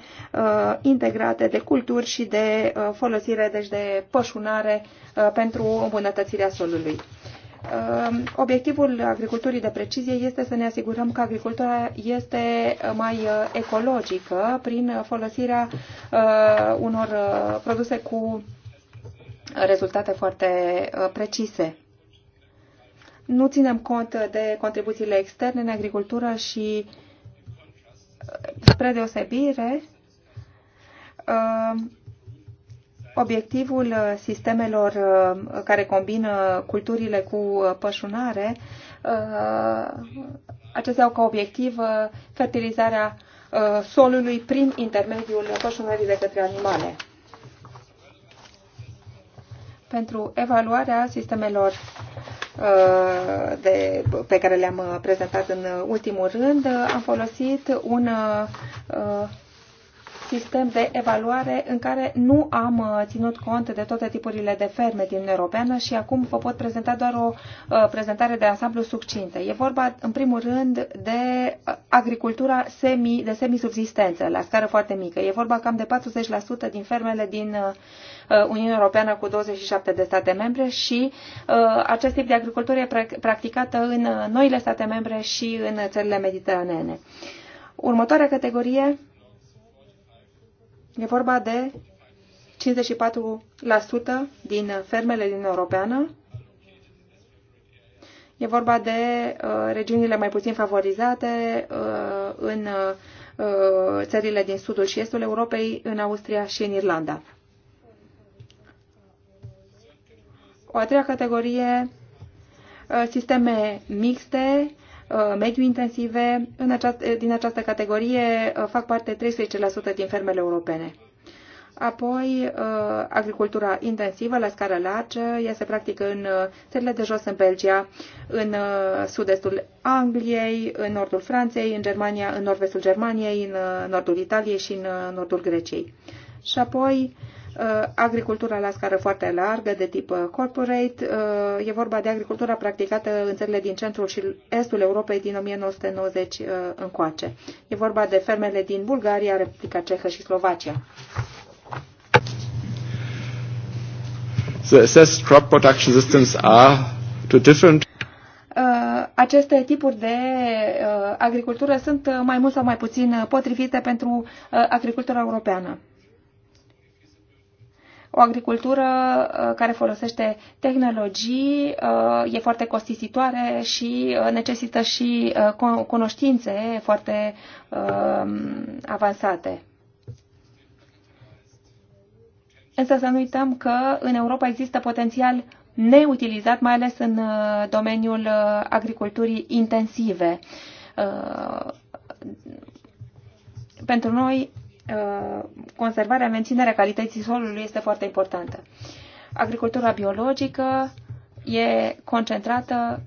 integrate de culturi și de folosire, deci de pășunare pentru îmbunătățirea solului. Obiectivul agriculturii de precizie este să ne asigurăm că agricultura este mai ecologică prin folosirea unor produse cu rezultate foarte precise nu ținem cont de contribuțiile externe în agricultură și, uh, spre deosebire, uh, obiectivul sistemelor uh, care combină culturile cu pășunare, acestea au ca obiectiv fertilizarea solului prin intermediul pășunării de către animale. Pentru evaluarea sistemelor de, pe care le-am prezentat în ultimul rând, am folosit un uh, sistem de evaluare în care nu am uh, ținut cont de toate tipurile de ferme din Uniunea Europeană și acum vă pot prezenta doar o uh, prezentare de ansamblu succintă. E vorba, în primul rând, de uh, agricultura semi, de semisubsistență, la scară foarte mică. E vorba cam de 40% din fermele din Uniunea Europeană cu 27 de state membre și acest tip de agricultură e practicată în noile state membre și în țările mediteranene. Următoarea categorie E vorba de 54% din fermele din Europeană. E vorba de uh, regiunile mai puțin favorizate uh, în uh, țările din sudul și estul Europei, în Austria și în Irlanda. O a treia categorie, uh, sisteme mixte, Uh, mediu intensive. În aceast, uh, din această categorie uh, fac parte 13% din fermele europene. Apoi, agricultura intensivă la scară largă, ea se practică în țările de jos, în Belgia, în sud-estul Angliei, în nordul Franței, în Germania, în nord-vestul Germaniei, în nordul Italiei și în nordul Greciei. Și apoi, Uh, agricultura la scară foarte largă, de tip uh, corporate. Uh, e vorba de agricultura practicată în țările din centrul și estul Europei din 1990 încoace. E vorba de fermele din Bulgaria, Republica Cehă și Slovacia. The assessed crop production systems are to different aceste tipuri de agricultură sunt mai mult sau mai puțin potrivite pentru agricultura europeană o agricultură uh, care folosește tehnologii, uh, e foarte costisitoare și uh, necesită și cunoștințe foarte um, avansate. Însă să nu uităm că în Europa există potențial neutilizat, mai ales în domeniul agriculturii intensive. Pentru noi, Uh, conservarea, menținerea calității solului este foarte importantă. Agricultura biologică e concentrată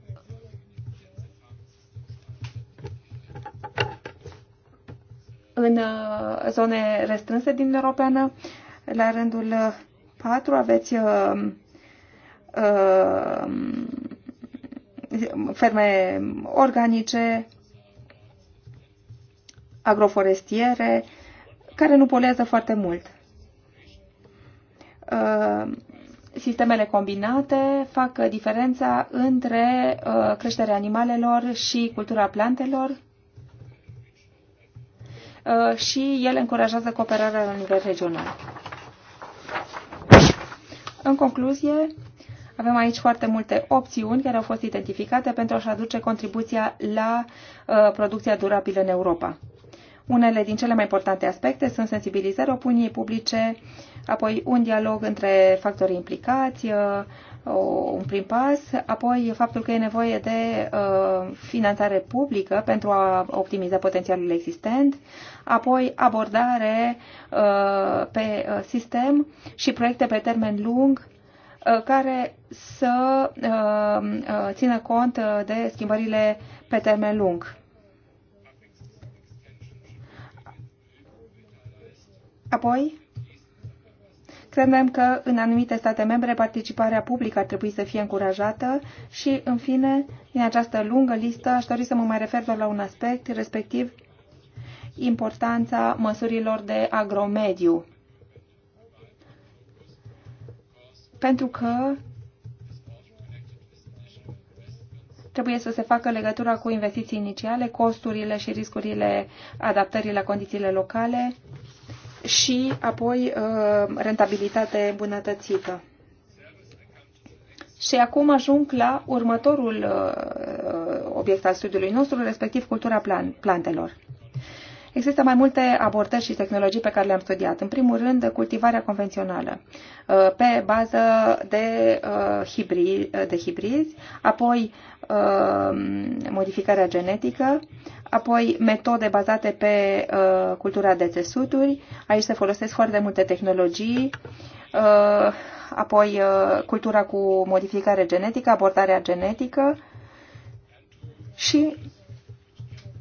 în uh, zone restrânse din Europeană. La rândul 4 aveți uh, uh, ferme organice, agroforestiere, uh, care nu polează foarte mult. Uh, sistemele combinate fac uh, diferența între uh, creșterea animalelor și cultura plantelor și ele încurajează cooperarea la nivel regional. În concluzie, avem aici foarte multe opțiuni care au fost identificate pentru a-și aduce contribuția la uh, producția durabilă în Europa. Unele din cele mai importante aspecte sunt sensibilizarea opiniei publice, apoi un dialog între factorii implicați, uh, un prim pas, apoi faptul că e nevoie de uh, finanțare publică pentru a optimiza potențialul existent, apoi abordare uh, pe sistem și proiecte pe termen lung care să țină cont de schimbările pe termen lung Apoi, credem că în anumite state membre participarea publică ar trebui să fie încurajată și, în fine, în această lungă listă aș dori să mă mai refer doar la un aspect, respectiv importanța măsurilor de agromediu. Pentru că trebuie să se facă legătura cu investiții inițiale, costurile și riscurile adaptării la condițiile locale și apoi uh, rentabilitate îmbunătățită. Și acum ajung la următorul uh, obiect al studiului nostru, respectiv cultura plantelor. Există mai multe abordări și tehnologii pe care le-am studiat. În primul rând, cultivarea convențională uh, pe bază de, hibri, de hibrizi, apoi modificarea genetică, apoi metode bazate pe uh, cultura de țesuturi, aici se folosesc foarte multe tehnologii, uh, apoi uh, cultura cu modificare genetică, abordarea genetică și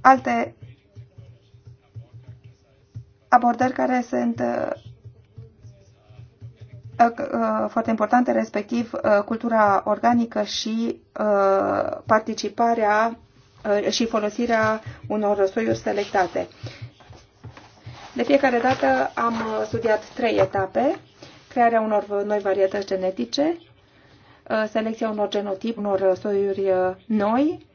alte abordări care sunt uh, uh, uh, foarte importante, respectiv cultura organică și participarea Uh, și folosirea unor soiuri selectate. De fiecare dată am studiat trei etape, crearea unor noi varietăți genetice, uh, selecția unor genotip, unor soiuri uh, noi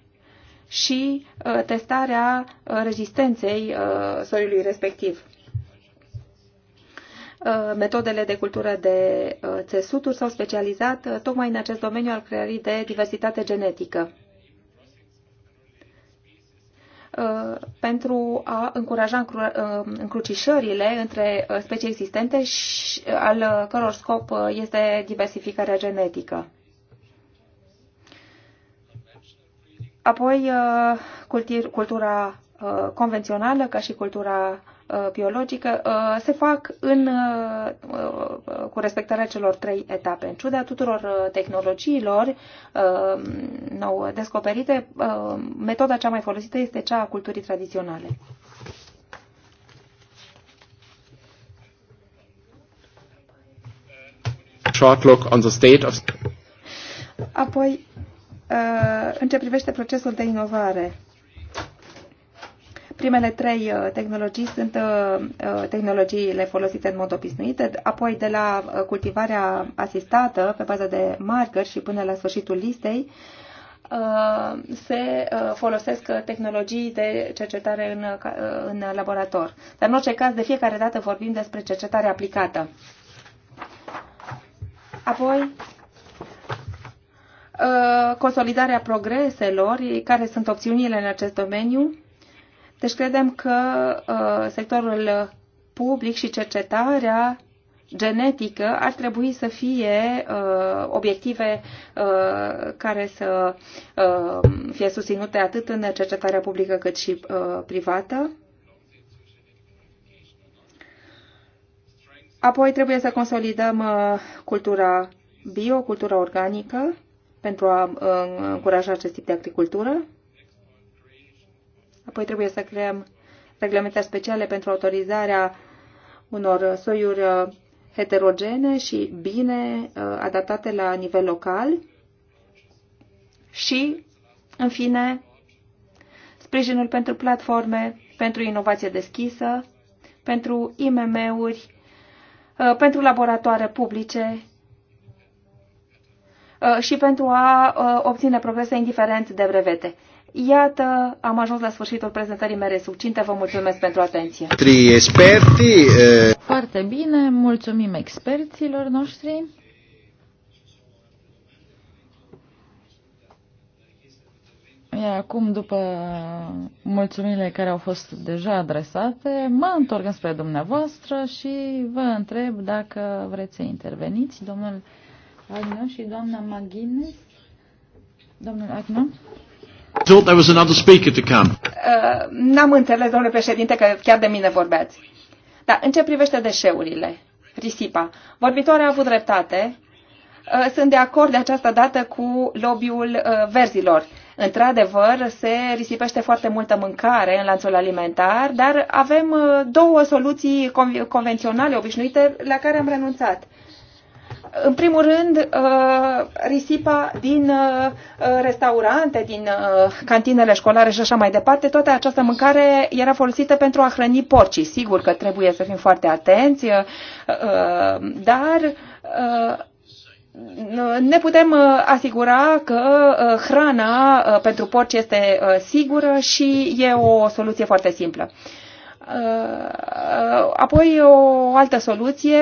și testarea rezistenței soiului respectiv. Metodele de cultură de țesuturi s-au specializat tocmai în acest domeniu al creării de diversitate genetică. Uh, pentru a încuraja încru, uh, încrucișările între uh, specii existente și al căror scop este diversificarea genetică. Apoi, cultura convențională ca și cultura Uh, biologică uh, se fac în, uh, cu respectarea celor trei etape. În ciuda tuturor tehnologiilor nou descoperite, metoda cea mai folosită este cea a culturii tradiționale. Short look on the state of... Apoi, în ce privește procesul de inovare, Primele trei uh, tehnologii sunt uh, uh, tehnologiile folosite în mod obișnuit, apoi de la cultivarea asistată pe bază de marker și până la sfârșitul listei, se folosesc tehnologii de cercetare în, în laborator. Dar în orice caz, de fiecare dată vorbim despre cercetare aplicată. Apoi, consolidarea progreselor, care sunt opțiunile în acest domeniu, deci credem că uh, sectorul public și cercetarea genetică ar trebui să fie uh, obiective uh, care să uh, fie susținute atât în cercetarea publică cât și uh, privată. Apoi trebuie să consolidăm uh, cultura bio, cultura organică, pentru a uh, încuraja acest tip de agricultură. Apoi trebuie să creăm reglementări speciale pentru autorizarea unor soiuri uh, heterogene și bine uh, adaptate la nivel local. Și, în fine, sprijinul pentru platforme, pentru inovație deschisă, pentru IMM-uri, uh, pentru laboratoare publice și pentru a obține progrese indiferent de brevete. Iată, am ajuns la sfârșitul prezentării mele succinte. Vă mulțumesc pentru atenție. Trei experti. E... Eh, Foarte bine, mulțumim experților noștri. Iar acum, după mulțumirile care au fost deja adresate, mă întorc spre dumneavoastră și vă întreb dacă vreți să interveniți, domnul Agnon și doamna Maghines. Domnul Agnon? thought there was another speaker to come. Uh, n-am înțeles, domnule președinte, că chiar de mine vorbeați. Dar în ce privește deșeurile, risipa, vorbitoarea a avut dreptate. Uh, sunt de acord de această dată cu lobby-ul uh, verzilor. Într-adevăr, se risipește foarte multă mâncare în lanțul alimentar, dar avem uh, două soluții convenționale, obișnuite, la care am renunțat. În primul rând, uh, risipa din uh, restaurante, din uh, cantinele școlare și așa mai departe, toată această mâncare era folosită pentru a hrăni porcii. Sigur că trebuie să fim foarte atenți, dar ne putem asigura că hrana pentru porci este sigură și e o soluție foarte simplă. Apoi o altă soluție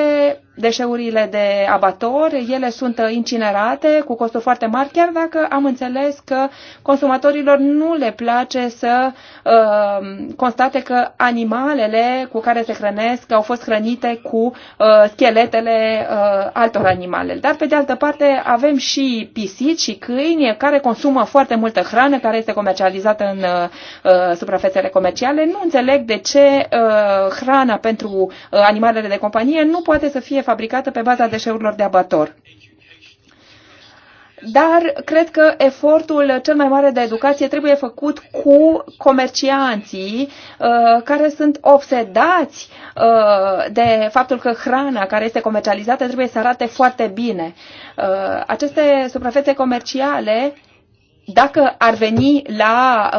deșeurile de abator, ele sunt incinerate cu costuri foarte mari, chiar dacă am înțeles că consumatorilor nu le place să uh, constate că animalele cu care se hrănesc au fost hrănite cu uh, scheletele uh, altor animale. Dar, pe de altă parte, avem și pisici și câini care consumă foarte multă hrană care este comercializată în uh, suprafețele comerciale. Nu înțeleg de ce uh, hrana pentru uh, animalele de companie nu poate să fie fabricată pe baza deșeurilor de abator. Dar cred că efortul cel mai mare de educație trebuie făcut cu comercianții uh, care sunt obsedați uh, de faptul că hrana care este comercializată trebuie să arate foarte bine. Uh, aceste suprafețe comerciale uh, dacă ar veni la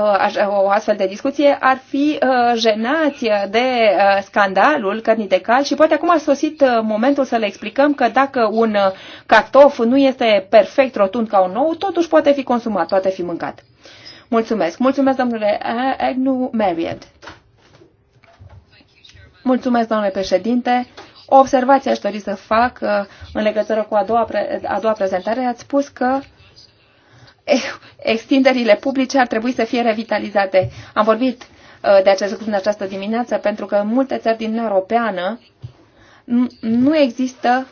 uh, o astfel de discuție, ar fi uh, jenați de uh, scandalul cărnii de cal și poate acum a sosit uh, momentul să le explicăm că dacă un uh, cartof nu este perfect rotund ca un nou, totuși poate fi consumat, poate fi mâncat. Mulțumesc. Mulțumesc, domnule Agnew Marriott. Mulțumesc, domnule președinte. O observație aș dori să fac uh, în legătură cu a doua, pre- a doua prezentare. Ați spus că uh, extinderile publice ar trebui să fie revitalizate. Am vorbit uh, de acest lucru în această dimineață pentru că în multe țări din Uniunea Europeană nu există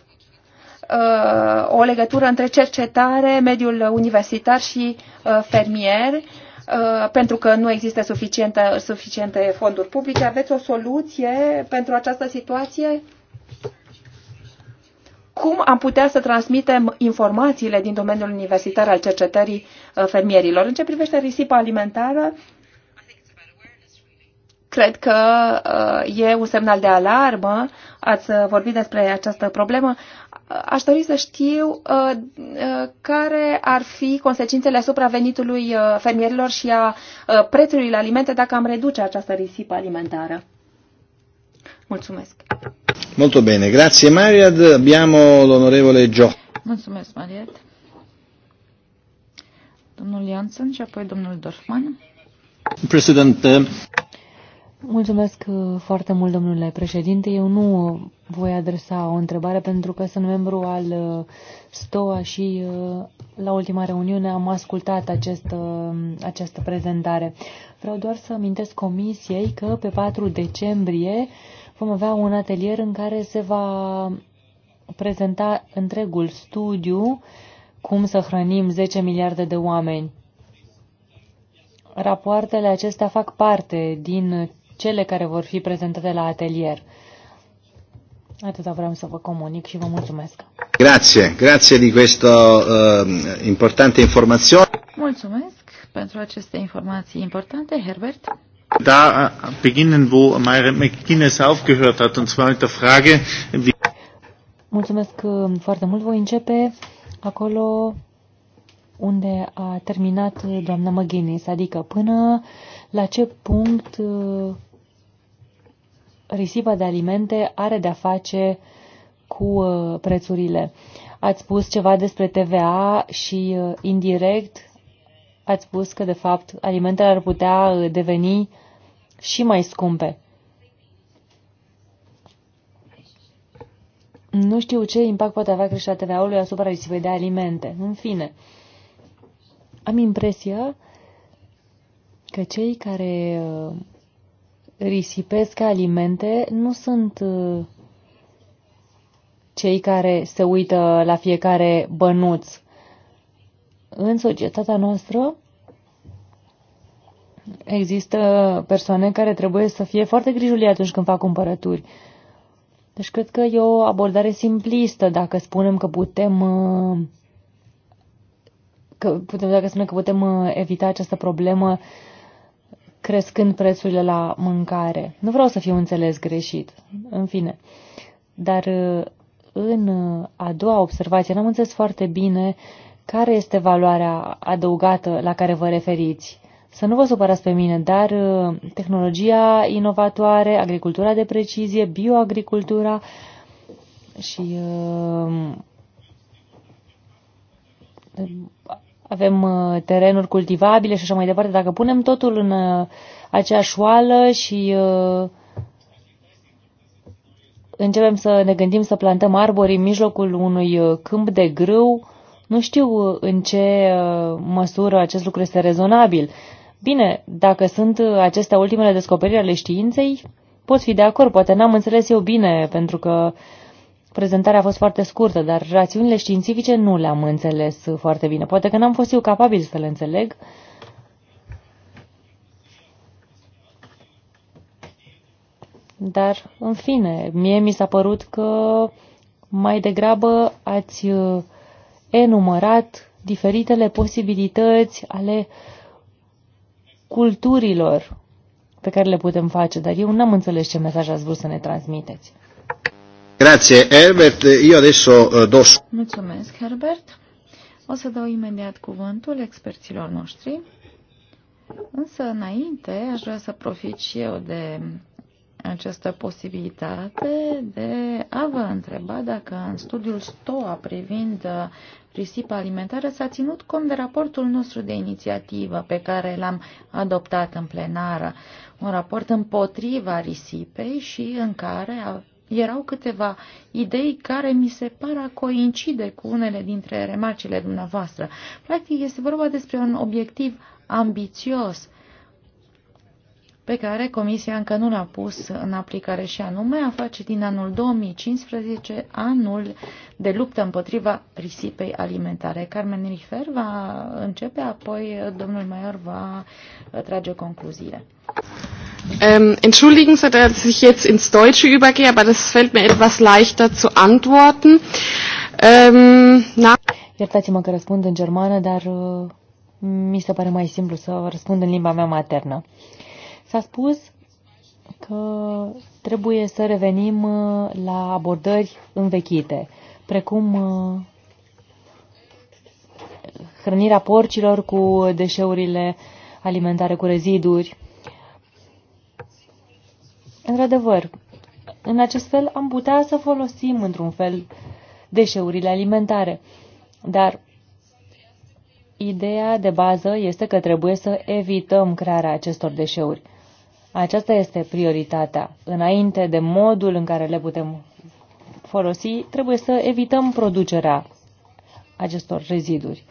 uh, o legătură între cercetare, mediul universitar și uh, fermier, pentru că nu există suficiente, suficiente fonduri publice. Aveți o soluție pentru această situație? cum am putea să transmitem informațiile din domeniul universitar al cercetării uh, fermierilor. În ce privește risipa alimentară, cred că uh, e un semnal de alarmă. Ați uh, vorbit despre această problemă. Aș dori să știu care ar fi consecințele asupra venitului fermierilor și a prețului la alimente dacă am reduce această risipă alimentară. Mulțumesc! Molto bene, grazie Mariad. Abbiamo l'onorevole Gio. Mulțumesc, Mariad. Domnul Janssen și apoi domnul Dorfman. President. Mulțumesc uh, foarte mult, domnule președinte. Eu nu voi adresa o întrebare pentru că sunt membru al uh, STOA și uh, la ultima reuniune am ascultat acest, această prezentare. Vreau doar să amintesc comisiei că pe 4 decembrie uh, vom avea un atelier în care se va prezenta întregul studiu cum să hrănim 10 miliarde de oameni. Rapoartele acestea fac parte din cele care vor fi prezentate la atelier. Atâta vreau să vă comunic și vă mulțumesc. Grazie, grazie de această uh, eh, importantă informație. Mulțumesc pentru aceste informații importante, Herbert. Da beginnen, wo Mayra McGuinness aufgehört hat, und zwar mit der Frage, wie... Mulțumesc uh, foarte mult. Voi începe acolo unde a terminat doamna McGuinness, adică până la ce punct uh, risipa de alimente are de-a face cu uh, prețurile. Ați spus ceva despre TVA și indirect ați spus că, de fapt, alimentele ar putea uh, deveni și mai scumpe. Nu știu ce impact poate avea creșterea TVA-ului asupra risipei de alimente. În fine, am impresia că cei care uh, risipesc alimente nu sunt uh, cei care se uită la fiecare bănuț. În societatea noastră există persoane care trebuie să fie foarte grijulii atunci când fac cumpărături. Deci cred că e o abordare simplistă dacă spunem că putem uh, că putem, dacă spunem că putem uh, evita această problemă crescând prețurile la mâncare. Nu vreau să fiu înțeles greșit, în fine. Dar uh, în a doua observație n-am înțeles foarte bine care este valoarea adăugată la care vă referiți. Să nu vă supărați pe mine, dar uh, tehnologia inovatoare, agricultura de precizie, bioagricultura și uh, avem uh, terenuri cultivabile și așa mai departe. Dacă punem totul în aceeași oală și începem să ne gândim să plantăm arbori în mijlocul unui câmp de grâu, nu știu în ce măsură acest lucru este rezonabil. Bine, dacă sunt acestea ultimele descoperiri ale științei, pot fi de acord, poate n-am înțeles eu bine, pentru că prezentarea a fost foarte scurtă, dar rațiunile științifice nu le-am înțeles foarte bine. Poate că n-am fost eu capabil să le înțeleg. Dar, în fine, mie mi s-a părut că mai degrabă ați uh, enumerat diferitele posibilități ale uh, culturilor pe care le putem face, dar eu n-am înțeles ce mesaj ați vrut să ne transmiteți. Grazie, Herbert. Eu adesso eh, do... Mulțumesc, Herbert. O să dau imediat cuvântul experților noștri. Însă, înainte, aș vrea să profit și eu de această posibilitate de a vă întreba dacă în studiul STOA privind risipă alimentară s-a ținut cont de raportul nostru de inițiativă pe care l-am adoptat în plenară, un raport împotriva risipei și în care erau câteva idei care mi se par a coincide cu unele dintre remarcile dumneavoastră. Practic, este vorba despre un obiectiv ambițios pe care Comisia încă nu l-a pus în aplicare și anume a face din anul 2015 anul de luptă împotriva risipei alimentare. Carmen Rifer va începe, apoi domnul Maior va trage concluziile. Ähm, entschuldigen Sie, dass ich jetzt ins Deutsche übergehe, aber das fällt mir etwas leichter zu antworten. Ähm, na Iertați-mă că răspund în germană, dar uh, mi se pare mai simplu să răspund în limba mea maternă. Uh, S-a spus că trebuie să revenim uh, la abordări învechite, precum uh, hrănirea porcilor cu deșeurile alimentare cu reziduri. Într-adevăr, în acest fel am putea să folosim într-un fel deșeurile alimentare, dar ideea de bază este că trebuie să evităm crearea acestor deșeuri. Aceasta este prioritatea. Înainte de modul în care le putem folosi, trebuie să evităm producerea acestor reziduri.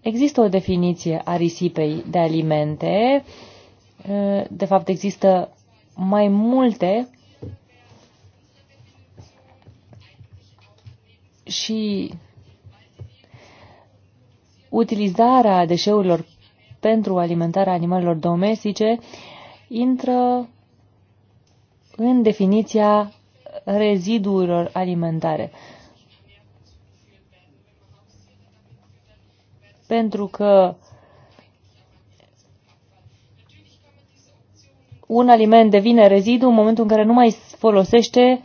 Există o definiție a risipei de alimente. De fapt, există mai multe și utilizarea deșeurilor pentru alimentarea animalelor domestice uh, intră în definiția reziduurilor alimentare. Pentru că un aliment devine rezidu în momentul în care nu mai folosește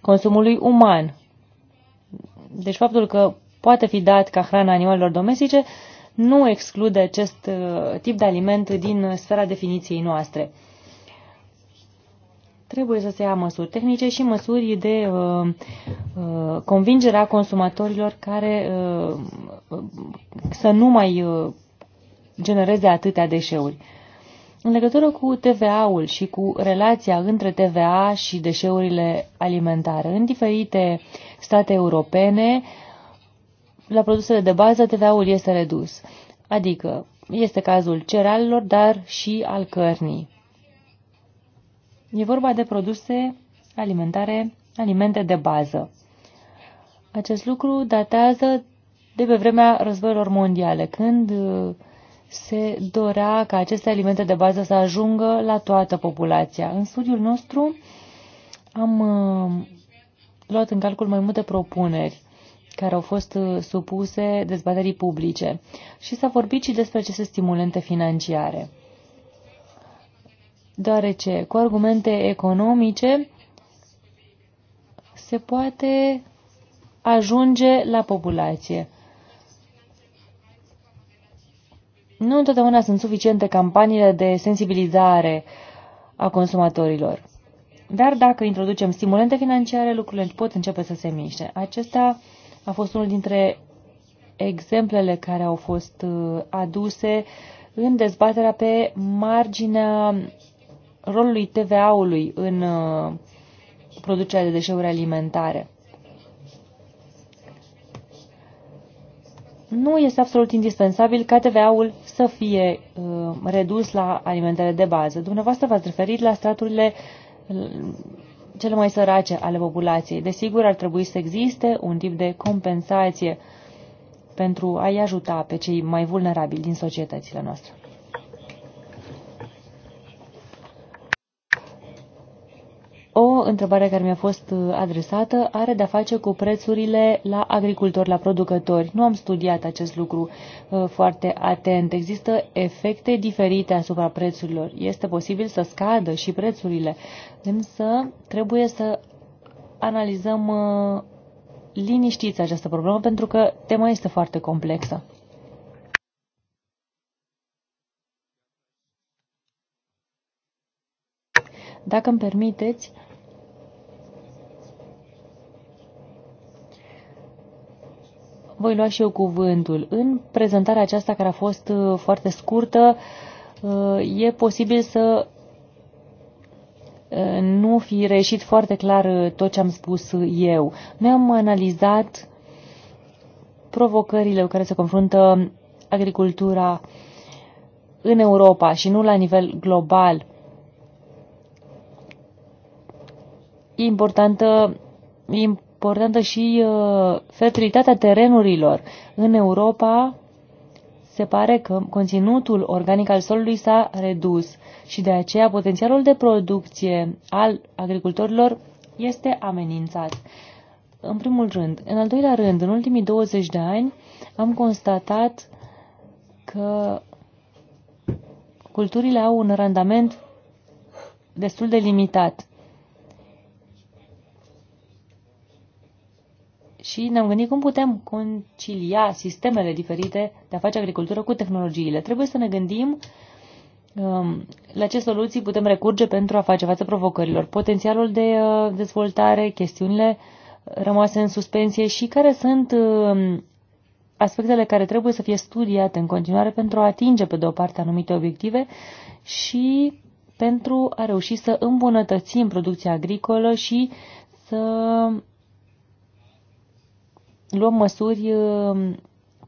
consumului uman. Deci faptul că poate fi dat ca hrana animalelor domestice nu exclude acest uh, tip de aliment din sfera definiției noastre. Trebuie să se ia măsuri tehnice și măsuri de uh, uh, convingere a consumatorilor care uh, să nu mai uh, genereze atâtea deșeuri. În legătură cu TVA-ul și cu relația între TVA și deșeurile alimentare, în diferite state europene, uh, la produsele de bază TVA-ul este redus, adică este cazul cerealelor, dar și al cărnii. E vorba de produse alimentare, alimente de bază. Acest lucru datează de pe vremea războiilor mondiale, când uh, se dorea ca aceste alimente de bază să ajungă la toată populația. În studiul nostru am uh, luat în calcul mai multe propuneri care au fost uh, supuse dezbaterii publice și s-a vorbit și despre aceste stimulente financiare. Deoarece cu argumente economice se poate ajunge la populație. Nu întotdeauna sunt suficiente campaniile de sensibilizare a consumatorilor. Dar dacă introducem stimulente financiare, lucrurile pot începe să se miște. Acesta a fost unul dintre exemplele care au fost uh, aduse în dezbaterea pe marginea rolului TVA-ului în uh, producerea de deșeuri alimentare. Nu este absolut indispensabil ca TVA-ul să fie uh, redus la alimentele de bază. Dumneavoastră v-ați referit la straturile cele mai sărace ale populației. Desigur, ar trebui să existe un tip de compensație pentru a-i ajuta pe cei mai vulnerabili din societățile noastre. O întrebare care mi-a fost uh, adresată are de-a face cu prețurile la agricultori, la producători. Nu am studiat acest lucru uh, foarte atent. Există efecte diferite asupra prețurilor. Este posibil să scadă și prețurile, însă trebuie să analizăm uh, liniștiți această problemă pentru că tema este foarte complexă. Dacă îmi permiteți, voi lua și eu cuvântul. În prezentarea aceasta, care a fost uh, foarte scurtă, uh, e posibil să uh, nu fi reșit foarte clar tot ce am spus eu. Noi am analizat provocările cu care se confruntă agricultura în Europa și nu la nivel global. E importantă importantă și uh, fertilitatea terenurilor. În Europa se pare că conținutul organic al solului s-a redus și de aceea potențialul de producție al agricultorilor este amenințat. În primul rând. În al doilea rând, în ultimii 20 de ani am constatat că culturile au un randament destul de limitat. și ne-am gândit cum putem concilia sistemele diferite de a face agricultură cu tehnologiile. Trebuie să ne gândim um, la ce soluții putem recurge pentru a face față provocărilor, potențialul de uh, dezvoltare, chestiunile rămase în suspensie și care sunt uh, aspectele care trebuie să fie studiate în continuare pentru a atinge, pe de o parte, anumite obiective și pentru a reuși să îmbunătățim producția agricolă și să luăm măsuri uh,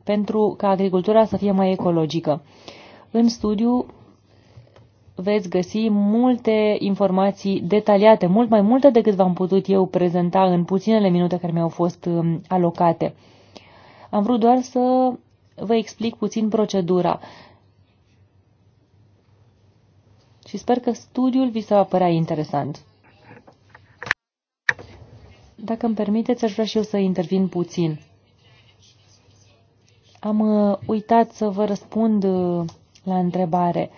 pentru ca agricultura să fie mai ecologică. În studiu veți găsi multe informații detaliate, mult mai multe decât v-am putut eu prezenta în puținele minute care mi-au fost um, alocate. Am vrut doar să vă explic puțin procedura și sper că studiul vi s-a părea interesant. Dacă îmi permiteți, aș vrea și eu să intervin puțin. Am uh, uitat să vă răspund uh, la întrebare.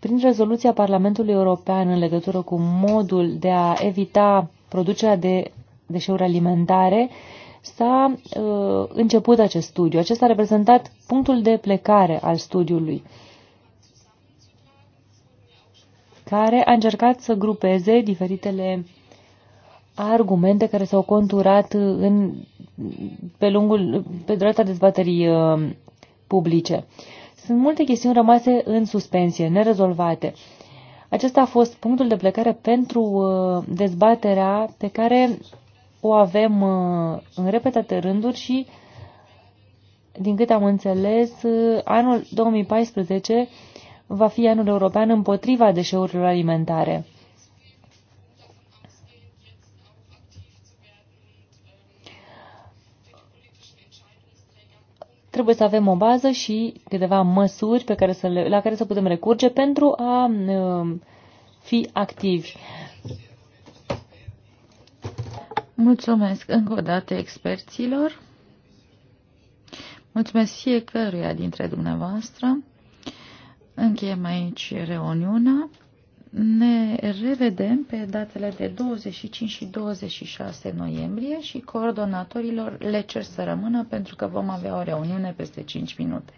Prin rezoluția Parlamentului European în legătură cu modul de a evita producerea de deșeuri alimentare, s-a uh, început acest studiu. Acesta a reprezentat punctul de plecare al studiului, care a încercat să grupeze diferitele argumente care s-au conturat în, pe, lungul, pe durata dezbaterii uh, publice. Sunt multe chestiuni rămase în suspensie, nerezolvate. Acesta a fost punctul de plecare pentru uh, dezbaterea pe care o avem uh, în repetate rânduri și, din câte am înțeles, uh, anul 2014 va fi anul european împotriva deșeurilor alimentare. Trebuie să avem o bază și câteva măsuri pe care să le, la care să putem recurge pentru a uh, fi activi. Mulțumesc încă o dată experților. Mulțumesc fiecăruia dintre dumneavoastră. Încheiem aici reuniunea. Ne revedem pe datele de 25 și 26 noiembrie și coordonatorilor le cer să rămână pentru că vom avea o reuniune peste 5 minute.